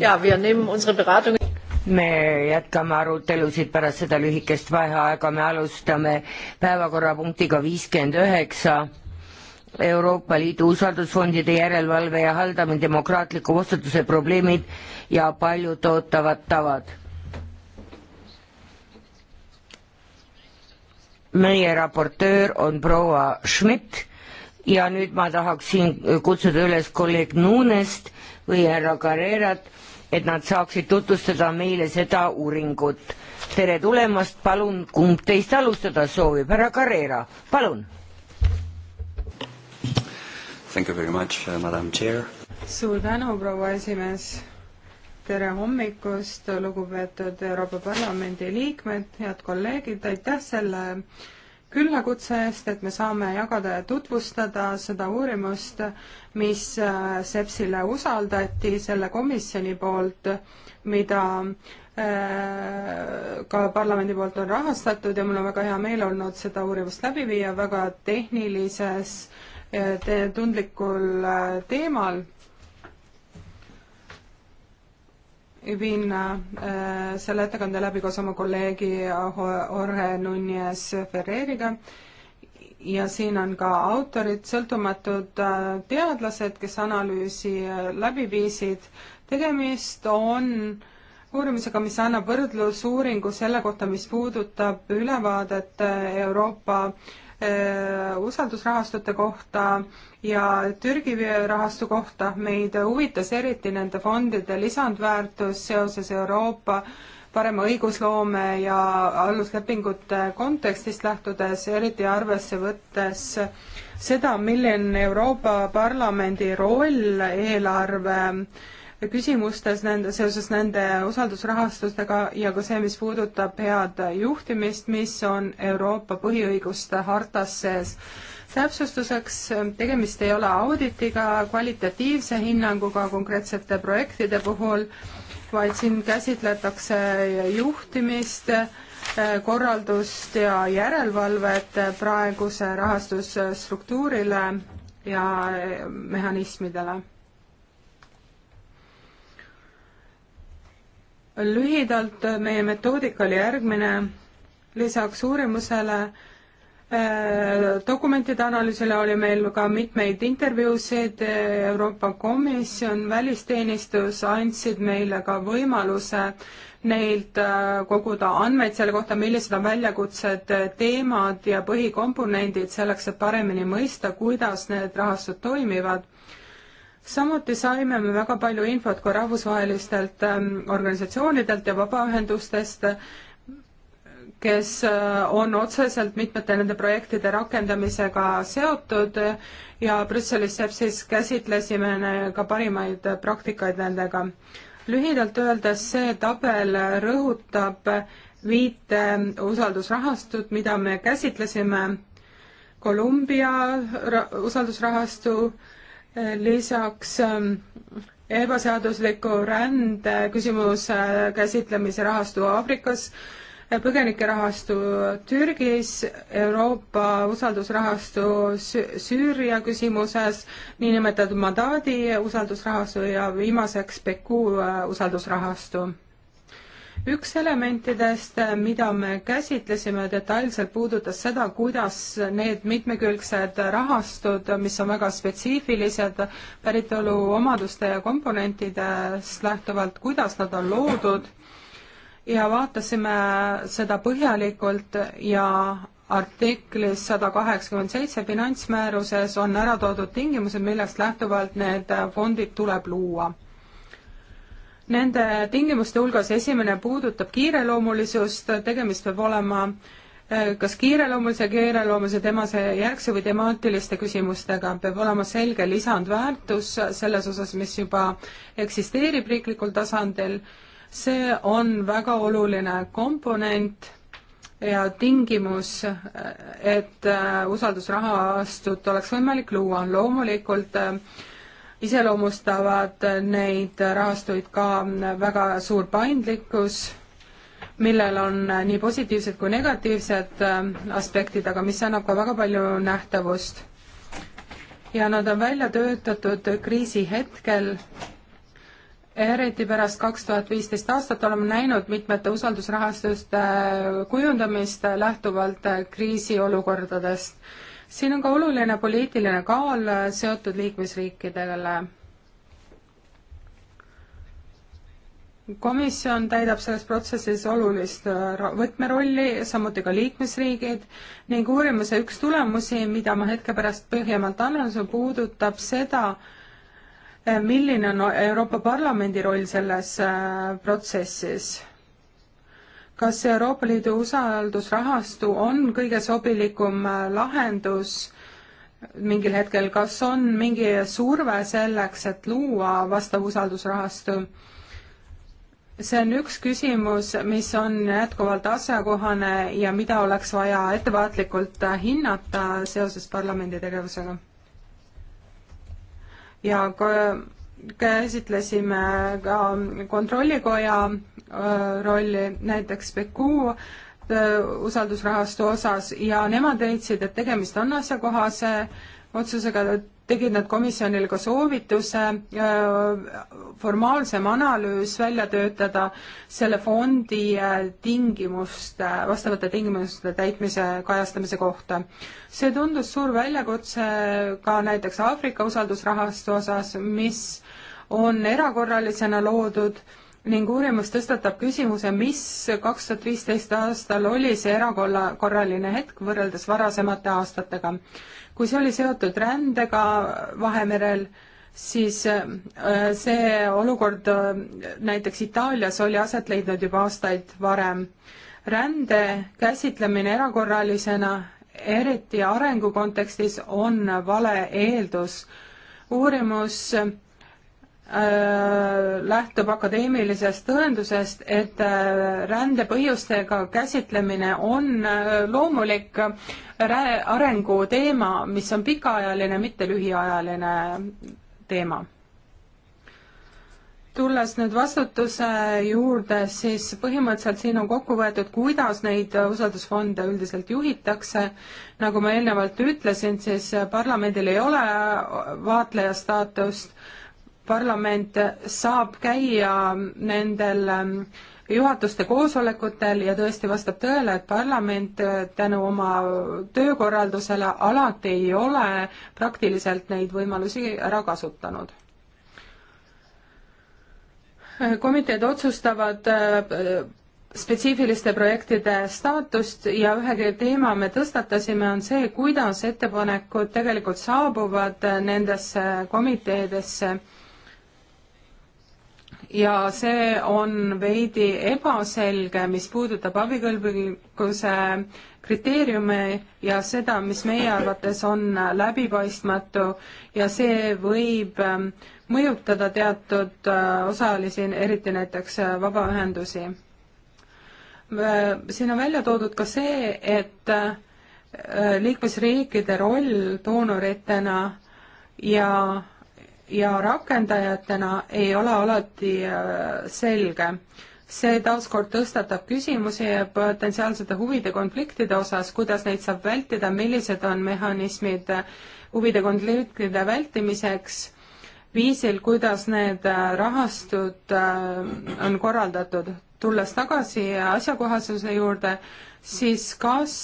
[SPEAKER 1] ja, wir nehmen unsere Beratung me jätkame arutelusid pärast seda lühikest vaheaega, me alustame päevakorrapunktiga viiskümmend üheksa. Euroopa Liidu usaldusfondide järelevalve ja haldamine, demokraatliku vastutuse probleemid ja paljud ootavad tavad. meie raportöör on proua Schmidt ja nüüd ma tahaksin kutsuda üles kolleeg Nuunest või härra Carrerat et nad saaksid tutvustada meile seda uuringut. tere tulemast, palun, kumb teist alustada soovib, härra Carrera, palun.
[SPEAKER 4] Thank you very much, uh, madam chair.
[SPEAKER 3] suur tänu, proua esimees. tere hommikust, lugupeetud Euroopa Parlamendi liikmed, head kolleegid, aitäh selle äh, küllakutse eest, et me saame jagada ja tutvustada seda uurimust, mis äh, Sepsile usaldati selle komisjoni poolt, mida äh, ka parlamendi poolt on rahastatud ja mul on väga hea meel olnud seda uurimust läbi viia väga tehnilises äh, te, tundlikul teemal viin äh, selle ettekande läbi koos oma kolleegi Jorge Nunez Ferreriga ja siin on ka autorid, sõltumatud äh, teadlased, kes analüüsi äh, läbi viisid. tegemist on uurimisega, mis annab võrdlusuuringu selle kohta, mis puudutab ülevaadet Euroopa äh, Äh, usaldusrahastute kohta ja Türgi rahastu kohta. meid huvitas eriti nende fondide lisandväärtus seoses Euroopa parema õigusloome ja aluslepingute kontekstist lähtudes, eriti arvesse võttes seda, milline Euroopa Parlamendi roll eelarve küsimustes nende, seoses nende usaldusrahastustega ja ka see, mis puudutab head juhtimist, mis on Euroopa põhiõiguste hartas sees täpsustuseks, tegemist ei ole auditiga, kvalitatiivse hinnanguga konkreetsete projektide puhul, vaid siin käsitletakse juhtimist, korraldust ja järelevalvet praeguse rahastusstruktuurile ja mehhanismidele lühidalt meie metoodika oli järgmine, lisaks uurimusele äh, dokumentide analüüsile oli meil ka mitmeid intervjuusid, Euroopa Komisjon, välisteenistus andsid meile ka võimaluse neilt äh, koguda andmeid selle kohta, millised on väljakutsed, äh, teemad ja põhikomponendid selleks, et paremini mõista, kuidas need rahastud toimivad samuti saime me väga palju infot ka rahvusvahelistelt ähm, organisatsioonidelt ja vabaühendustest, kes äh, on otseselt mitmete nende projektide rakendamisega seotud ja Brüsselis sepsis käsitlesime ka parimaid praktikaid nendega. lühidalt öeldes see tabel rõhutab viite usaldusrahastut, mida me käsitlesime Kolumbia usaldusrahastu, lisaks ähm, ebaseadusliku rände küsimuse käsitlemise rahastu Aafrikas, põgenikerahastu Türgis, Euroopa usaldusrahastu Süüria küsimuses, niinimetatud mandaadi usaldusrahastu ja viimaseks Beku äh, usaldusrahastu üks elementidest, mida me käsitlesime detailselt, puudutas seda, kuidas need mitmekülgsed rahastud, mis on väga spetsiifilised päritoluomaduste ja komponentidest lähtuvalt, kuidas nad on loodud ja vaatasime seda põhjalikult ja artiklis sada kaheksakümmend seitse finantsmääruses on ära toodud tingimused, millest lähtuvalt need fondid tuleb luua Nende tingimuste hulgas esimene puudutab kiireloomulisust, tegemist peab olema eh, kas kiireloomulise, kiireloomulise temase järgse või temaatiliste küsimustega, peab olema selge lisandväärtus selles osas, mis juba eksisteerib riiklikul tasandil, see on väga oluline komponent ja tingimus, eh, et eh, usaldusrahastut oleks võimalik luua, on loomulikult äh, iseloomustavad neid rahastuid ka väga suur paindlikkus, millel on nii positiivsed kui negatiivsed äh, aspektid, aga mis annab ka väga palju nähtavust. ja nad on välja töötatud kriisi hetkel, eriti pärast kaks tuhat viisteist aastat oleme näinud mitmete usaldusrahastuste kujundamist lähtuvalt kriisiolukordadest siin on ka oluline poliitiline kaal seotud liikmesriikidele. komisjon täidab selles protsessis olulist võtmerolli, samuti ka liikmesriigid ning uurimuse üks tulemusi, mida ma hetke pärast põhjemalt annan, see puudutab seda, milline on Euroopa Parlamendi roll selles äh, protsessis kas Euroopa Liidu usaldusrahastu on kõige sobilikum äh, lahendus mingil hetkel, kas on mingi surve selleks, et luua vastav usaldusrahastu? see on üks küsimus, mis on jätkuvalt asjakohane ja mida oleks vaja ettevaatlikult äh, hinnata seoses parlamendi tegevusega. ja kui käsitlesime ka Kontrollikoja äh, rolli, näiteks Beku äh, usaldusrahastu osas ja nemad leidsid, et tegemist on asjakohase otsusega, tegid nad komisjonile ka soovituse äh, formaalsem analüüs välja töötada selle fondi tingimuste, vastavate tingimuste täitmise kajastamise kohta. see tundus suur väljakutse ka näiteks Aafrika usaldusrahastu osas, mis on erakorralisena loodud ning uurimus tõstatab küsimuse, mis kaks tuhat viisteist aastal oli see erakorraline hetk võrreldes varasemate aastatega. kui see oli seotud rändega Vahemerel, siis äh, see olukord äh, näiteks Itaalias oli aset leidnud juba aastaid varem. rände käsitlemine erakorralisena, eriti arengu kontekstis, on vale eeldus. uurimus Äh, lähtub akadeemilisest tõendusest, et äh, rände põhjustega käsitlemine on äh, loomulik arenguteema, mis on pikaajaline, mitte lühiajaline teema. tulles nüüd vastutuse juurde, siis põhimõtteliselt siin on kokku võetud, kuidas neid usaldusfonde üldiselt juhitakse. nagu ma eelnevalt ütlesin, siis parlamendil ei ole vaatleja staatust parlament saab käia nendel ähm, juhatuste koosolekutel ja tõesti vastab tõele, et parlament äh, tänu oma töökorraldusele alati ei ole praktiliselt neid võimalusi ära kasutanud komiteed otsustavad äh, spetsiifiliste projektide staatust ja ühe teema me tõstatasime, on see, kuidas ettepanekud tegelikult saabuvad nendesse komiteedesse ja see on veidi ebaselge, mis puudutab abikõlblikkuse kriteeriume ja seda, mis meie arvates on läbipaistmatu ja see võib ähm, mõjutada teatud äh, osalisi, eriti näiteks äh, vabaühendusi. Äh, siin on välja toodud ka see, et liikmesriikide roll doonoritena ja ja rakendajatena ei ole alati äh, selge. see taaskord tõstatab küsimusi potentsiaalsete huvide konfliktide osas, kuidas neid saab vältida, millised on mehhanismid äh, huvide konfliktide vältimiseks, viisil, kuidas need äh, rahastud on korraldatud. tulles tagasi asjakohasuse juurde, siis kas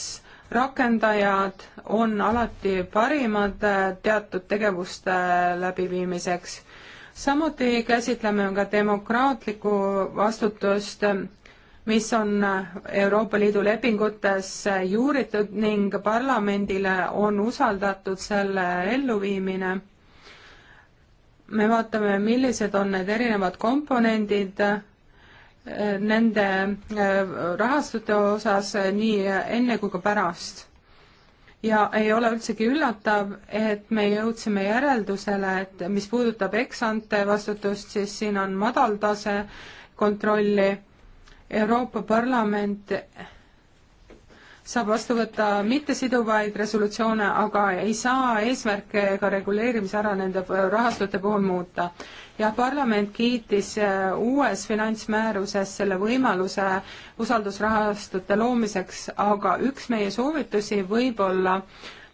[SPEAKER 3] rakendajad on alati parimad teatud tegevuste läbiviimiseks. samuti käsitleme ka demokraatlikku vastutust, mis on Euroopa Liidu lepingutes juuritud ning parlamendile on usaldatud selle elluviimine. me vaatame, millised on need erinevad komponendid nende äh, rahastute osas äh, nii enne kui ka pärast. ja ei ole üldsegi üllatav, et me jõudsime järeldusele, et mis puudutab eksante vastutust, siis siin on madal tase kontrolli. Euroopa Parlament saab vastu võtta mittesiduvaid resolutsioone, aga ei saa eesmärke ega reguleerimise ära nende rahastute puhul muuta. ja parlament kiitis äh, uues finantsmääruses selle võimaluse usaldusrahastute loomiseks, aga üks meie soovitusi võib-olla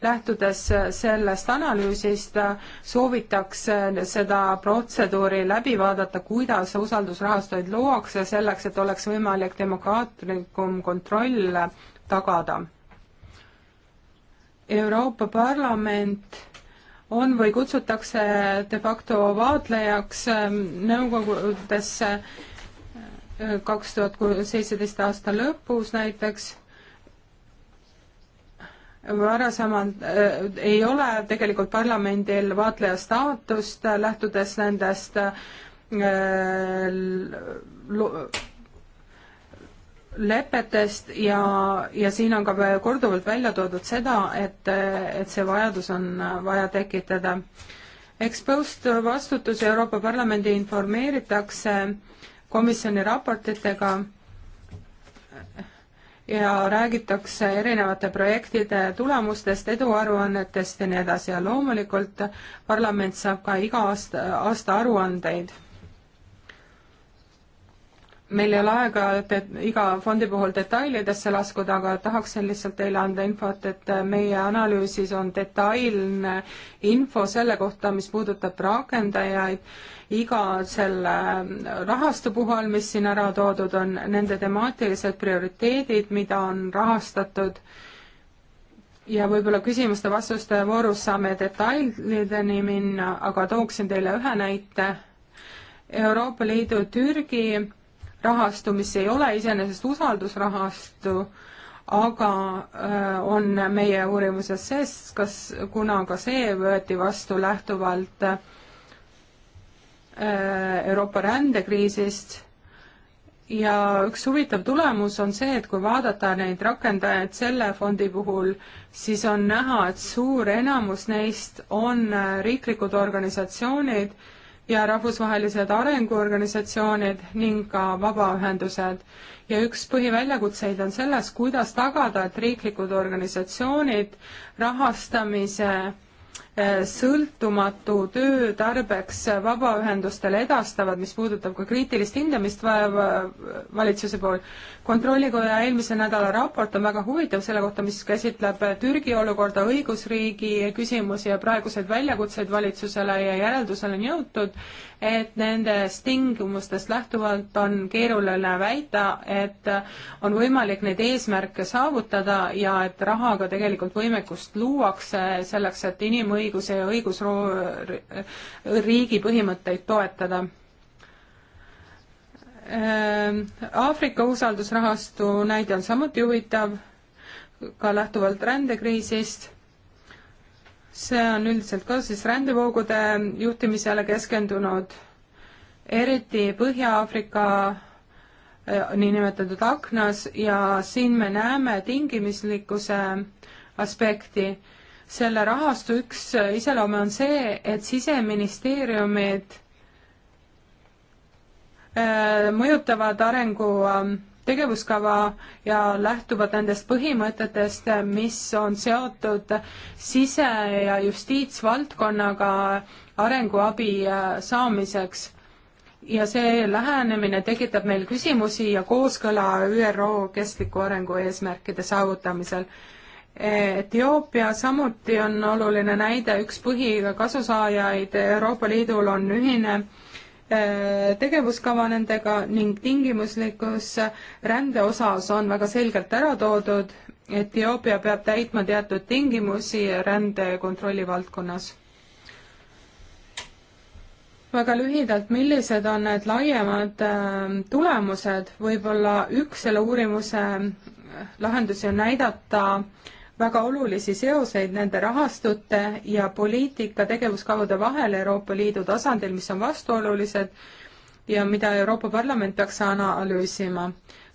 [SPEAKER 3] lähtudes sellest analüüsist äh, soovitaks äh, seda protseduuri läbi vaadata, kuidas usaldusrahastuid luuakse selleks, et oleks võimalik demokraatlikum kontroll tagada. Euroopa Parlament on või kutsutakse de facto vaatlejaks ähm, nõukogudesse äh, kaks tuhat seitseteist aasta lõpus näiteks varasemalt äh, ei ole tegelikult parlamendil vaatleja staatust, äh, lähtudes nendest äh, lepetest ja, ja siin on ka korduvalt välja toodud seda, et, et see vajadus on vaja tekitada. Exposed vastutus Euroopa Parlamendi informeeritakse komisjoni raportitega ja räägitakse erinevate projektide tulemustest, eduaruannetest ja nii edasi ja loomulikult parlament saab ka iga aasta, aasta aruandeid meil ei ole aega iga fondi puhul detailidesse laskuda, aga tahaksin lihtsalt teile anda infot, et äh, meie analüüsis on detailne info selle kohta, mis puudutab rakendajaid, iga selle äh, rahastu puhul, mis siin ära toodud on, nende temaatilised prioriteedid, mida on rahastatud ja võib-olla küsimuste-vastuste voorus saame detailideni minna, aga tooksin teile ühe näite. Euroopa Liidu Türgi rahastu, mis ei ole iseenesest usaldusrahastu, aga äh, on meie uurimuses sees, kas, kuna ka see võeti vastu lähtuvalt äh, Euroopa rändekriisist ja üks huvitav tulemus on see, et kui vaadata neid rakendajaid selle fondi puhul, siis on näha, et suur enamus neist on äh, riiklikud organisatsioonid, ja rahvusvahelised arenguorganisatsioonid ning ka vabaühendused. ja üks põhiväljakutseid on selles, kuidas tagada, et riiklikud organisatsioonid rahastamise Äh, sõltumatu töö tarbeks vabaühendustele edastavad, mis puudutab ka kriitilist hindamist valitsuse poolt. kontrollikoja eelmise nädala raport on väga huvitav selle kohta, mis käsitleb Türgi olukorda, õigusriigi küsimusi ja praeguseid väljakutseid valitsusele ja järeldusele on jõutud, et nendest tingimustest lähtuvalt on keeruline väita, et on võimalik neid eesmärke saavutada ja et rahaga tegelikult võimekust luuakse selleks, et inimõigusi õiguse ja õigusriigi põhimõtteid toetada. Ehm, Aafrika usaldusrahastu näide on samuti huvitav, ka lähtuvalt rändekriisist. see on üldiselt ka siis rändevoogude juhtimisele keskendunud, eriti Põhja-Aafrika e, niinimetatud aknas ja siin me näeme tingimislikkuse aspekti selle rahastu üks iseloome on see, et siseministeeriumid äh, mõjutavad arengu ähm, tegevuskava ja lähtuvad nendest põhimõtetest, mis on seotud sise- ja justiitsvaldkonnaga arenguabi äh, saamiseks. ja see lähenemine tekitab meil küsimusi ja kooskõla ÜRO kestliku arengu eesmärkide saavutamisel Etioopia samuti on oluline näide, üks põhikasusaajaid Euroopa Liidul on ühine eh, tegevuskava nendega ning tingimuslikkus rände osas on väga selgelt ära toodud. Etioopia peab täitma teatud tingimusi rände kontrolli valdkonnas. väga lühidalt, millised on need laiemad eh, tulemused, võib-olla üks selle uurimuse lahendusi on näidata äh, väga olulisi seoseid nende rahastute ja poliitika tegevuskavade vahel Euroopa Liidu tasandil, mis on vastuolulised ja mida Euroopa Parlament peaks analüüsima.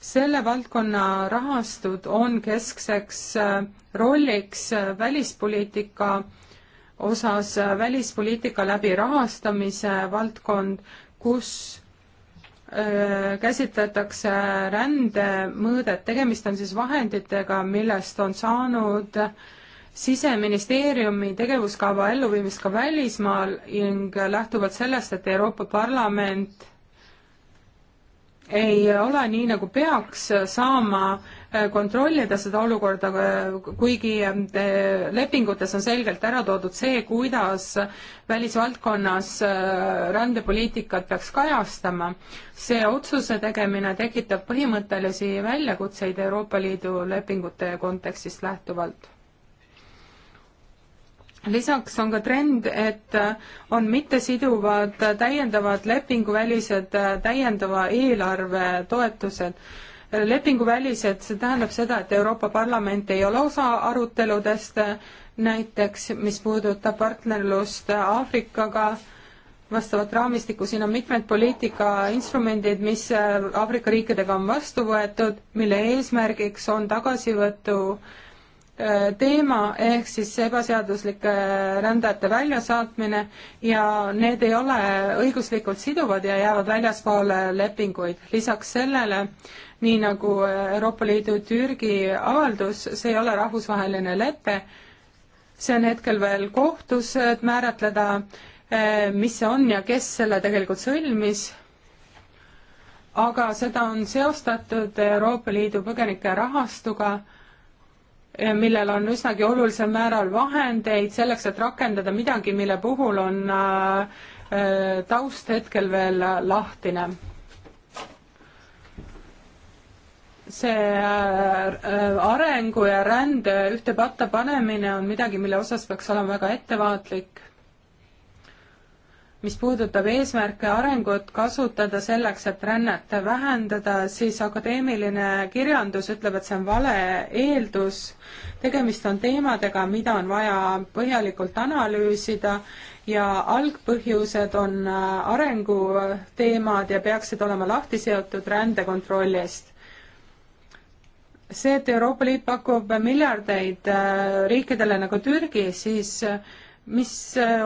[SPEAKER 3] selle valdkonna rahastud on keskseks äh, rolliks äh, välispoliitika osas, äh, välispoliitika läbi rahastamise valdkond, kus käsitletakse rändemõõdet, tegemist on siis vahenditega, millest on saanud siseministeeriumi tegevuskava elluviimist ka välismaal ning lähtuvalt sellest, et Euroopa Parlament ei ole nii, nagu peaks saama Äh, kontrollida seda olukorda, äh, kuigi äh, lepingutes on selgelt ära toodud see, kuidas välisvaldkonnas rändepoliitikat peaks kajastama. see otsuse tegemine tekitab põhimõttelisi väljakutseid Euroopa Liidu lepingute kontekstist lähtuvalt lisaks on ka trend, et on mittesiduvad täiendavad lepinguvälised täiendava eelarve toetused lepinguvälised, see tähendab seda, et Euroopa Parlament ei ole osa aruteludest, näiteks mis puudutab partnerlust Aafrikaga, vastavat raamistikku, siin on mitmed poliitikainstrumendid, mis Aafrika riikidega on vastu võetud, mille eesmärgiks on tagasivõtu äh, Äh, teema, ehk siis ebaseaduslike äh, rändajate väljasaatmine ja need ei ole õiguslikult siduvad ja jäävad väljaspoole lepinguid. lisaks sellele, nii nagu äh, Euroopa Liidu Türgi avaldus, see ei ole rahvusvaheline lepe, see on hetkel veel kohtus, et määratleda, mis see on ja kes selle tegelikult sõlmis, aga seda on seostatud Euroopa Liidu põgenike rahastuga Eh, millel on üsnagi olulisel määral vahendeid selleks, et rakendada midagi, mille puhul on eh, taust hetkel veel lahtine. see eh, arengu ja rände ühte patta panemine on midagi, mille osas peaks olema väga ettevaatlik mis puudutab eesmärke arengut kasutada selleks, et rännet vähendada, siis akadeemiline kirjandus ütleb, et see on vale eeldus. tegemist on teemadega, mida on vaja põhjalikult analüüsida ja algpõhjused on äh, arenguteemad ja peaksid olema lahti seotud rändekontrollist see, et Euroopa Liit pakub miljardeid äh, riikidele nagu Türgi, siis äh, mis äh,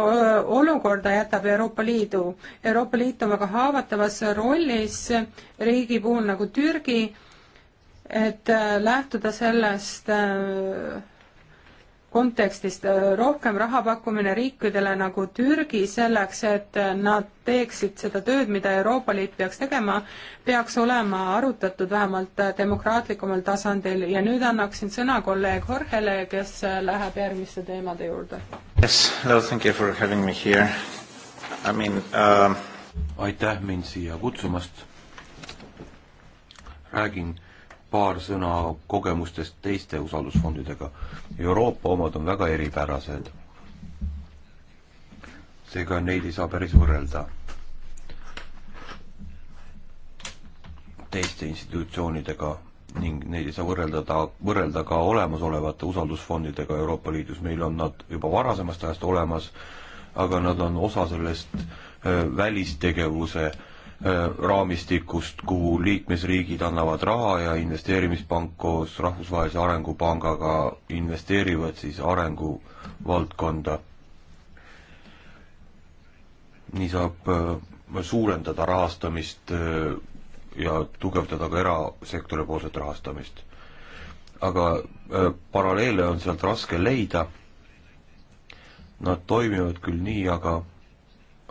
[SPEAKER 3] olukorda jätab Euroopa Liidu. Euroopa Liit on väga haavatavas rollis riigi puhul nagu Türgi, et äh, lähtuda sellest äh, kontekstist äh, rohkem raha pakkumine riikidele nagu Türgi selleks, et äh, nad teeksid seda tööd, mida Euroopa Liit peaks tegema, peaks olema arutatud vähemalt äh, demokraatlikumal tasandil ja nüüd annaksin sõna kolleeg Jorgele, kes läheb järgmiste teemade juurde.
[SPEAKER 2] Yes, hello, thank you for having me
[SPEAKER 4] here. I mean uh... aitäh mind siia kutsumast. räägin paar sõna kogemustest teiste usaldusfondidega. Euroopa omad on väga eripärased. seega neid ei saa päris võrrelda teiste institutsioonidega ning neid ei saa võrreldada, võrrelda ka olemasolevate usaldusfondidega Euroopa Liidus, meil on nad juba varasemast ajast olemas, aga nad on osa sellest äh, välistegevuse äh, Äh, raamistikust, kuhu liikmesriigid annavad raha ja investeerimispank koos Rahvusvahelise Arengupangaga investeerivad siis arenguvaldkonda. nii saab äh, suurendada rahastamist äh, ja tugevdada ka erasektori poolset rahastamist. aga paralleele on sealt raske leida, nad toimivad küll nii, aga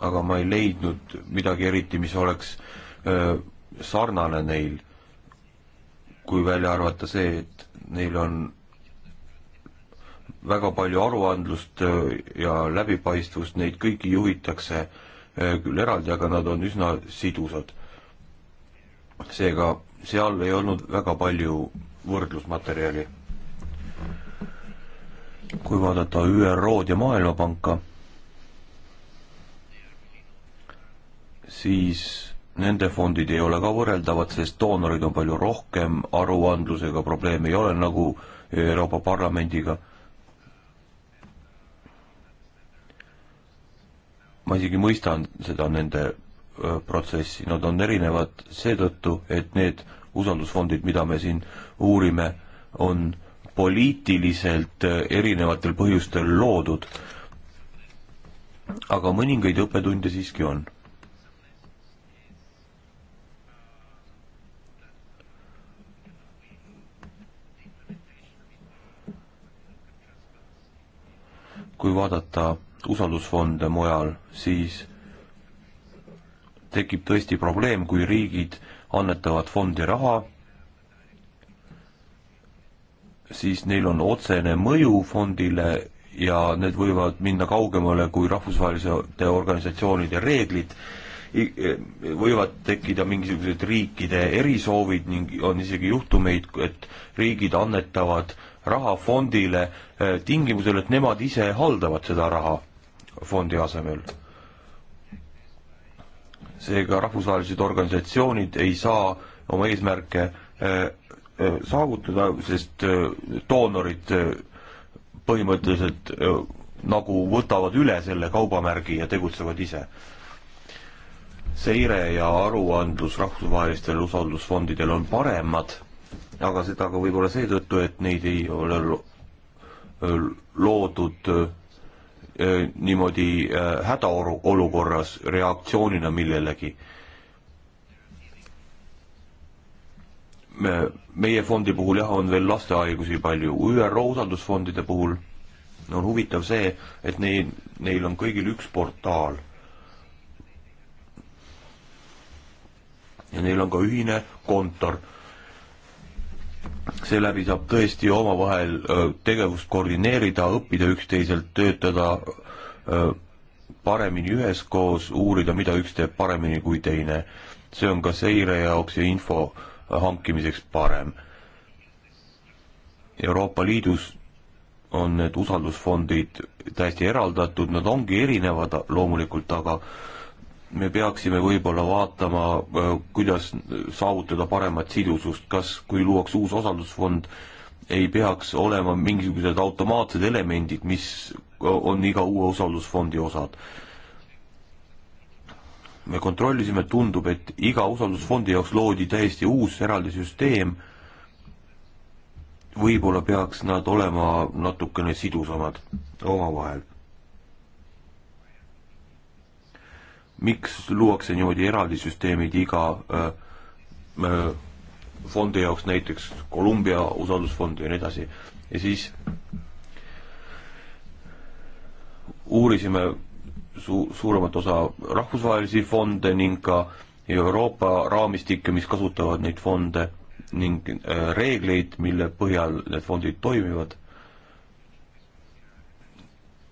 [SPEAKER 4] aga ma ei leidnud midagi eriti, mis oleks öö, sarnane neil, kui välja arvata see, et neil on väga palju aruandlust ja läbipaistvust, neid kõiki juhitakse küll eraldi, aga nad on üsna sidusad. seega seal ei olnud väga palju võrdlusmaterjali. kui vaadata ÜRO-d ja Maailmapanka siis nende fondid ei ole ka võrreldavad, sest doonoreid on palju rohkem, aruandlusega probleeme ei ole, nagu Euroopa Parlamendiga. ma isegi mõistan seda nende protsessi, nad on erinevad seetõttu, et need usaldusfondid, mida me siin uurime, on poliitiliselt erinevatel põhjustel loodud. aga mõningaid õppetunde siiski on kui vaadata usaldusfonde mujal, siis tekib tõesti probleem, kui riigid annetavad fondi raha, siis neil on otsene mõju fondile ja need võivad minna kaugemale kui rahvusvaheliste organisatsioonide reeglid, võivad tekkida mingisugused riikide erisoovid ning on isegi juhtumeid, et riigid annetavad äh, raha fondile eh, tingimusel, et nemad ise haldavad seda raha fondi asemel. seega rahvusvahelised organisatsioonid ei saa oma eesmärke eh, eh, saavutada, sest doonorid põhimõtteliselt nagu võtavad üle selle kaubamärgi ja tegutsevad ise. seire ja aruandlus rahvusvahelistel usaldusfondidel on paremad aga seda ka võib-olla seetõttu, et neid ei ole loodud äh, niimoodi äh, hädaolukorras reaktsioonina millelegi me, meie fondi puhul jah, on veel lasteaegusi palju, ÜRO usaldusfondide puhul on huvitav see, et neil, neil on kõigil üks portaal. ja neil on ka ühine kontor seeläbi saab tõesti omavahel tegevust koordineerida, õppida üksteiselt, töötada paremini üheskoos, uurida, mida üks teeb paremini kui teine. see on ka seire jaoks ja info hankimiseks parem. Euroopa Liidus on need usaldusfondid täiesti eraldatud, nad ongi erinevad loomulikult, aga äh, me peaksime võib-olla vaatama, äh, kuidas saavutada paremat sidusust, kas, kui luuakse uus osaldusfond, ei peaks olema mingisugused automaatsed elemendid, mis äh, on iga uue usaldusfondi osad. me kontrollisime, tundub, et iga usaldusfondi jaoks loodi täiesti uus eraldi süsteem, võib-olla peaks nad olema natukene sidusamad omavahel miks luuakse niimoodi eraldi süsteemid iga öö, äh, öö, äh, fondi jaoks, näiteks Kolumbia usaldusfond ja nii edasi. ja siis uurisime su-, suuremat osa rahvusvahelisi fonde ning ka Euroopa raamistikke, mis kasutavad neid fonde ning äh, reegleid, mille põhjal need fondid toimivad.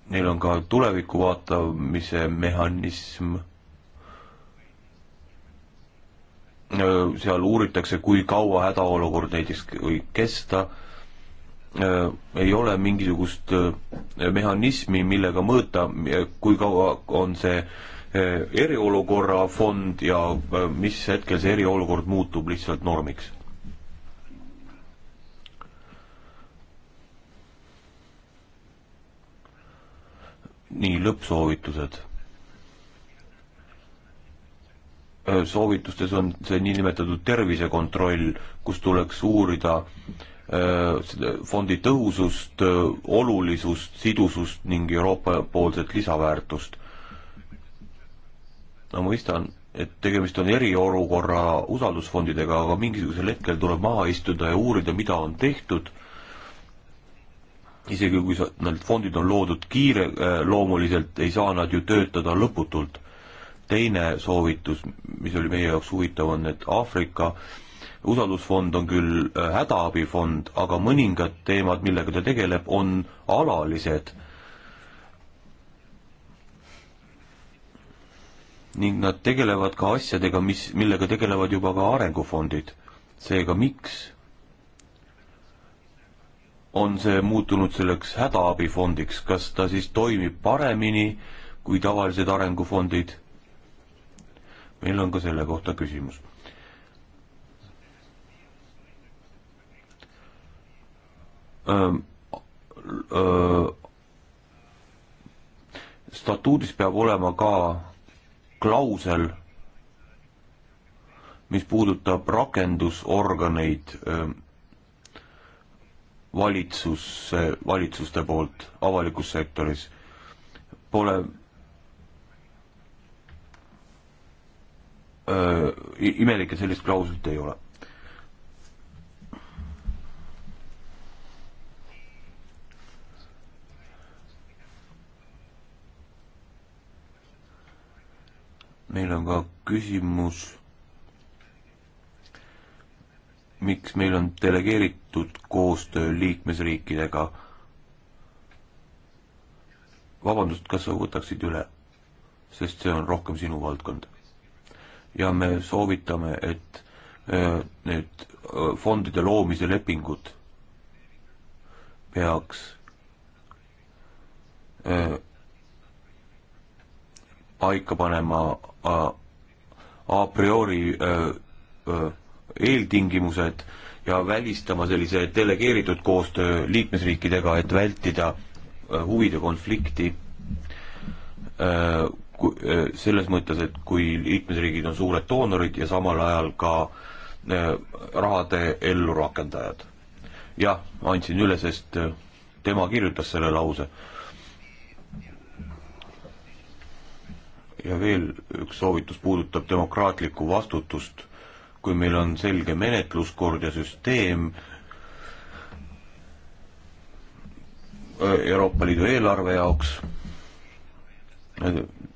[SPEAKER 4] Neil on ka tulevikku vaatamise mehhanism seal uuritakse, kui kaua hädaolukord näiteks võib kesta, ei ole mingisugust mehhanismi, millega mõõta, kui kaua on see eriolukorra fond ja mis hetkel see eriolukord muutub lihtsalt normiks? nii, lõppsoovitused soovitustes on see niinimetatud tervisekontroll, kus tuleks uurida fondi tõhusust, olulisust, sidusust ning Euroopa-poolset lisaväärtust. ma mõistan, et tegemist on eriolukorra usaldusfondidega, aga mingisugusel hetkel tuleb maha istuda ja uurida, mida on tehtud, isegi kui sa, need fondid on loodud kiireloomuliselt, ei saa nad ju töötada lõputult teine soovitus, mis oli meie jaoks huvitav, on, et Aafrika usaldusfond on küll äh, hädaabifond, aga mõningad teemad, millega ta tegeleb, on alalised. ning nad tegelevad ka asjadega, mis, millega tegelevad juba ka arengufondid. seega miks on see muutunud selleks hädaabifondiks, kas ta siis toimib paremini kui tavalised arengufondid? meil on ka selle kohta küsimus. statuudis peab olema ka klausel, mis puudutab rakendusorganeid valitsus, valitsuste poolt avalikus sektoris. Pole Äh, imelik, et sellist klauslit ei ole. meil on ka küsimus, miks meil on delegeeritud koostöö liikmesriikidega. vabandust, kas sa võtaksid üle, sest see on rohkem sinu valdkond ja me soovitame, et äh, need äh, fondide loomise lepingud peaks äh, paika panema a, a priori eeltingimused ja välistama sellise delegeeritud koostöö liikmesriikidega, et vältida huvide konflikti selles mõttes, et kui liikmesriigid on suured doonorid ja samal ajal ka rahade ellurakendajad. jah, andsin üle, sest tema kirjutas selle lause. ja veel üks soovitus puudutab demokraatlikku vastutust. kui meil on selge menetluskord ja süsteem, Euroopa Liidu eelarve jaoks,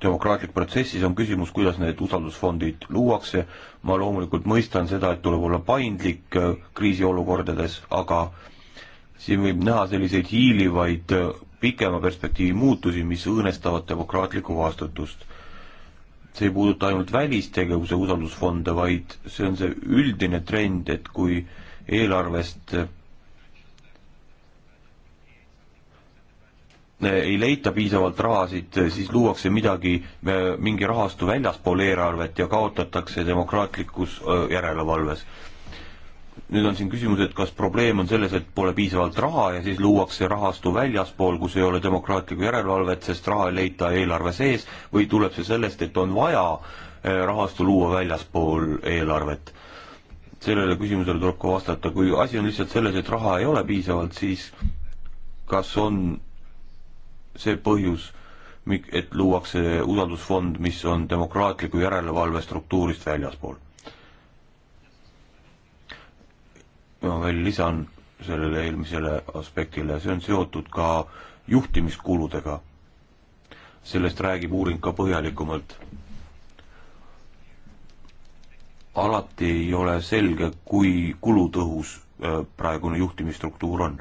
[SPEAKER 4] demokraatlik protsessis on küsimus, kuidas need usaldusfondid luuakse, ma loomulikult mõistan seda, et tuleb olla paindlik äh, kriisiolukordades, aga siin võib näha selliseid hiilivaid äh, pikema perspektiivi muutusi, mis õõnestavad demokraatlikku vastutust. see ei puuduta ainult välistegevuse usaldusfonde, vaid see on see üldine trend, et kui eelarvest Äh, ei leita piisavalt rahasid, äh, siis luuakse midagi, äh, mingi rahastu väljaspool eelarvet ja kaotatakse demokraatlikus järelevalves. nüüd on siin küsimus, et kas probleem on selles, et pole piisavalt raha ja siis luuakse rahastu väljaspool, kus ei ole demokraatlikku järelevalvet, sest raha ei leita eelarve sees, või tuleb see sellest, et on vaja rahastu luua väljaspool eelarvet? sellele küsimusele tuleb ka vastata, kui asi on lihtsalt selles, et raha ei ole piisavalt, siis kas on see põhjus, et luuakse usaldusfond, mis on demokraatliku järelevalve struktuurist väljaspool. ma veel lisan sellele eelmisele aspektile, see on seotud ka juhtimiskuludega. sellest räägib uuring ka põhjalikumalt. alati ei ole selge, kui kulutõhus äh, praegune juhtimisstruktuur on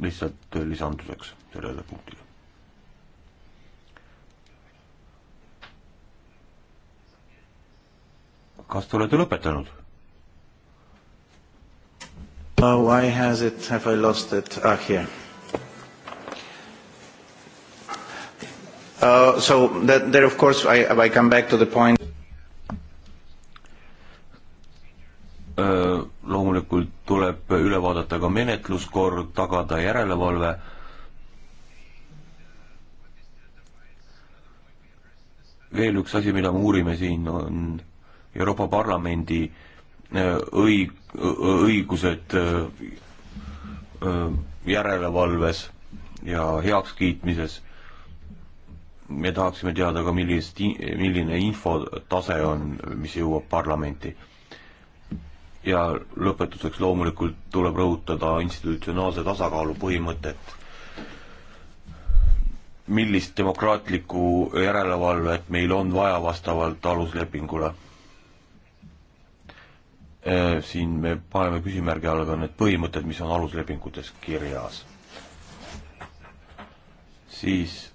[SPEAKER 4] lihtsalt lisanduseks sellele punktile. kas te olete lõpetanud? Uh, why has it, have I lost it? Ah, here. Uh, so that, there, of course, I, I come back to the point. Äh, loomulikult tuleb üle vaadata ka menetluskord, tagada järelevalve. veel üks asi, mida me uurime siin, on Euroopa Parlamendi äh, õig-, õigused äh, järelevalves ja heakskiitmises. me tahaksime teada ka, millist, milline infotase on, mis jõuab parlamenti ja lõpetuseks loomulikult tuleb rõhutada institutsionaalse tasakaalu põhimõtet. millist demokraatlikku järelevalvet meil on vaja vastavalt aluslepingule? Äh, siin me paneme küsimärgi alla ka need põhimõtted, mis on aluslepingutes kirjas. siis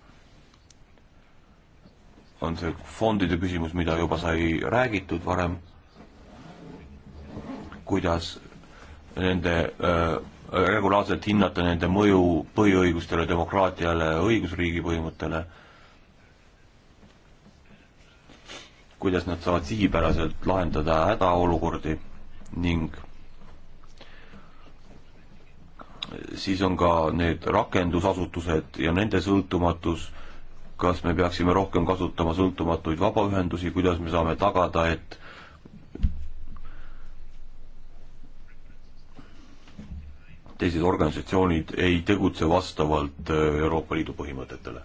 [SPEAKER 4] on see fondide küsimus, mida juba sai räägitud varem kuidas nende öö, äh, regulaarselt hinnata nende mõju põhiõigustele, demokraatiale, õigusriigi põhimõttele, kuidas nad saavad sihipäraselt lahendada hädaolukordi ning siis on ka need rakendusasutused ja nende sõltumatus, kas me peaksime rohkem kasutama sõltumatuid vabaühendusi, kuidas me saame tagada, et teised organisatsioonid ei tegutse vastavalt äh, Euroopa Liidu põhimõtetele.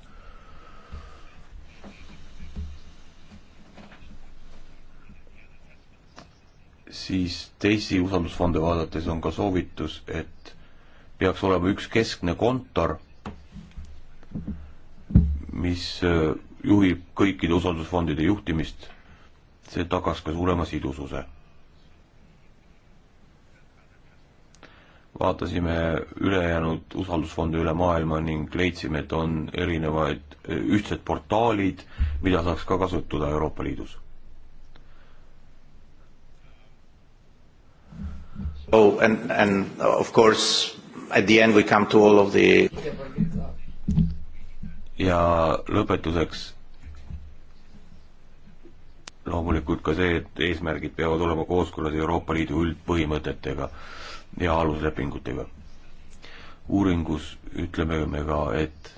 [SPEAKER 4] siis teisi usaldusfonde vaadates on ka soovitus, et peaks olema üks keskne kontor, mis äh, juhib kõikide usaldusfondide juhtimist, see tagaks ka suurema sidususe vaatasime ülejäänud usaldusfonde üle maailma ning leidsime, et on erinevaid ühtsed portaalid, mida saaks ka kasutada Euroopa Liidus. Oh, and, and of course at the end we come to all of the ja lõpetuseks loomulikult ka see, et eesmärgid peavad olema kooskõlas Euroopa Liidu üldpõhimõtetega ja aluslepingutega. uuringus ütleme me ka, et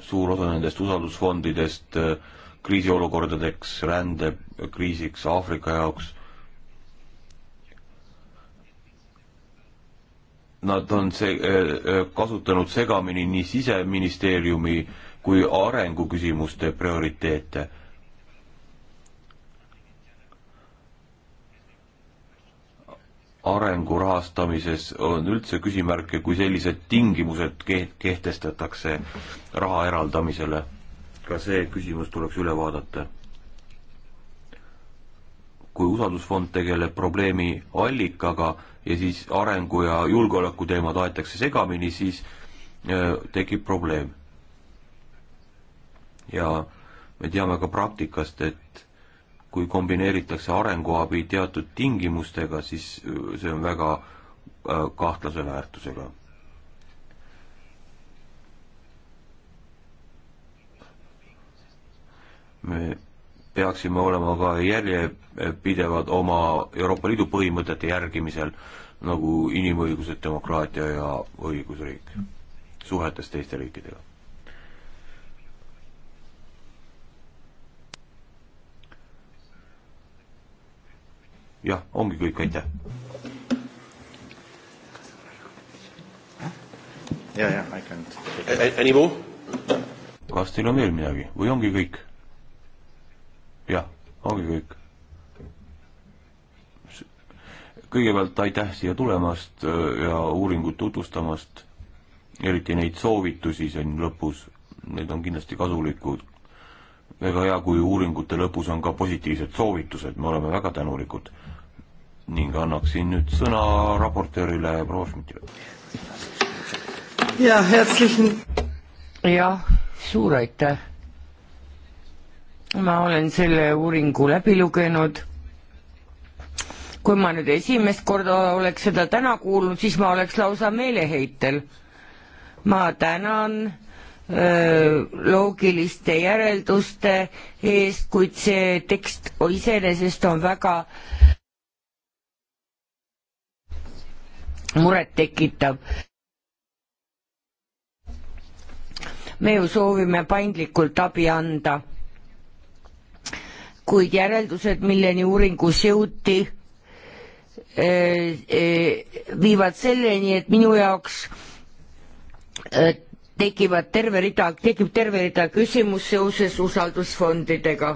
[SPEAKER 4] suur osa nendest usaldusfondidest äh, kriisiolukordadeks, rändekriisiks Aafrika jaoks, nad on see, äh, äh, kasutanud segamini nii siseministeeriumi kui arenguküsimuste prioriteete arengu rahastamises on üldse küsimärke, kui sellised tingimused kehtestatakse raha eraldamisele. ka see küsimus tuleks üle vaadata. kui usaldusfond tegeleb probleemi allikaga ja siis arengu ja julgeoleku teemad aetakse segamini, siis tekib probleem. ja me teame ka praktikast, et kui kombineeritakse arenguabi teatud tingimustega, siis äh, see on väga äh, kahtlase väärtusega. me peaksime olema ka järjepidevad oma Euroopa Liidu põhimõtete järgimisel, nagu inimõigused, demokraatia ja õigusriik suhetes teiste riikidega. jah, ongi kõik, aitäh. ja, ja, I can. Any more? kas teil on veel midagi või ongi kõik? jah, ongi kõik. kõigepealt aitäh siia tulemast äh, ja uuringut tutvustamast, eriti neid soovitusi siin lõpus, need on kindlasti kasulikud. väga hea, kui uuringute lõpus on ka positiivsed soovitused, me oleme väga tänulikud ning annaksin nüüd sõna raportöörile proua Schmidtile.
[SPEAKER 1] ja, herzlichen. jah, suur aitäh. ma olen selle uuringu läbi lugenud. kui ma nüüd esimest korda oleks seda täna kuulnud, siis ma oleks lausa meeleheitel. ma tänan loogiliste järelduste eest, kuid see tekst iseenesest on väga murettekitav. me ju soovime paindlikult abi anda, kuid järeldused, milleni uuringus jõuti, eh, eh, viivad selleni, et minu jaoks eh, tekivad terve rida, tekib terve rida küsimus seoses usaldusfondidega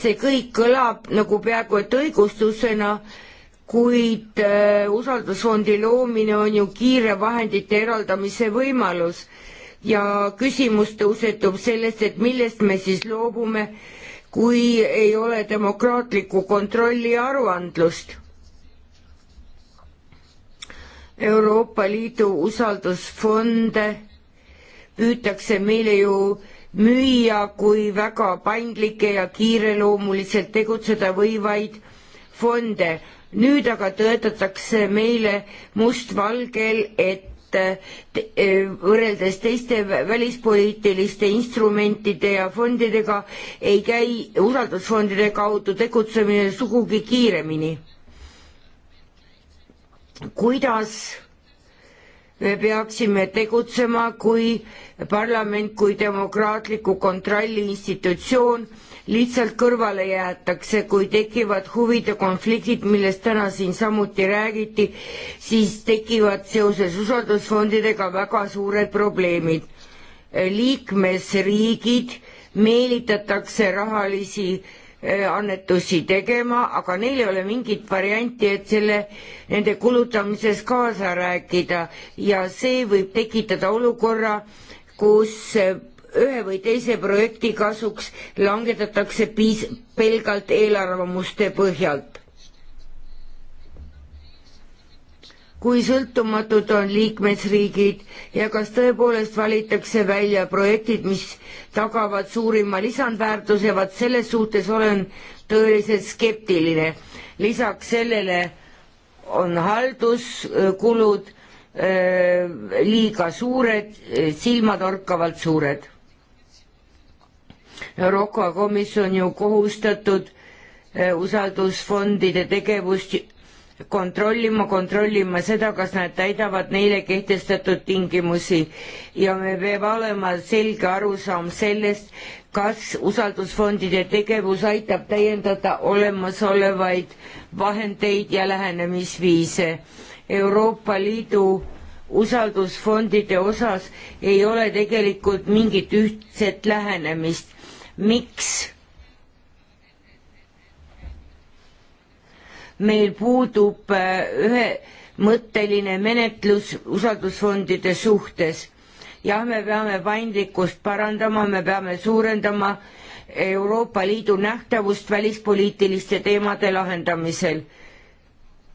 [SPEAKER 1] see kõik kõlab nagu peaaegu et õigustusena, kuid äh, usaldusfondi loomine on ju kiire vahendite eraldamise võimalus ja küsimus tõusetub sellest, et millest me siis loobume, kui ei ole demokraatlikku kontrolli ja aruandlust. Euroopa Liidu usaldusfonde püütakse meile ju äh, müüa kui väga paindlikke ja kiireloomuliselt tegutseda võivaid fonde. nüüd aga tõetatakse meile mustvalgel, et võrreldes teiste välispoliitiliste instrumentide ja fondidega ei käi usaldusfondide kaudu tegutsemine sugugi kiiremini. kuidas me peaksime tegutsema kui parlament, kui demokraatliku kontrolli institutsioon, lihtsalt kõrvale jäetakse, kui tekivad huvide konfliktid, millest täna siin samuti räägiti, siis tekivad seoses usaldusfondidega väga suured probleemid. liikmesriigid meelitatakse rahalisi Äh, annetusi tegema, aga neil ei ole mingit varianti, et selle, nende kulutamises kaasa rääkida ja see võib tekitada olukorra, kus äh, ühe või teise projekti kasuks langetatakse piis-, pelgalt eelarvamuste põhjalt. kui sõltumatud on liikmesriigid ja kas tõepoolest valitakse välja projektid, mis tagavad suurima lisandväärtuse, vaat selles suhtes olen tõeliselt skeptiline. lisaks sellele on halduskulud öö, äh, liiga suured, silmatorkavalt suured. Euroopa Komisjon ju kohustatud öö, äh, usaldusfondide tegevust kontrollima, kontrollima seda, kas nad täidavad neile kehtestatud tingimusi ja me peab olema selge arusaam sellest, kas usaldusfondide tegevus aitab täiendada olemasolevaid vahendeid ja lähenemisviise. Euroopa Liidu usaldusfondide osas ei ole tegelikult mingit ühtset lähenemist. miks meil puudub äh, ühemõtteline menetlus usaldusfondide suhtes. jah, me peame paindlikkust parandama, me peame suurendama Euroopa Liidu nähtavust välispoliitiliste teemade lahendamisel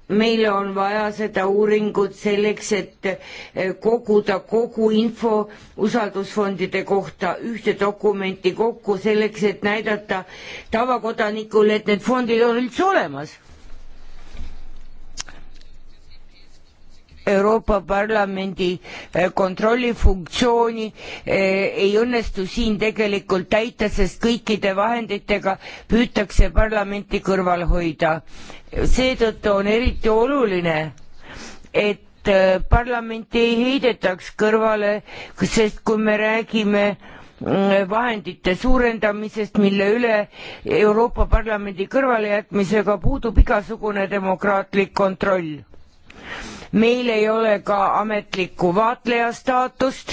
[SPEAKER 1] meil on vaja seda uuringut selleks, et äh, koguda kogu info usaldusfondide kohta ühte dokumenti kokku, selleks et näidata tavakodanikule, et need fondid on üldse olemas. Euroopa Parlamendi eh, kontrollifunktsiooni eh, ei õnnestu siin tegelikult täita, sest kõikide vahenditega püütakse parlamenti kõrval hoida. seetõttu on eriti oluline, et eh, parlamenti ei heidetaks kõrvale, sest kui me räägime mm, vahendite suurendamisest, mille üle Euroopa Parlamendi kõrvalejätmisega puudub igasugune demokraatlik kontroll meil ei ole ka ametlikku vaatleja staatust,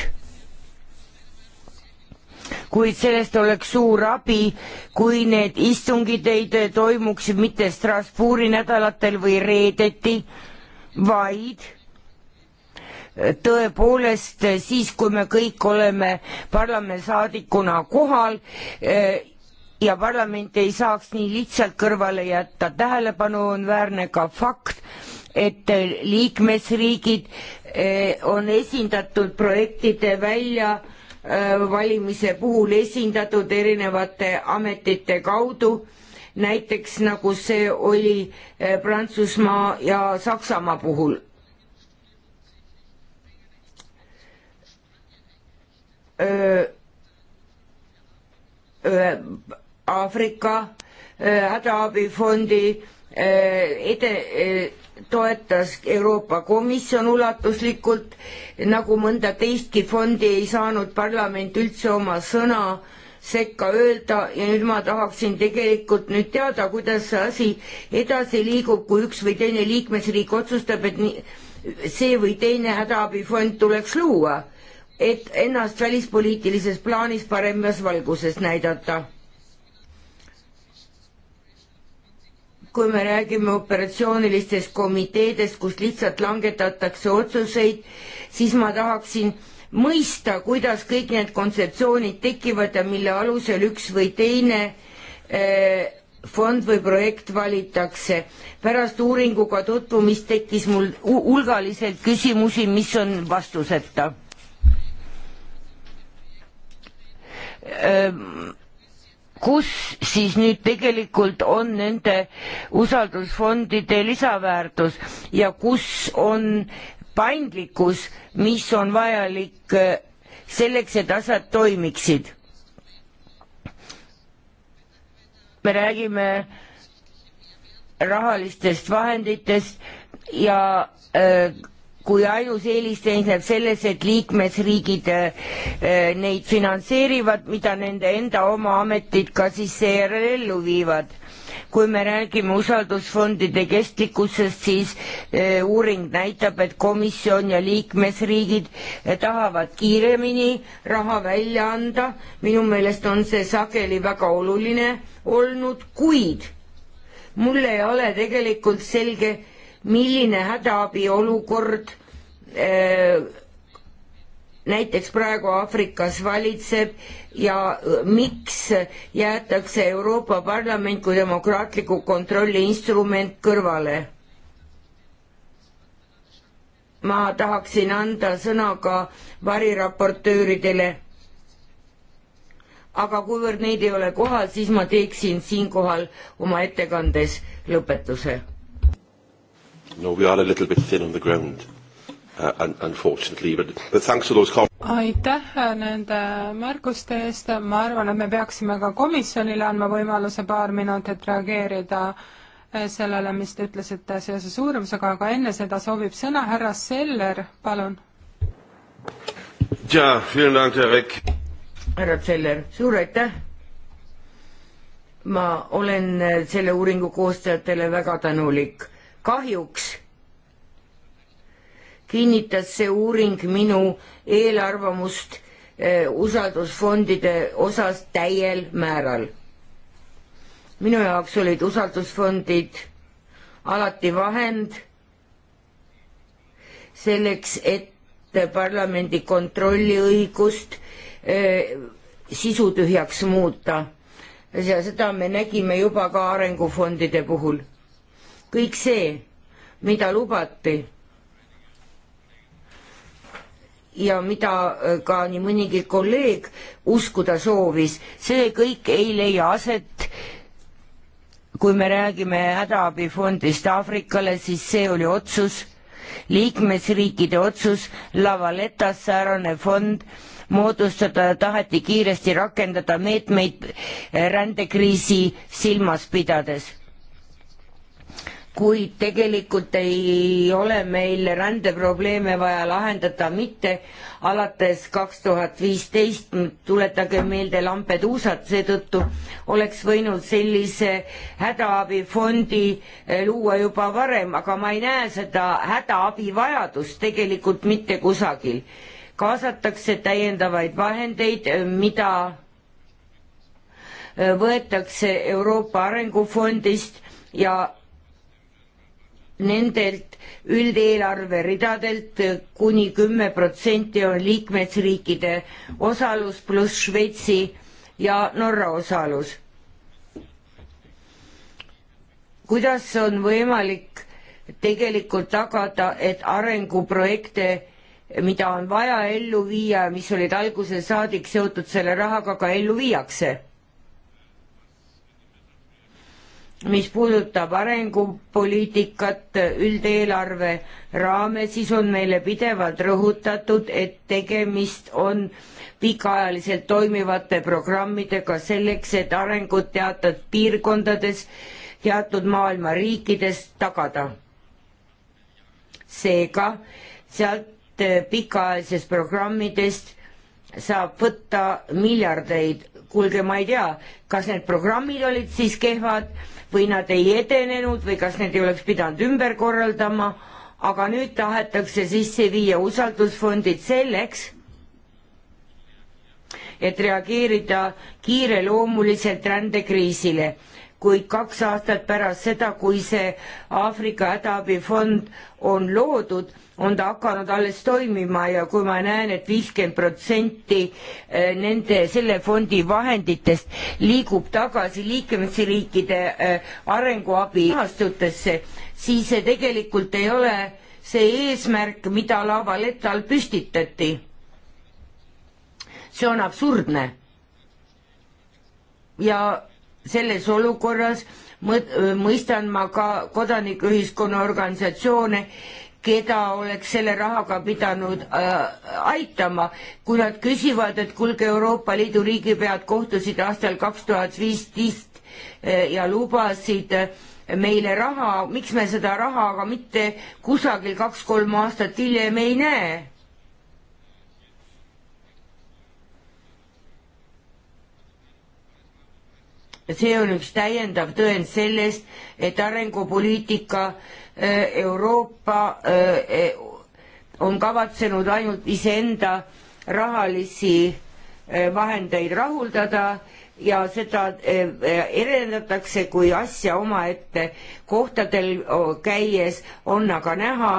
[SPEAKER 1] kuid sellest oleks suur abi, kui need istungid ei toimuksid mitte Strasbourgi nädalatel või reedeti, vaid tõepoolest siis, kui me kõik oleme parlamendisaadikuna kohal eh, ja parlament ei saaks nii lihtsalt kõrvale jätta. tähelepanu on väärne ka fakt, et liikmesriigid eh, on esindatud projektide väljavalimise eh, puhul esindatud erinevate ametite kaudu, näiteks nagu see oli eh, Prantsusmaa ja Saksamaa puhul. Aafrika hädaabifondi ede toetas Euroopa Komisjon ulatuslikult, nagu mõnda teistki fondi ei saanud parlament üldse oma sõna sekka öelda ja nüüd ma tahaksin tegelikult nüüd teada, kuidas see asi edasi liigub, kui üks või teine liikmesriik otsustab, et nii, see või teine hädaabifond tuleks luua, et ennast välispoliitilises plaanis paremas valguses näidata kui me räägime operatsioonilistest komiteedest, kus lihtsalt langetatakse otsuseid, siis ma tahaksin mõista, kuidas kõik need kontseptsioonid tekivad ja mille alusel üks või teine eh, fond või projekt valitakse. pärast uuringuga tutvumist tekkis mul hulgaliselt küsimusi, mis on vastuseta ähm kus siis nüüd tegelikult on nende usaldusfondide lisaväärtus ja kus on paindlikkus, mis on vajalik äh, selleks, et asjad toimiksid. me räägime rahalistest vahenditest ja öö, äh, kui ainus eelis seisneb selles, et liikmesriigid äh, neid finantseerivad, mida nende enda oma ametid ka siis seejärel ellu viivad. kui me räägime usaldusfondide kestlikkusest, siis äh, uuring näitab, et komisjon ja liikmesriigid äh, tahavad kiiremini raha välja anda, minu meelest on see sageli väga oluline olnud, kuid mul ei ole tegelikult selge milline hädaabiolukord äh, näiteks praegu Aafrikas valitseb ja äh, miks jäetakse Euroopa Parlament kui demokraatliku kontrolli instrument kõrvale? ma tahaksin anda sõna ka variraportööridele. aga kuivõrd neid ei ole kohal, siis ma teeksin siinkohal oma ettekandes lõpetuse
[SPEAKER 4] no we are a little bit thin on the ground uh, unfortunately but, but thanks to those
[SPEAKER 3] aitäh äh, nende märkuste eest, ma arvan, et me peaksime ka komisjonile andma võimaluse paar minutit reageerida äh, sellele, mis te ütlesite seoses uurimusega, aga enne seda soovib sõna härra Seller, palun.
[SPEAKER 1] härra Seller, suur aitäh. ma olen äh, selle uuringu koostajatele väga tänulik kahjuks kinnitas see uuring minu eelarvamust eh, usaldusfondide osas täiel määral. minu jaoks olid usaldusfondid alati vahend selleks, et parlamendi kontrolliõigust eh, sisutühjaks muuta. ja seda me nägime juba ka arengufondide puhul kõik see, mida lubati ja mida äh, ka nii mõnigi kolleeg uskuda soovis, see kõik ei leia aset. kui me räägime hädaabifondist Aafrikale, siis see oli otsus, liikmesriikide otsus, Lavaletas säärane fond moodustada ja taheti kiiresti rakendada meetmeid äh, rändekriisi silmas pidades kuid tegelikult ei ole meil rändeprobleeme vaja lahendada mitte alates kaks tuhat viisteist, tuletage meelde Lampeduusat, seetõttu oleks võinud sellise hädaabifondi eh, luua juba varem, aga ma ei näe seda hädaabivajadust tegelikult mitte kusagil. kaasatakse täiendavaid vahendeid, eh, mida eh, võetakse Euroopa Arengufondist ja nendelt üldeelarve ridadelt kuni kümme protsenti on liikmesriikide osalus pluss Šveitsi ja Norra osalus. kuidas on võimalik tegelikult tagada, et arenguprojekte, mida on vaja ellu viia, mis olid alguse saadik seotud selle rahaga, ka ellu viiakse? mis puudutab arengupoliitikat üldeelarve raames, siis on meile pidevalt rõhutatud, et tegemist on pikaajaliselt toimivate programmidega selleks, et arengut teatud piirkondades, teatud maailma riikides tagada. seega sealt pikaajalisest programmidest saab võtta miljardeid, kuulge, ma ei tea, kas need programmid olid siis kehvad või nad ei edenenud või kas need ei oleks pidanud ümber korraldama, aga nüüd tahetakse sisse viia usaldusfondid selleks, et reageerida kiireloomuliselt rändekriisile kuid kaks aastat pärast seda, kui see Aafrika hädaabifond on loodud, on ta hakanud alles toimima ja kui ma näen et, et viiskümmend protsenti eh, nende, selle fondi vahenditest liigub tagasi liikmesriikide eh, arenguabi rahastutesse, siis see tegelikult ei ole see eesmärk, mida Lavalettal püstitati. see on absurdne. ja selles olukorras mõistan ma ka kodanikuühiskonna organisatsioone, keda oleks selle rahaga pidanud äh, aitama, kui nad küsivad, et kuulge, Euroopa Liidu riigipead kohtusid aastal kaks tuhat viisteist ja lubasid meile raha, miks me seda raha aga mitte kusagil kaks-kolm aastat hiljem ei näe see on üks täiendav tõend sellest, et arengupoliitika äh, Euroopa äh, e, on kavatsenud ainult iseenda rahalisi äh, vahendeid rahuldada ja seda e, edendatakse kui asja omaette. kohtadel käies on aga näha,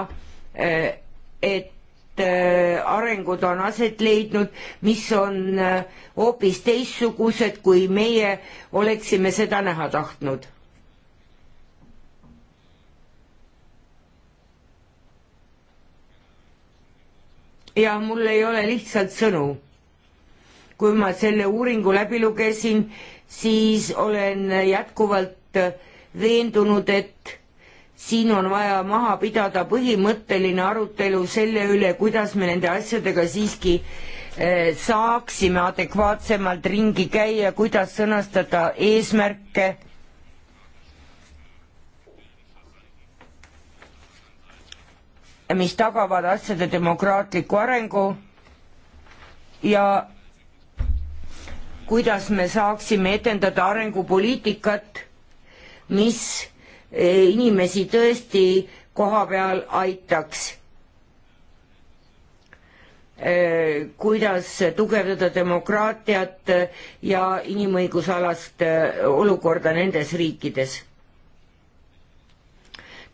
[SPEAKER 1] et Äh, arengud on aset leidnud, mis on äh, hoopis teistsugused, kui meie oleksime seda näha tahtnud. ja mul ei ole lihtsalt sõnu. kui ma selle uuringu läbi lugesin, siis olen jätkuvalt äh, veendunud, et siin on vaja maha pidada põhimõtteline arutelu selle üle, kuidas me nende asjadega siiski eh, saaksime adekvaatsemalt ringi käia, kuidas sõnastada eesmärke mis tagavad asjade demokraatliku arengu ja kuidas me saaksime etendada arengupoliitikat, mis Eh, inimesi tõesti koha peal aitaks. Eh, kuidas tugevdada demokraatiat ja inimõigusalast eh, olukorda nendes riikides.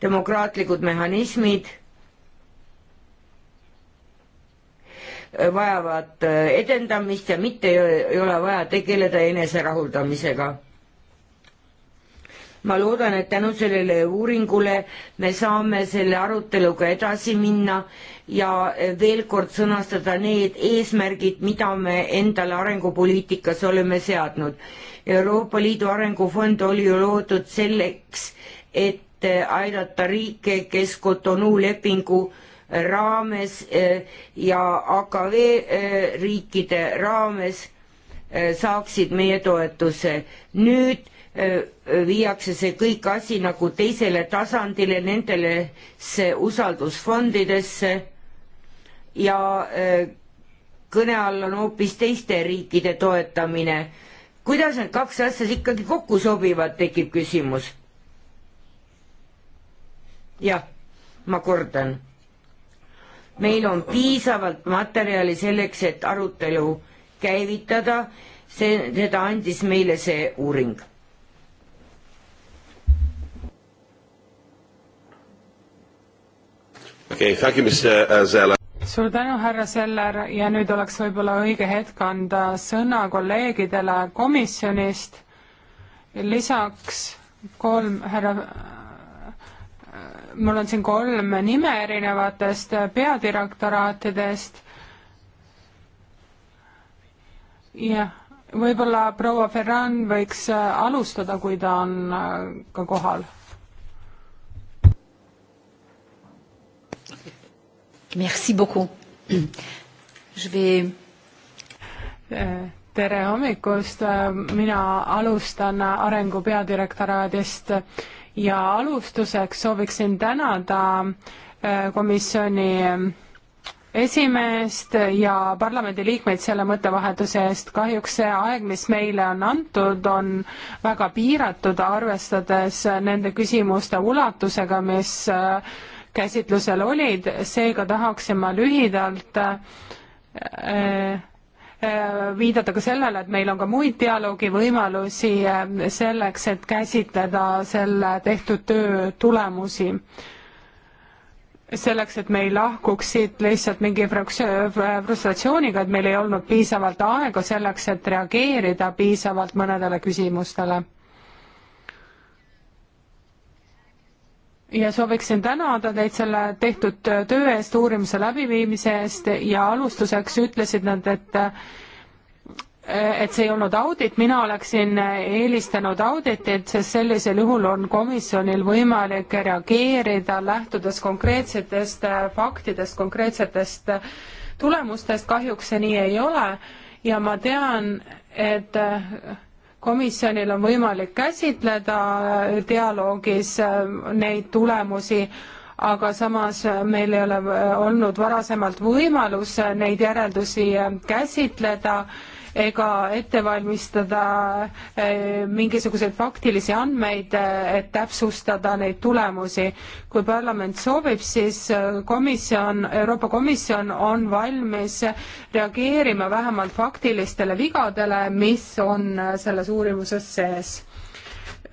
[SPEAKER 1] demokraatlikud mehhanismid vajavad edendamist ja mitte ei ole vaja tegeleda eneserahuldamisega ma loodan, et tänu sellele uuringule me saame selle aruteluga edasi minna ja veel kord sõnastada need eesmärgid, mida me endale arengupoliitikas oleme seadnud. Euroopa Liidu Arengufond oli ju loodud selleks, et aidata riike, kes Cotonou lepingu raames eh, ja AKV eh, riikide raames eh, saaksid meie toetuse. nüüd Äh, äh, viiakse see kõik asi nagu teisele tasandile, nendele usaldusfondidesse ja äh, kõne all on hoopis teiste riikide toetamine. kuidas need kaks asja ikkagi kokku sobivad, tekib küsimus. jah, ma kordan. meil on piisavalt materjali selleks, et arutelu käivitada, see, seda andis meile see uuring
[SPEAKER 4] okay,. Uh,
[SPEAKER 3] suur tänu, härra Seller ja nüüd oleks võib-olla õige hetk anda sõna kolleegidele komisjonist. lisaks kolm härra äh, mul on siin kolm nime erinevatest peadirektoraatidest. jah, võib-olla proua Ferran võiks äh, alustada, kui ta on äh, ka kohal Merci beaucoup. Je vais... Eh, tere hommikust, mina alustan Arengu peadirektoraadist ja alustuseks sooviksin tänada eh, komisjoni esimeest ja parlamendiliikmeid selle mõttevahetuse eest. kahjuks see aeg, mis meile on antud, on väga piiratud, arvestades nende küsimuste ulatusega, mis äh, käsitlusel olid, seega tahaksin ma lühidalt äh, äh, viidata ka sellele, et meil on ka muid dialoogivõimalusi äh, selleks, et käsitleda selle tehtud töö tulemusi. selleks, et me ei lahkuks siit lihtsalt mingi frustratsiooniga, et meil ei olnud piisavalt aega selleks, et reageerida piisavalt mõnedele küsimustele ja sooviksin tänada teid selle tehtud töö eest, uurimise läbiviimise eest ja alustuseks ütlesid nad, et et see ei olnud audit, mina oleksin eelistanud auditit, sest sellisel juhul on komisjonil võimalik reageerida, lähtudes konkreetsetest faktidest, konkreetsetest tulemustest, kahjuks see nii ei ole ja ma tean, et komisjonil on võimalik käsitleda dialoogis äh, neid tulemusi, aga samas äh, meil ei ole äh, olnud varasemalt võimalus neid järeldusi käsitleda ega ette valmistada eh, mingisuguseid faktilisi andmeid, eh, et täpsustada neid tulemusi. kui parlament soovib, siis eh, komisjon, Euroopa Komisjon on valmis reageerima vähemalt faktilistele vigadele, mis on selles uurimuses sees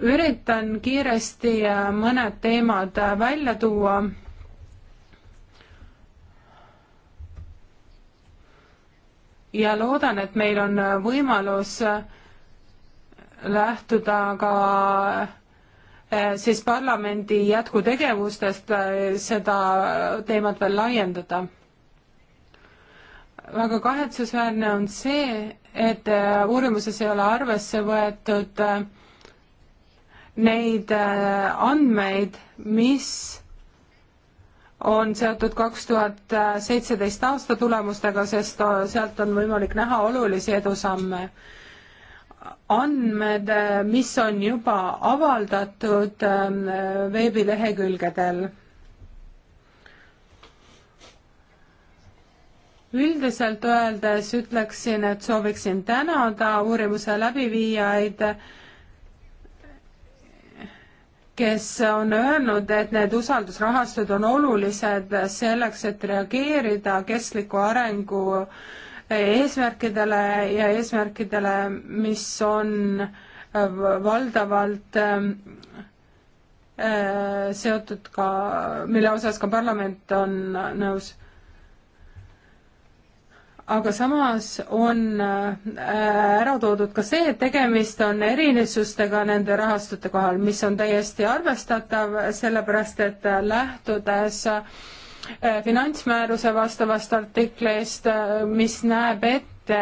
[SPEAKER 3] üritan kiiresti mõned teemad välja tuua ja loodan, et meil on võimalus lähtuda ka eh, siis parlamendi jätkutegevustest eh, seda teemat veel laiendada. väga kahetsusväärne on see, et eh, uurimuses ei ole arvesse võetud neid andmeid, mis on seotud kaks tuhat seitseteist aasta tulemustega, sest äh, sealt on võimalik näha olulisi edusamme. andmed, äh, mis on juba avaldatud ähm, veebilehekülgedel. üldiselt öeldes ütleksin, et sooviksin tänada uurimuse läbiviijaid kes on öelnud, et need usaldusrahastud on olulised selleks, et reageerida kestliku arengu eesmärkidele ja eesmärkidele, mis on valdavalt äh, seotud ka, mille osas ka parlament on nõus aga samas on äh, ära toodud ka see, et tegemist on erinevustega nende rahastute kohal, mis on täiesti arvestatav, sellepärast et lähtudes äh, finantsmääruse vastavast artiklist, äh, mis näeb ette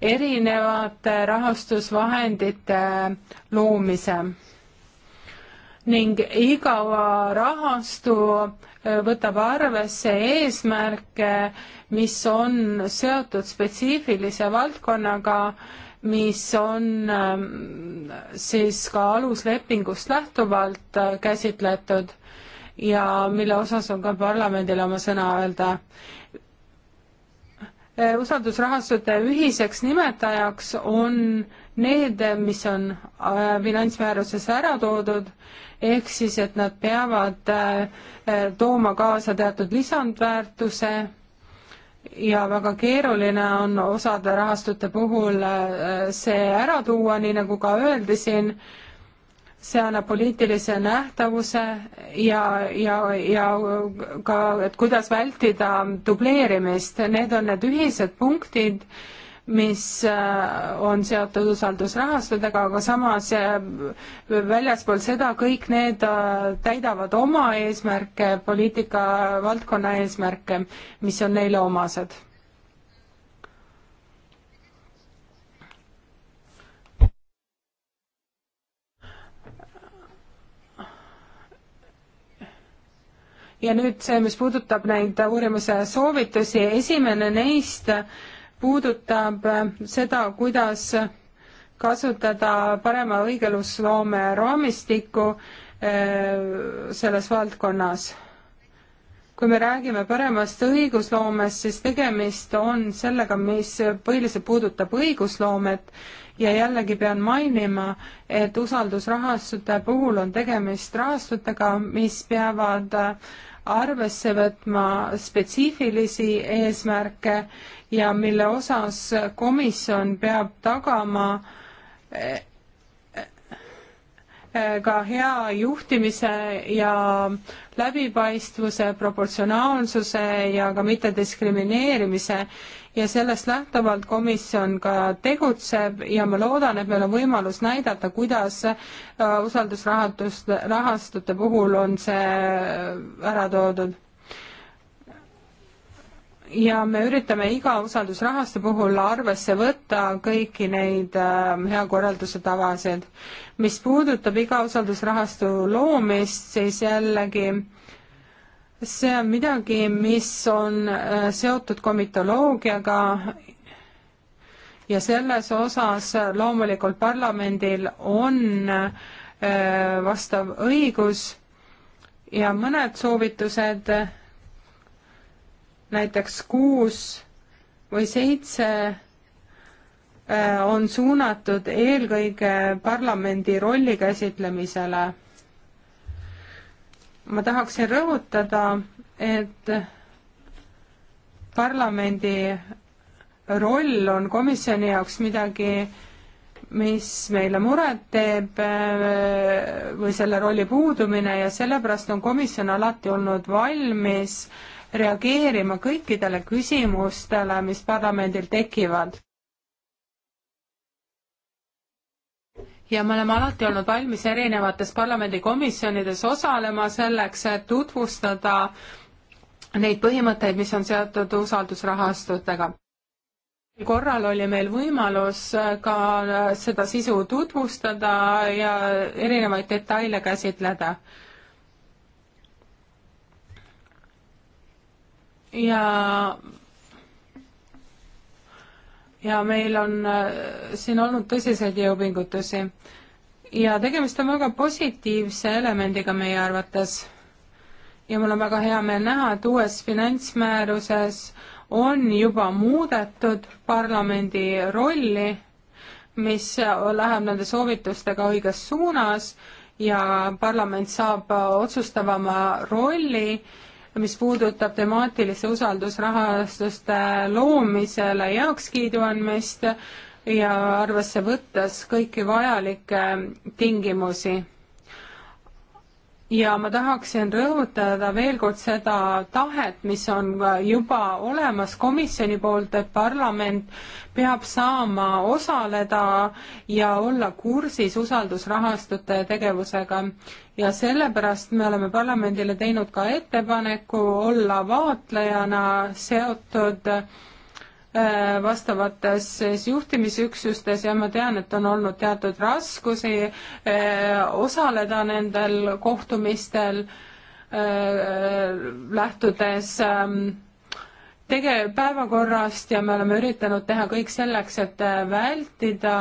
[SPEAKER 3] erinevate rahastusvahendite loomise ning iga rahastu äh, võtab arvesse eesmärke, mis on seotud spetsiifilise valdkonnaga, mis on ähm, siis ka aluslepingust lähtuvalt äh, käsitletud ja mille osas on ka parlamendil oma sõna öelda äh, usaldusrahastute ühiseks nimetajaks on need, mis on finantsmääruses ära toodud ehk siis, et nad peavad äh, äh, tooma kaasa teatud lisandväärtuse ja väga keeruline on osade rahastute puhul äh, see ära tuua, nii nagu ka öeldi siin, see annab poliitilise nähtavuse ja, ja, ja ka, et kuidas vältida dubleerimist, need on need ühised punktid mis äh, on seotud usaldusrahastudega, aga samas äh, väljaspool seda kõik need äh, täidavad oma eesmärke, poliitika valdkonna eesmärke, mis on neile omased ja nüüd see, mis puudutab neid uurimuse soovitusi, esimene neist puudutab seda, kuidas kasutada parema õigelusloome raamistikku äh, selles valdkonnas. kui me räägime paremast õigusloomest, siis tegemist on sellega, mis põhiliselt puudutab õigusloomet ja jällegi pean mainima, et usaldusrahastute puhul on tegemist rahastutega, mis peavad äh, arvesse võtma spetsiifilisi eesmärke ja mille osas komisjon peab tagama, Äh, ka hea juhtimise ja läbipaistvuse, proportsionaalsuse ja ka mittediskrimineerimise ja sellest lähtuvalt komisjon ka tegutseb ja ma loodan, et meil on võimalus näidata, kuidas äh, usaldusrahatust, rahastute puhul on see ära toodud ja me üritame iga usaldusrahastu puhul arvesse võtta kõiki neid äh, hea korralduse tavasid. mis puudutab iga usaldusrahastu loomist, siis jällegi see on midagi, mis on äh, seotud komitoloogiaga ja selles osas loomulikult parlamendil on äh, vastav õigus ja mõned soovitused äh, näiteks kuus või seitse äh, on suunatud eelkõige parlamendi rolli käsitlemisele. ma tahaksin rõhutada, et parlamendi roll on komisjoni jaoks midagi, mis meile muret teeb äh, või selle rolli puudumine ja sellepärast on komisjon alati olnud valmis äh, reageerima kõikidele küsimustele, mis parlamendil tekivad. ja me oleme alati olnud valmis erinevates parlamendikomisjonides osalema selleks, et tutvustada neid põhimõtteid, mis on seotud usaldusrahastutega korral oli meil võimalus ka seda sisu tutvustada ja erinevaid detaile käsitleda. ja ja meil on äh, siin olnud tõsiseid jõupingutusi. ja tegemist on väga positiivse elemendiga meie arvates. ja mul on väga hea meel näha, et uues finantsmääruses on juba muudetud parlamendi rolli, mis läheb nende soovitustega õiges suunas ja parlament saab otsustavama rolli äh, mis puudutab temaatilise usaldusrahastuste loomisele heakskiidu andmist ja arvesse võttes kõiki vajalikke tingimusi. ja ma tahaksin rõhutada veel kord seda tahet, mis on juba olemas komisjoni poolt, et parlament peab saama osaleda ja olla kursis usaldusrahastute tegevusega ja sellepärast me oleme parlamendile teinud ka ettepaneku olla vaatlejana seotud äh, vastavates siis juhtimisüksustes ja ma tean, et on olnud teatud raskusi äh, osaleda nendel kohtumistel, äh, lähtudes ähm, tege-, päevakorrast ja me oleme üritanud teha kõik selleks, et vältida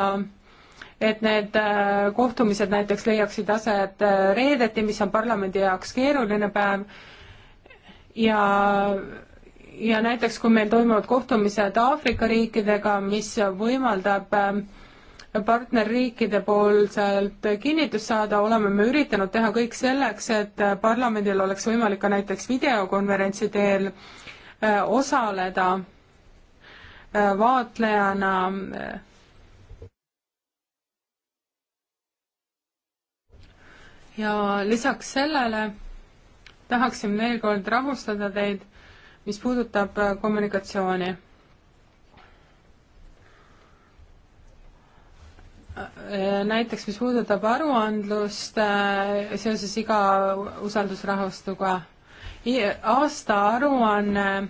[SPEAKER 3] et need äh, kohtumised näiteks leiaksid aset äh, reedeti, mis on parlamendi jaoks keeruline päev ja ja näiteks, kui meil toimuvad kohtumised Aafrika riikidega, mis võimaldab äh, partnerriikide poolselt kinnitust saada, oleme me üritanud teha kõik selleks, et parlamendil oleks võimalik ka näiteks videokonverentsi teel osaleda vaatlejana ja lisaks sellele tahaksin veel kord rahustada teid, mis puudutab äh, kommunikatsiooni. Äh, näiteks, mis puudutab aruandlust äh, seoses iga usaldusrahastuga. aasta aruanne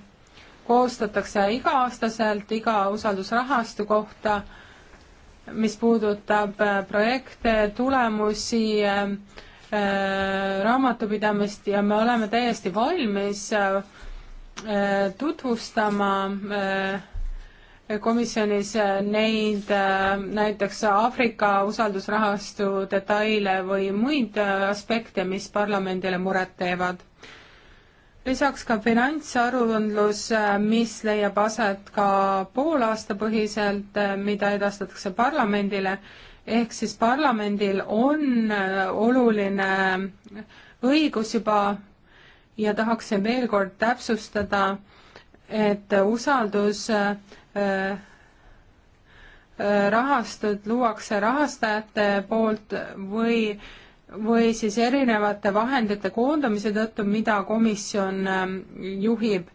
[SPEAKER 3] koostatakse iga-aastaselt iga usaldusrahastu kohta, mis puudutab projekte, tulemusi, Äh, raamatupidamist ja me oleme täiesti valmis äh, tutvustama äh, komisjonis neid näiteks Aafrika usaldusrahastu detaile või muid aspekte, mis parlamendile muret teevad. lisaks ka finantsaruandlus, mis leiab aset ka poolaastapõhiselt, mida edastatakse parlamendile ehk siis parlamendil on äh, oluline õigus juba ja tahaksin veel kord täpsustada, et usaldus äh, äh, rahastud luuakse rahastajate poolt või, või siis erinevate vahendite koondamise tõttu, mida komisjon ähm, juhib.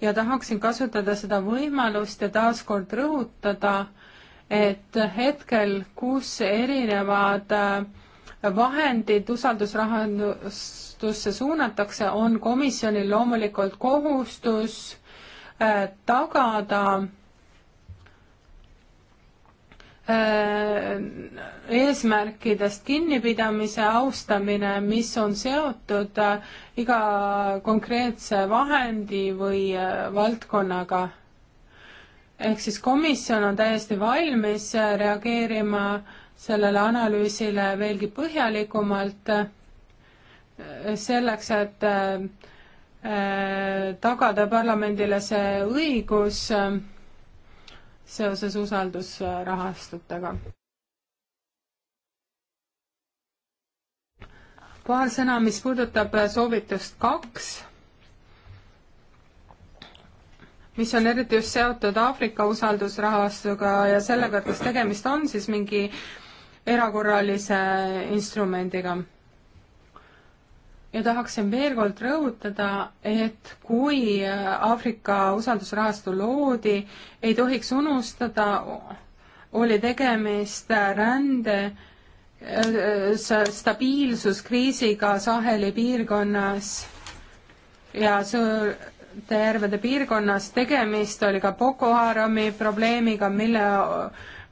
[SPEAKER 3] ja tahaksin kasutada seda võimalust ja taaskord rõhutada, et hetkel, kus erinevad äh, vahendid usaldusrahandusse suunatakse, on komisjonil loomulikult kohustus äh, tagada äh, eesmärkidest kinnipidamise austamine, mis on seotud iga konkreetse vahendi või valdkonnaga ehk siis komisjon on täiesti valmis äh, reageerima sellele analüüsile veelgi põhjalikumalt äh, selleks, et äh, tagada parlamendile see õigus seoses usaldusrahastutega. paar sõna, mis puudutab soovitust kaks mis on eriti just seotud Aafrika usaldusrahastuga ja sellega, et kas tegemist on siis mingi erakorralise instrumendiga. ja tahaksin veel kord rõhutada, et kui Aafrika usaldusrahastu loodi, ei tohiks unustada, oli tegemist rände stabiilsuskriisiga Saheli piirkonnas ja see tervede piirkonnas, tegemist oli ka Boko Harami probleemiga, mille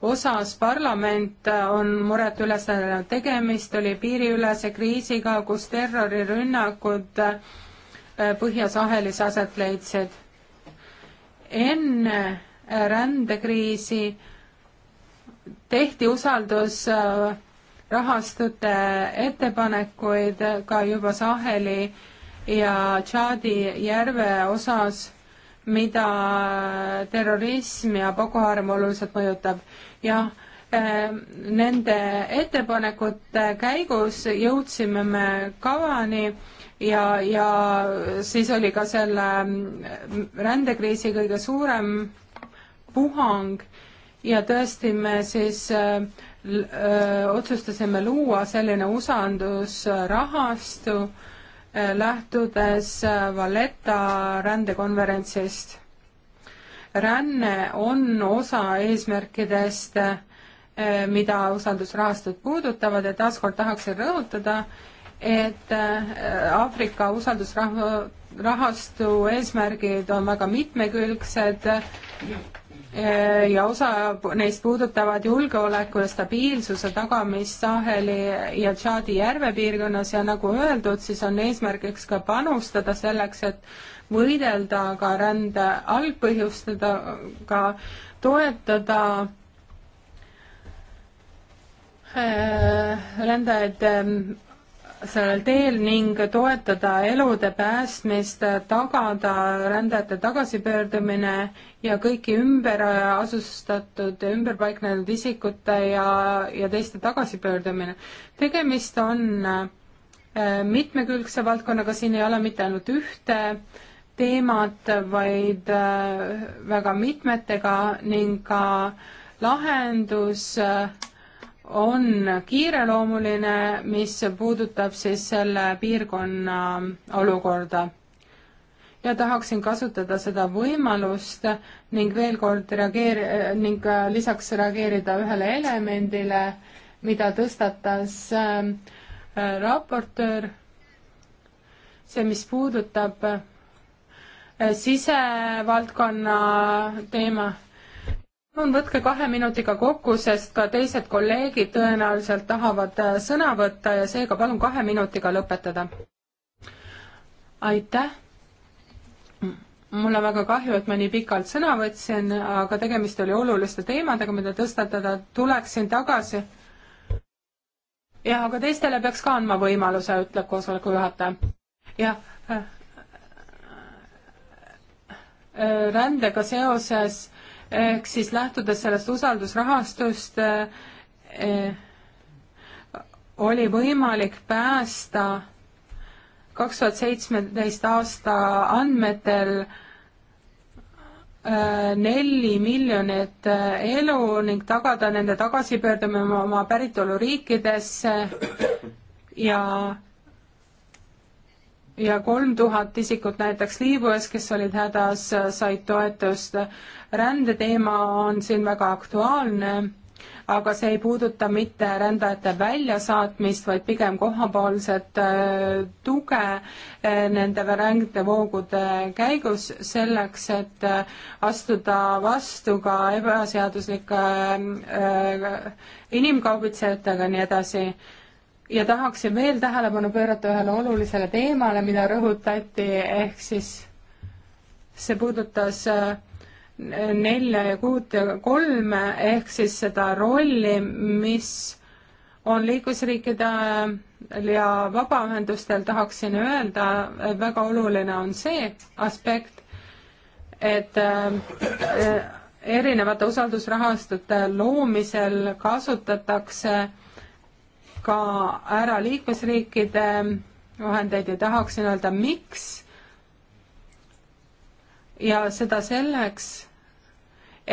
[SPEAKER 3] osas parlament on muret üles näidanud, tegemist oli piiriülese kriisiga, kus terrorirünnakud äh, Põhja-Sahelis aset leidsid. enne äh, rändekriisi tehti usaldus äh, rahastute ettepanekuid ka juba Saheli ja Tšaadi järve osas, mida terrorism ja Boko Haram oluliselt mõjutab. jah, ähm, nende ettepanekute käigus jõudsime me kavani ja, ja siis oli ka selle ähm, rändekriisi kõige suurem puhang ja tõesti me siis öö, äh, öö, äh, otsustasime luua selline usaldusrahastu, lähtudes Valletta rändekonverentsist. ränne on osa eesmärkidest, mida usaldusrahastud puudutavad ja taaskord tahaksin rõhutada, et äh, Aafrika usaldusrahastu eesmärgid on väga mitmekülgsed Äh, ja osa neist puudutavad julgeoleku ja stabiilsuse tagamist Saheli ja Tšaadi järve piirkonnas ja nagu öeldud, siis on eesmärgiks ka panustada selleks, et võidelda ka rände algpõhjustega, toetada äh, rändajaid ähm, sellel teel ning toetada elude päästmist, tagada rändajate tagasipöördumine ja kõiki ümberasustatud ja ümberpaiknenud isikute ja, ja teiste tagasipöördumine. tegemist on äh, mitmekülgse valdkonnaga, siin ei ole mitte ainult ühte teemat, vaid äh, väga mitmetega ning ka lahendus äh, on kiireloomuline, mis puudutab siis selle piirkonna olukorda. ja tahaksin kasutada seda võimalust ning veel kord reageeri-, ning äh, lisaks reageerida ühele elemendile, mida tõstatas ähm, äh, raportöör, see, mis puudutab äh, sisevaldkonna teema palun võtke kahe minutiga kokku, sest ka teised kolleegid tõenäoliselt tahavad äh, sõna võtta ja seega palun kahe minutiga lõpetada. aitäh. mul on väga kahju, et ma nii pikalt sõna võtsin, aga tegemist oli oluliste teemadega, mida tõstatada, tuleksin tagasi. jah, aga teistele peaks ka andma võimaluse, ütleb koosoleku juhataja. jah äh,. äh rändega seoses ehk siis lähtudes sellest usaldusrahastust eh, oli võimalik päästa kaks tuhat seitsmeteist aasta andmetel eh, neli miljonit eh, elu ning tagada nende tagasipöördumine oma päritoluriikidesse ja ja kolm tuhat isikut näiteks Liibüas, kes olid hädas, said toetust. rändeteema on siin väga aktuaalne, aga see ei puuduta mitte rändajate väljasaatmist, vaid pigem kohapoolset äh, tuge äh, nende rändevoogude käigus selleks, et äh, astuda vastu ka ebaseaduslike inimkaubitsejatega ja nii edasi ja tahaksin veel tähelepanu pöörata ühele olulisele teemale, mida rõhutati, ehk siis see puudutas äh, nelja ja kuut ja kolme ehk siis seda rolli, mis on liikmesriikidel ja vabaühendustel, tahaksin öelda, et väga oluline on see aspekt, et äh, erinevate usaldusrahastute loomisel kasutatakse äh, ka ära liikmesriikide vahendeid ja tahaksin öelda, miks. ja seda selleks,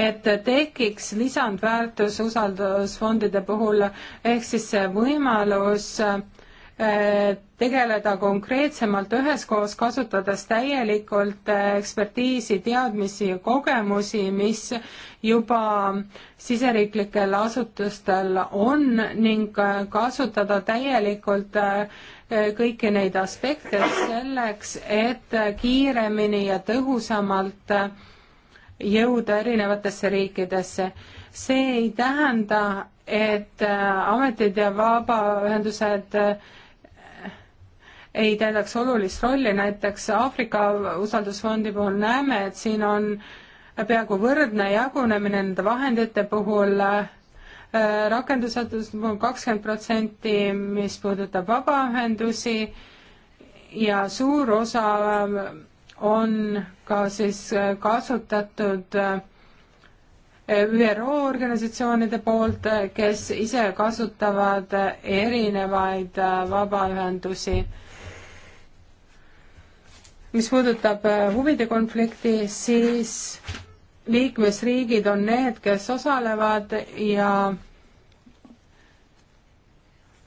[SPEAKER 3] et tekiks lisandväärtus usaldusfondide puhul, ehk siis see võimalus tegeleda konkreetsemalt üheskoos, kasutades täielikult äh, ekspertiisi, teadmisi ja kogemusi, mis juba siseriiklikel asutustel on ning äh, kasutada täielikult äh, kõiki neid aspekte selleks, et kiiremini ja tõhusamalt jõuda erinevatesse riikidesse. see ei tähenda, et ametid ja vabaühendused äh, ei täidaks olulist rolli, näiteks Aafrika usaldusfondi puhul näeme, et siin on peaaegu võrdne jagunemine nende vahendite puhul äh, rakendussätete puhul kakskümmend protsenti, mis puudutab vabaühendusi ja suur osa äh, on ka siis äh, kasutatud ÜRO organisatsioonide poolt, kes ise kasutavad erinevaid vabaühendusi mis puudutab äh, huvide konflikti, siis liikmesriigid on need, kes osalevad ja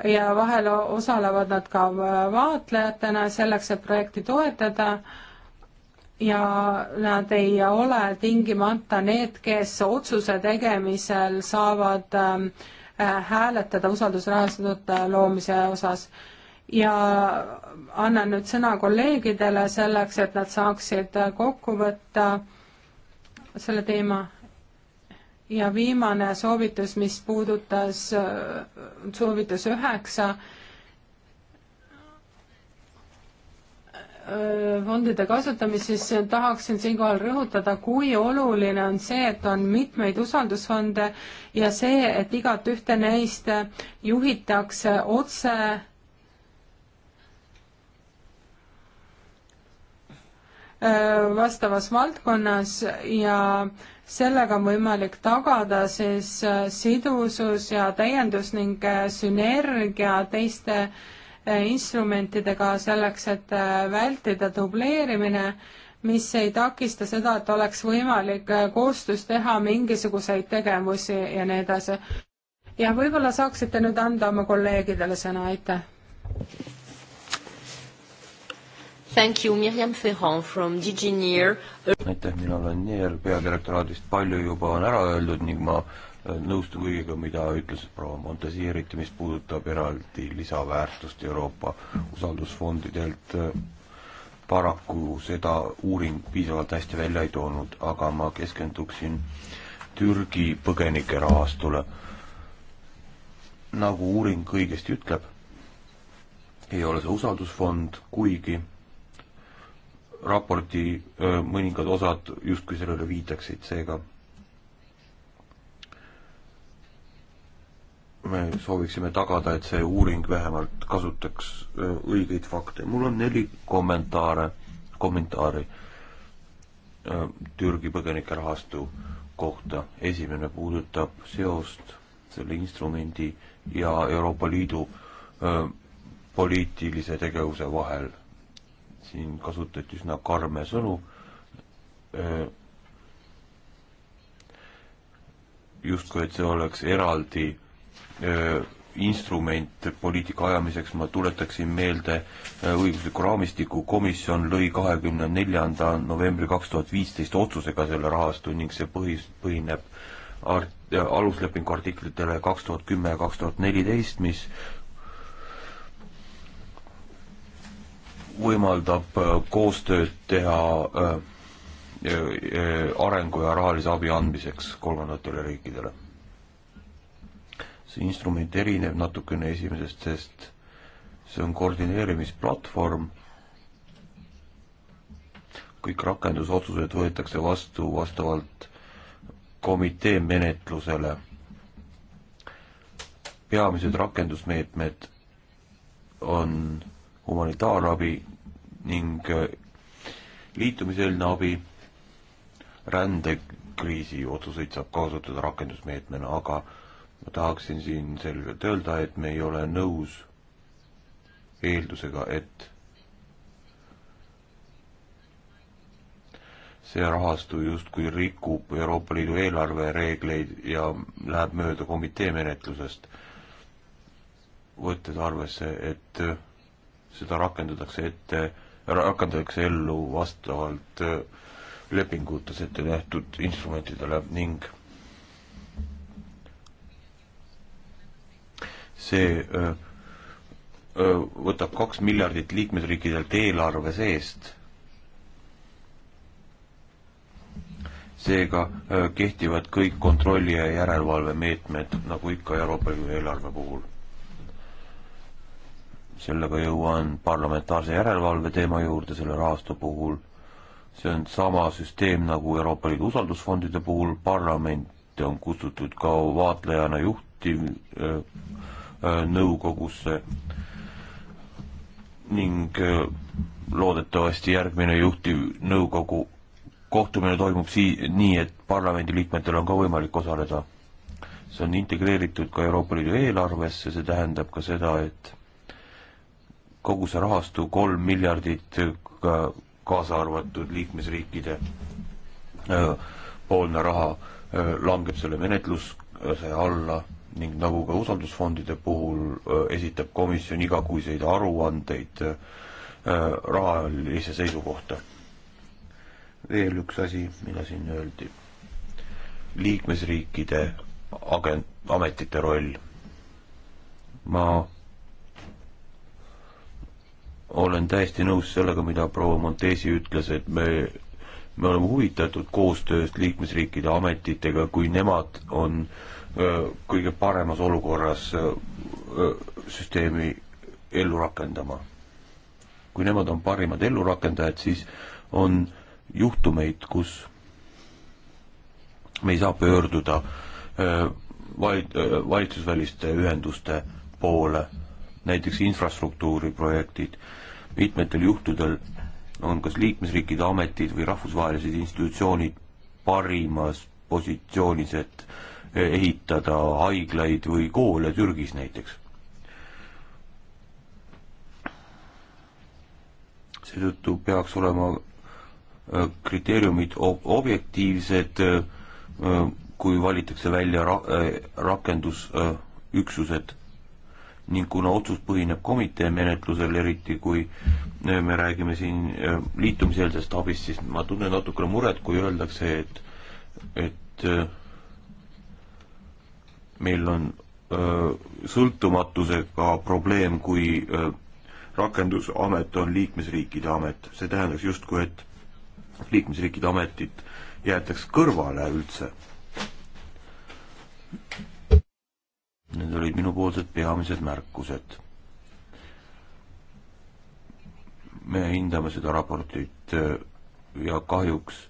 [SPEAKER 3] ja vahel osalevad nad ka äh, vaatlejatena selleks, et projekti toetada ja nad ei ole tingimata need, kes otsuse tegemisel saavad ähm, äh, hääletada usaldusrahastuse loomise osas ja annan nüüd sõna kolleegidele selleks, et nad saaksid äh, kokku võtta selle teema. ja viimane soovitus, mis puudutas, äh, soovitus üheksa, äh, fondide kasutamist, siis tahaksin siinkohal rõhutada, kui oluline on see, et on mitmeid usaldusfonde ja see, et igat ühte neist juhitakse otse Äh, vastavas valdkonnas ja sellega on võimalik tagada siis äh, sidusus ja täiendus ning äh, sünergia teiste instrumentidega selleks, et vältida dubleerimine, mis ei takista seda, et oleks võimalik koostöös teha mingisuguseid tegevusi ja nii edasi. ja võib-olla saaksite nüüd anda oma kolleegidele sõna, aitäh! Thank you, Mirjam Ferran from
[SPEAKER 1] Digineer.
[SPEAKER 4] aitäh, mina olen Neer peadirektoraadist, palju juba on ära öeldud ning ma äh, nõustun kõigega, mida ütles proua Montesi, eriti mis puudutab eraldi lisaväärtust Euroopa usaldusfondidelt. Äh, paraku seda uuring piisavalt hästi välja ei toonud, aga ma keskenduksin Türgi põgenike rahastule. nagu uuring õigesti ütleb, ei ole see usaldusfond, kuigi raporti mõningad osad justkui sellele viitaksid, seega me sooviksime tagada, et see uuring vähemalt kasutaks õigeid fakte. mul on neli kommentaare, kommentaari Türgi põgenike rahastu kohta. esimene puudutab seost selle instrumendi ja Euroopa Liidu poliitilise tegevuse vahel siin kasutati üsna karme sõnu. justkui, et see oleks eraldi instrument poliitika ajamiseks, ma tuletaksin meelde, õigusliku raamistiku komisjon lõi kahekümne neljanda novembri kaks tuhat viisteist otsusega selle rahastu ning see põhis, põhineb art-, aluslepingu artiklitele kaks tuhat kümme ja kaks tuhat neliteist, mis võimaldab äh, koostööd teha äh, äh, arengu ja rahalise abi andmiseks kolmandatele riikidele. see instrument erineb natukene esimesest, sest see on koordineerimisplatvorm, kõik rakendusotsused võetakse vastu vastavalt komitee menetlusele. peamised rakendusmeetmed on humanitaarabi ning äh, liitumiseelne abi. rändekriisi otsuseid saab kasutada rakendusmeetmena, aga ma tahaksin siin selgelt öelda, et me ei ole nõus eeldusega, et see rahastu justkui rikub Euroopa Liidu eelarvereegleid ja läheb mööda komitee menetlusest, võttes arvesse, et seda rakendatakse ette, rakendatakse ellu vastavalt äh, lepingutes ette nähtud instrumentidele ning see öö, äh, öö, äh, võtab kaks miljardit liikmesriikidelt eelarve seest. seega öö, kehtivad kõik kontrolli- ja järelevalvemeetmed, nagu ikka Euroopa Liidu eelarve puhul sellega jõuan parlamentaarse järelevalve teema juurde selle rahastu puhul. see on sama süsteem nagu Euroopa Liidu usaldusfondide puhul, parlamenti on kutsutud ka vaatlejana juhtiv nõukogusse ning loodetavasti järgmine juhtiv nõukogu kohtumine toimub sii-, nii, et parlamendiliikmetel on ka võimalik osaleda. see on integreeritud ka Euroopa Liidu eelarvesse, see tähendab ka seda, et kogu see rahastu, kolm miljardit ka kaasa arvatud liikmesriikide poolne raha langeb selle menetluse alla ning nagu ka usaldusfondide puhul esitab komisjon igakuiseid aruandeid rahalise seisukohta. veel üks asi, mida siin öeldi. liikmesriikide agent, ametite roll. ma olen täiesti nõus sellega, mida proua Montesi ütles, et me, me oleme huvitatud koostööst liikmesriikide ametitega, kui nemad on öö, kõige paremas olukorras öö, süsteemi ellu rakendama. kui nemad on parimad ellurakendajad, siis on juhtumeid, kus me ei saa pöörduda öö, vaid, valitsusväliste ühenduste poole, näiteks infrastruktuuriprojektid mitmetel juhtudel on kas liikmesriikide ametid või rahvusvahelised institutsioonid parimas positsioonis, et eh, ehitada haiglaid või koole Türgis näiteks. seetõttu peaks olema eh, kriteeriumid objektiivsed, eh, kui valitakse välja ra-, rakendusüksused ning kuna otsus põhineb komitee menetlusel, eriti kui äh, me räägime siin äh, liitumiseelsest abist, siis ma tunnen natukene muret, kui öeldakse, et, et äh, meil on öö, sõltumatusega probleem, kui öö, rakendusamet on liikmesriikide amet, see tähendaks justkui, et liikmesriikide ametit jäetakse kõrvale üldse Need olid minupoolsed peamised märkused. me hindame seda raportit äh, ja kahjuks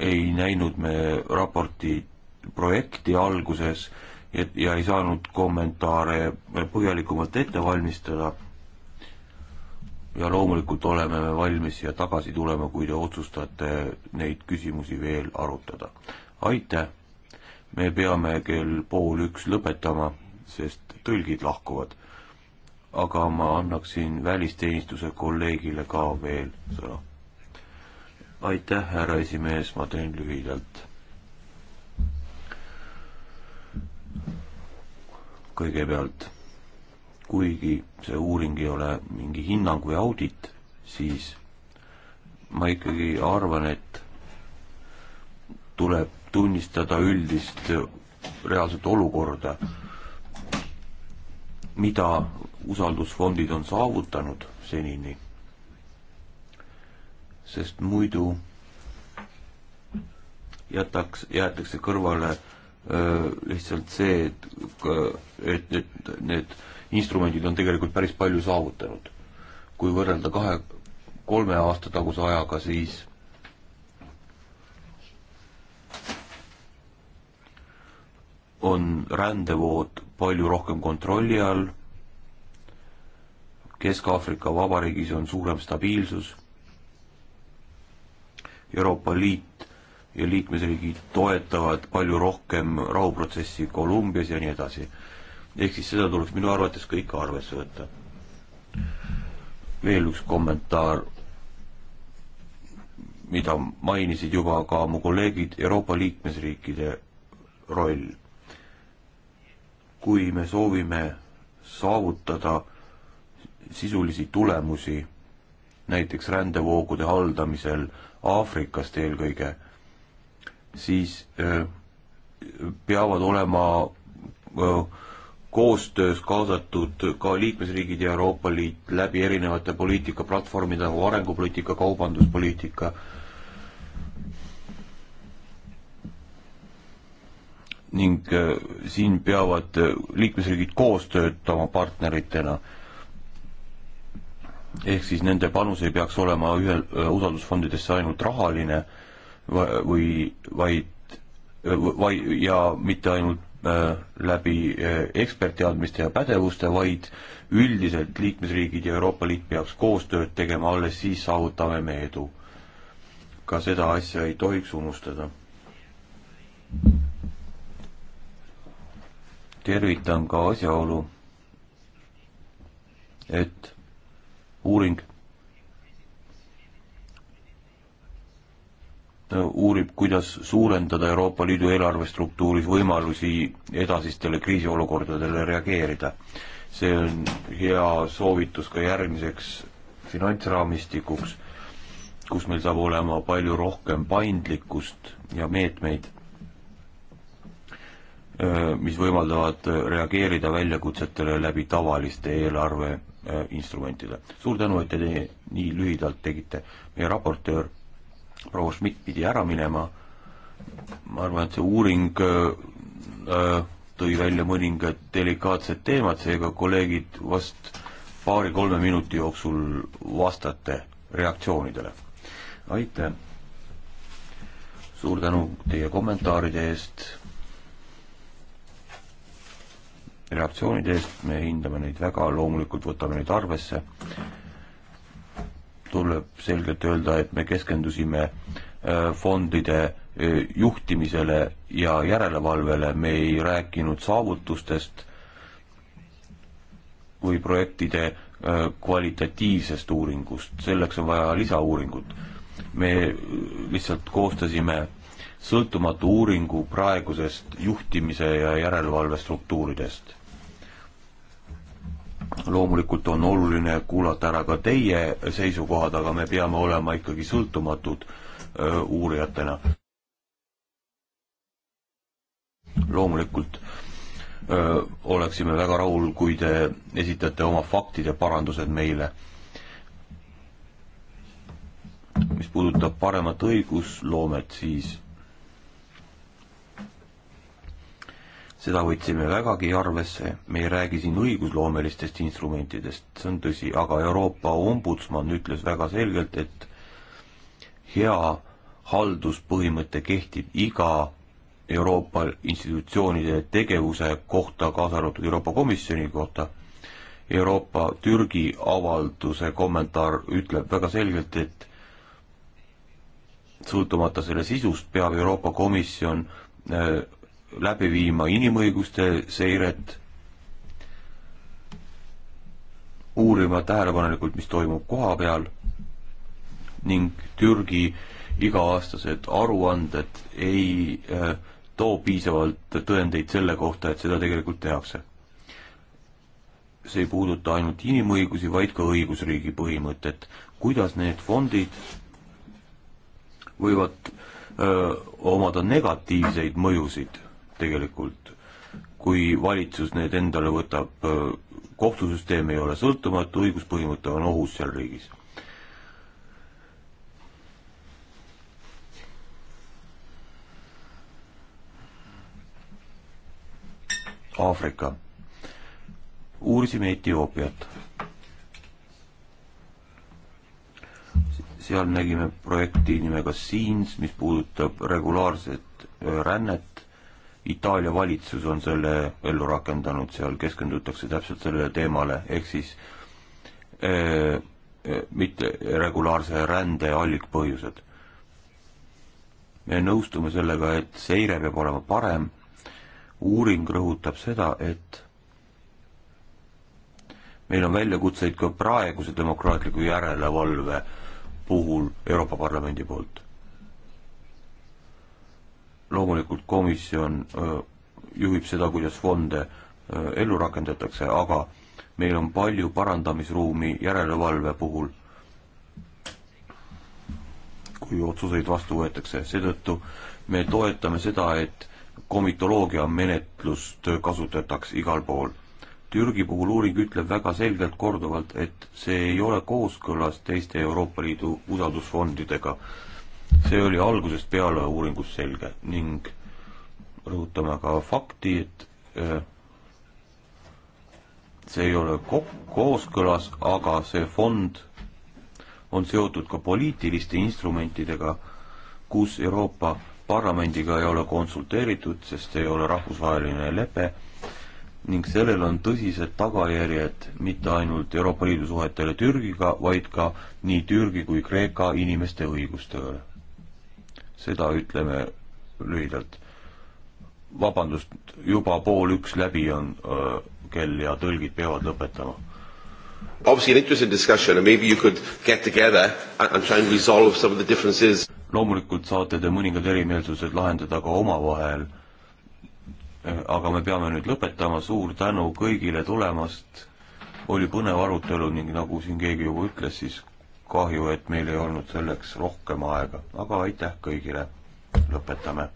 [SPEAKER 4] ei näinud me raporti projekti alguses ja, ja ei saanud kommentaare põhjalikumalt ette valmistada. ja loomulikult oleme me valmis siia tagasi tulema, kui te otsustate neid küsimusi veel arutada. aitäh! me peame kell pool üks lõpetama, sest tõlgid lahkuvad. aga ma annaksin välisteenistuse kolleegile ka veel sõna. aitäh, härra esimees, ma teen lühidalt. kõigepealt, kuigi see uuring ei ole mingi hinnang või audit, siis ma ikkagi arvan, et tuleb tunnistada üldist reaalset olukorda, mida usaldusfondid on saavutanud senini. sest muidu jätaks, jäetakse kõrvale öö, lihtsalt see, et, et, et need instrumendid on tegelikult päris palju saavutanud. kui võrrelda kahe, kolme aasta taguse ajaga, siis on rändevood palju rohkem kontrolli all. Kesk-Aafrika Vabariigis on suurem stabiilsus. Euroopa Liit ja liikmesriigid toetavad palju rohkem rahuprotsessi Kolumbias ja nii edasi. ehk siis seda tuleks minu arvates kõik arvesse võtta. veel üks kommentaar, mida mainisid juba ka mu kolleegid, Euroopa liikmesriikide roll kui me soovime saavutada sisulisi tulemusi, näiteks rändevoogude haldamisel Aafrikast eelkõige, siis äh, peavad olema äh, koostöös kaasatud ka liikmesriigid ja Euroopa Liit läbi erinevate poliitikaplatvormide nagu arengupoliitika, kaubanduspoliitika, ning äh, siin peavad äh, liikmesriigid koos töötama partneritena. ehk siis nende panus ei peaks olema ühel äh, usaldusfondidesse ainult rahaline või vaid, vaid ja mitte ainult läbi ekspertteadmiste ja pädevuste, vaid üldiselt liikmesriigid ja Euroopa Liit peaks koostööd tegema, alles siis saavutame me edu. ka seda asja ei tohiks unustada tervitan ka asjaolu, et uuring uurib, kuidas suurendada Euroopa Liidu eelarve struktuuris võimalusi edasistele kriisiolukordadele reageerida. see on hea soovitus ka järgmiseks finantsraamistikuks, kus meil saab olema palju rohkem paindlikkust ja meetmeid Äh, mis võimaldavad äh, reageerida väljakutsetele läbi tavaliste eelarve äh, instrumentide. suur tänu, et te nii lühidalt tegite. meie raportöör proua Schmidt pidi ära minema. ma arvan, et see uuring tõi välja mõningad delikaatsed teemad, seega kolleegid vast paari-kolme minuti jooksul vastate reaktsioonidele. aitäh! suur tänu teie kommentaaride eest reaktsioonide eest, me hindame neid väga, loomulikult võtame neid arvesse. tuleb selgelt öelda, et me keskendusime äh, fondide äh, juhtimisele ja järelevalvele, me ei rääkinud saavutustest või projektide äh, kvalitatiivsest uuringust, selleks on vaja lisauuringut. me lihtsalt koostasime sõltumatu uuringu praegusest juhtimise ja järelevalvestruktuuridest. loomulikult on oluline kuulata ära ka teie seisukohad, aga me peame olema ikkagi sõltumatud öö, uurijatena. loomulikult öö, oleksime väga rahul, kui te esitate oma faktid ja parandused meile mis puudutab paremat õigusloomet, siis seda võtsime vägagi arvesse, me ei räägi siin õigusloomelistest instrumentidest, see on tõsi, aga Euroopa ombudsman ütles väga selgelt, et hea halduspõhimõte kehtib iga Euroopa institutsioonide tegevuse kohta, kaasa arvatud Euroopa Komisjoni kohta. Euroopa Türgi avalduse kommentaar ütleb väga selgelt, et sõltumata selle sisust peab Euroopa Komisjon äh, läbi viima inimõiguste seiret, uurima tähelepanelikult, mis toimub koha peal ning Türgi iga-aastased aruanded ei äh, too piisavalt tõendeid selle kohta, et seda tegelikult tehakse. see ei puuduta ainult inimõigusi, vaid ka õigusriigi põhimõtet. kuidas need fondid võivad öö, äh, omada negatiivseid mõjusid tegelikult, kui valitsus need endale võtab, kohtusüsteem ei ole sõltumatu, õiguspõhimõte on ohus seal riigis. Aafrika. uurisime Etioopiat. seal nägime projekti nimega Scenes, mis puudutab regulaarset äh, rännet Itaalia valitsus on selle ellu rakendanud, seal keskendutakse täpselt sellele teemale, ehk siis eh, eh, mitte regulaarse rände allikpõhjused. me nõustume sellega, et seire peab olema parem, uuring rõhutab seda, et meil on väljakutseid ka praeguse demokraatliku järelevalve puhul Euroopa Parlamendi poolt loomulikult komisjon juhib seda, kuidas fonde ellu rakendatakse, aga meil on palju parandamisruumi järelevalve puhul, kui otsuseid vastu võetakse, seetõttu me toetame seda, et komitoloogia menetlust kasutataks igal pool. Türgi puhul uuring ütleb väga selgelt korduvalt, et see ei ole kooskõlas teiste Euroopa Liidu usaldusfondidega see oli algusest peale uuringus selge ning rõhutame ka fakti, et äh, see ei ole kooskõlas, aga see fond on seotud ka poliitiliste instrumentidega, kus Euroopa Parlamendiga ei ole konsulteeritud, sest ei ole rahvusvaheline lepe ning sellel on tõsised tagajärjed mitte ainult Euroopa Liidu suhetele Türgiga, vaid ka nii Türgi kui Kreeka inimeste õigustele seda ütleme lühidalt. vabandust, juba pool üks läbi on öö, kell ja tõlgid peavad lõpetama. Obviously an interesting discussion and maybe you could get together and try and resolve some of the differences. loomulikult saate te mõningad erimeelsused lahendada ka omavahel. aga me peame nüüd lõpetama, suur tänu kõigile tulemast, oli põnev arutelu ning nagu siin keegi juba ütles, siis kahju, et meil ei olnud selleks rohkem aega, aga aitäh kõigile. lõpetame.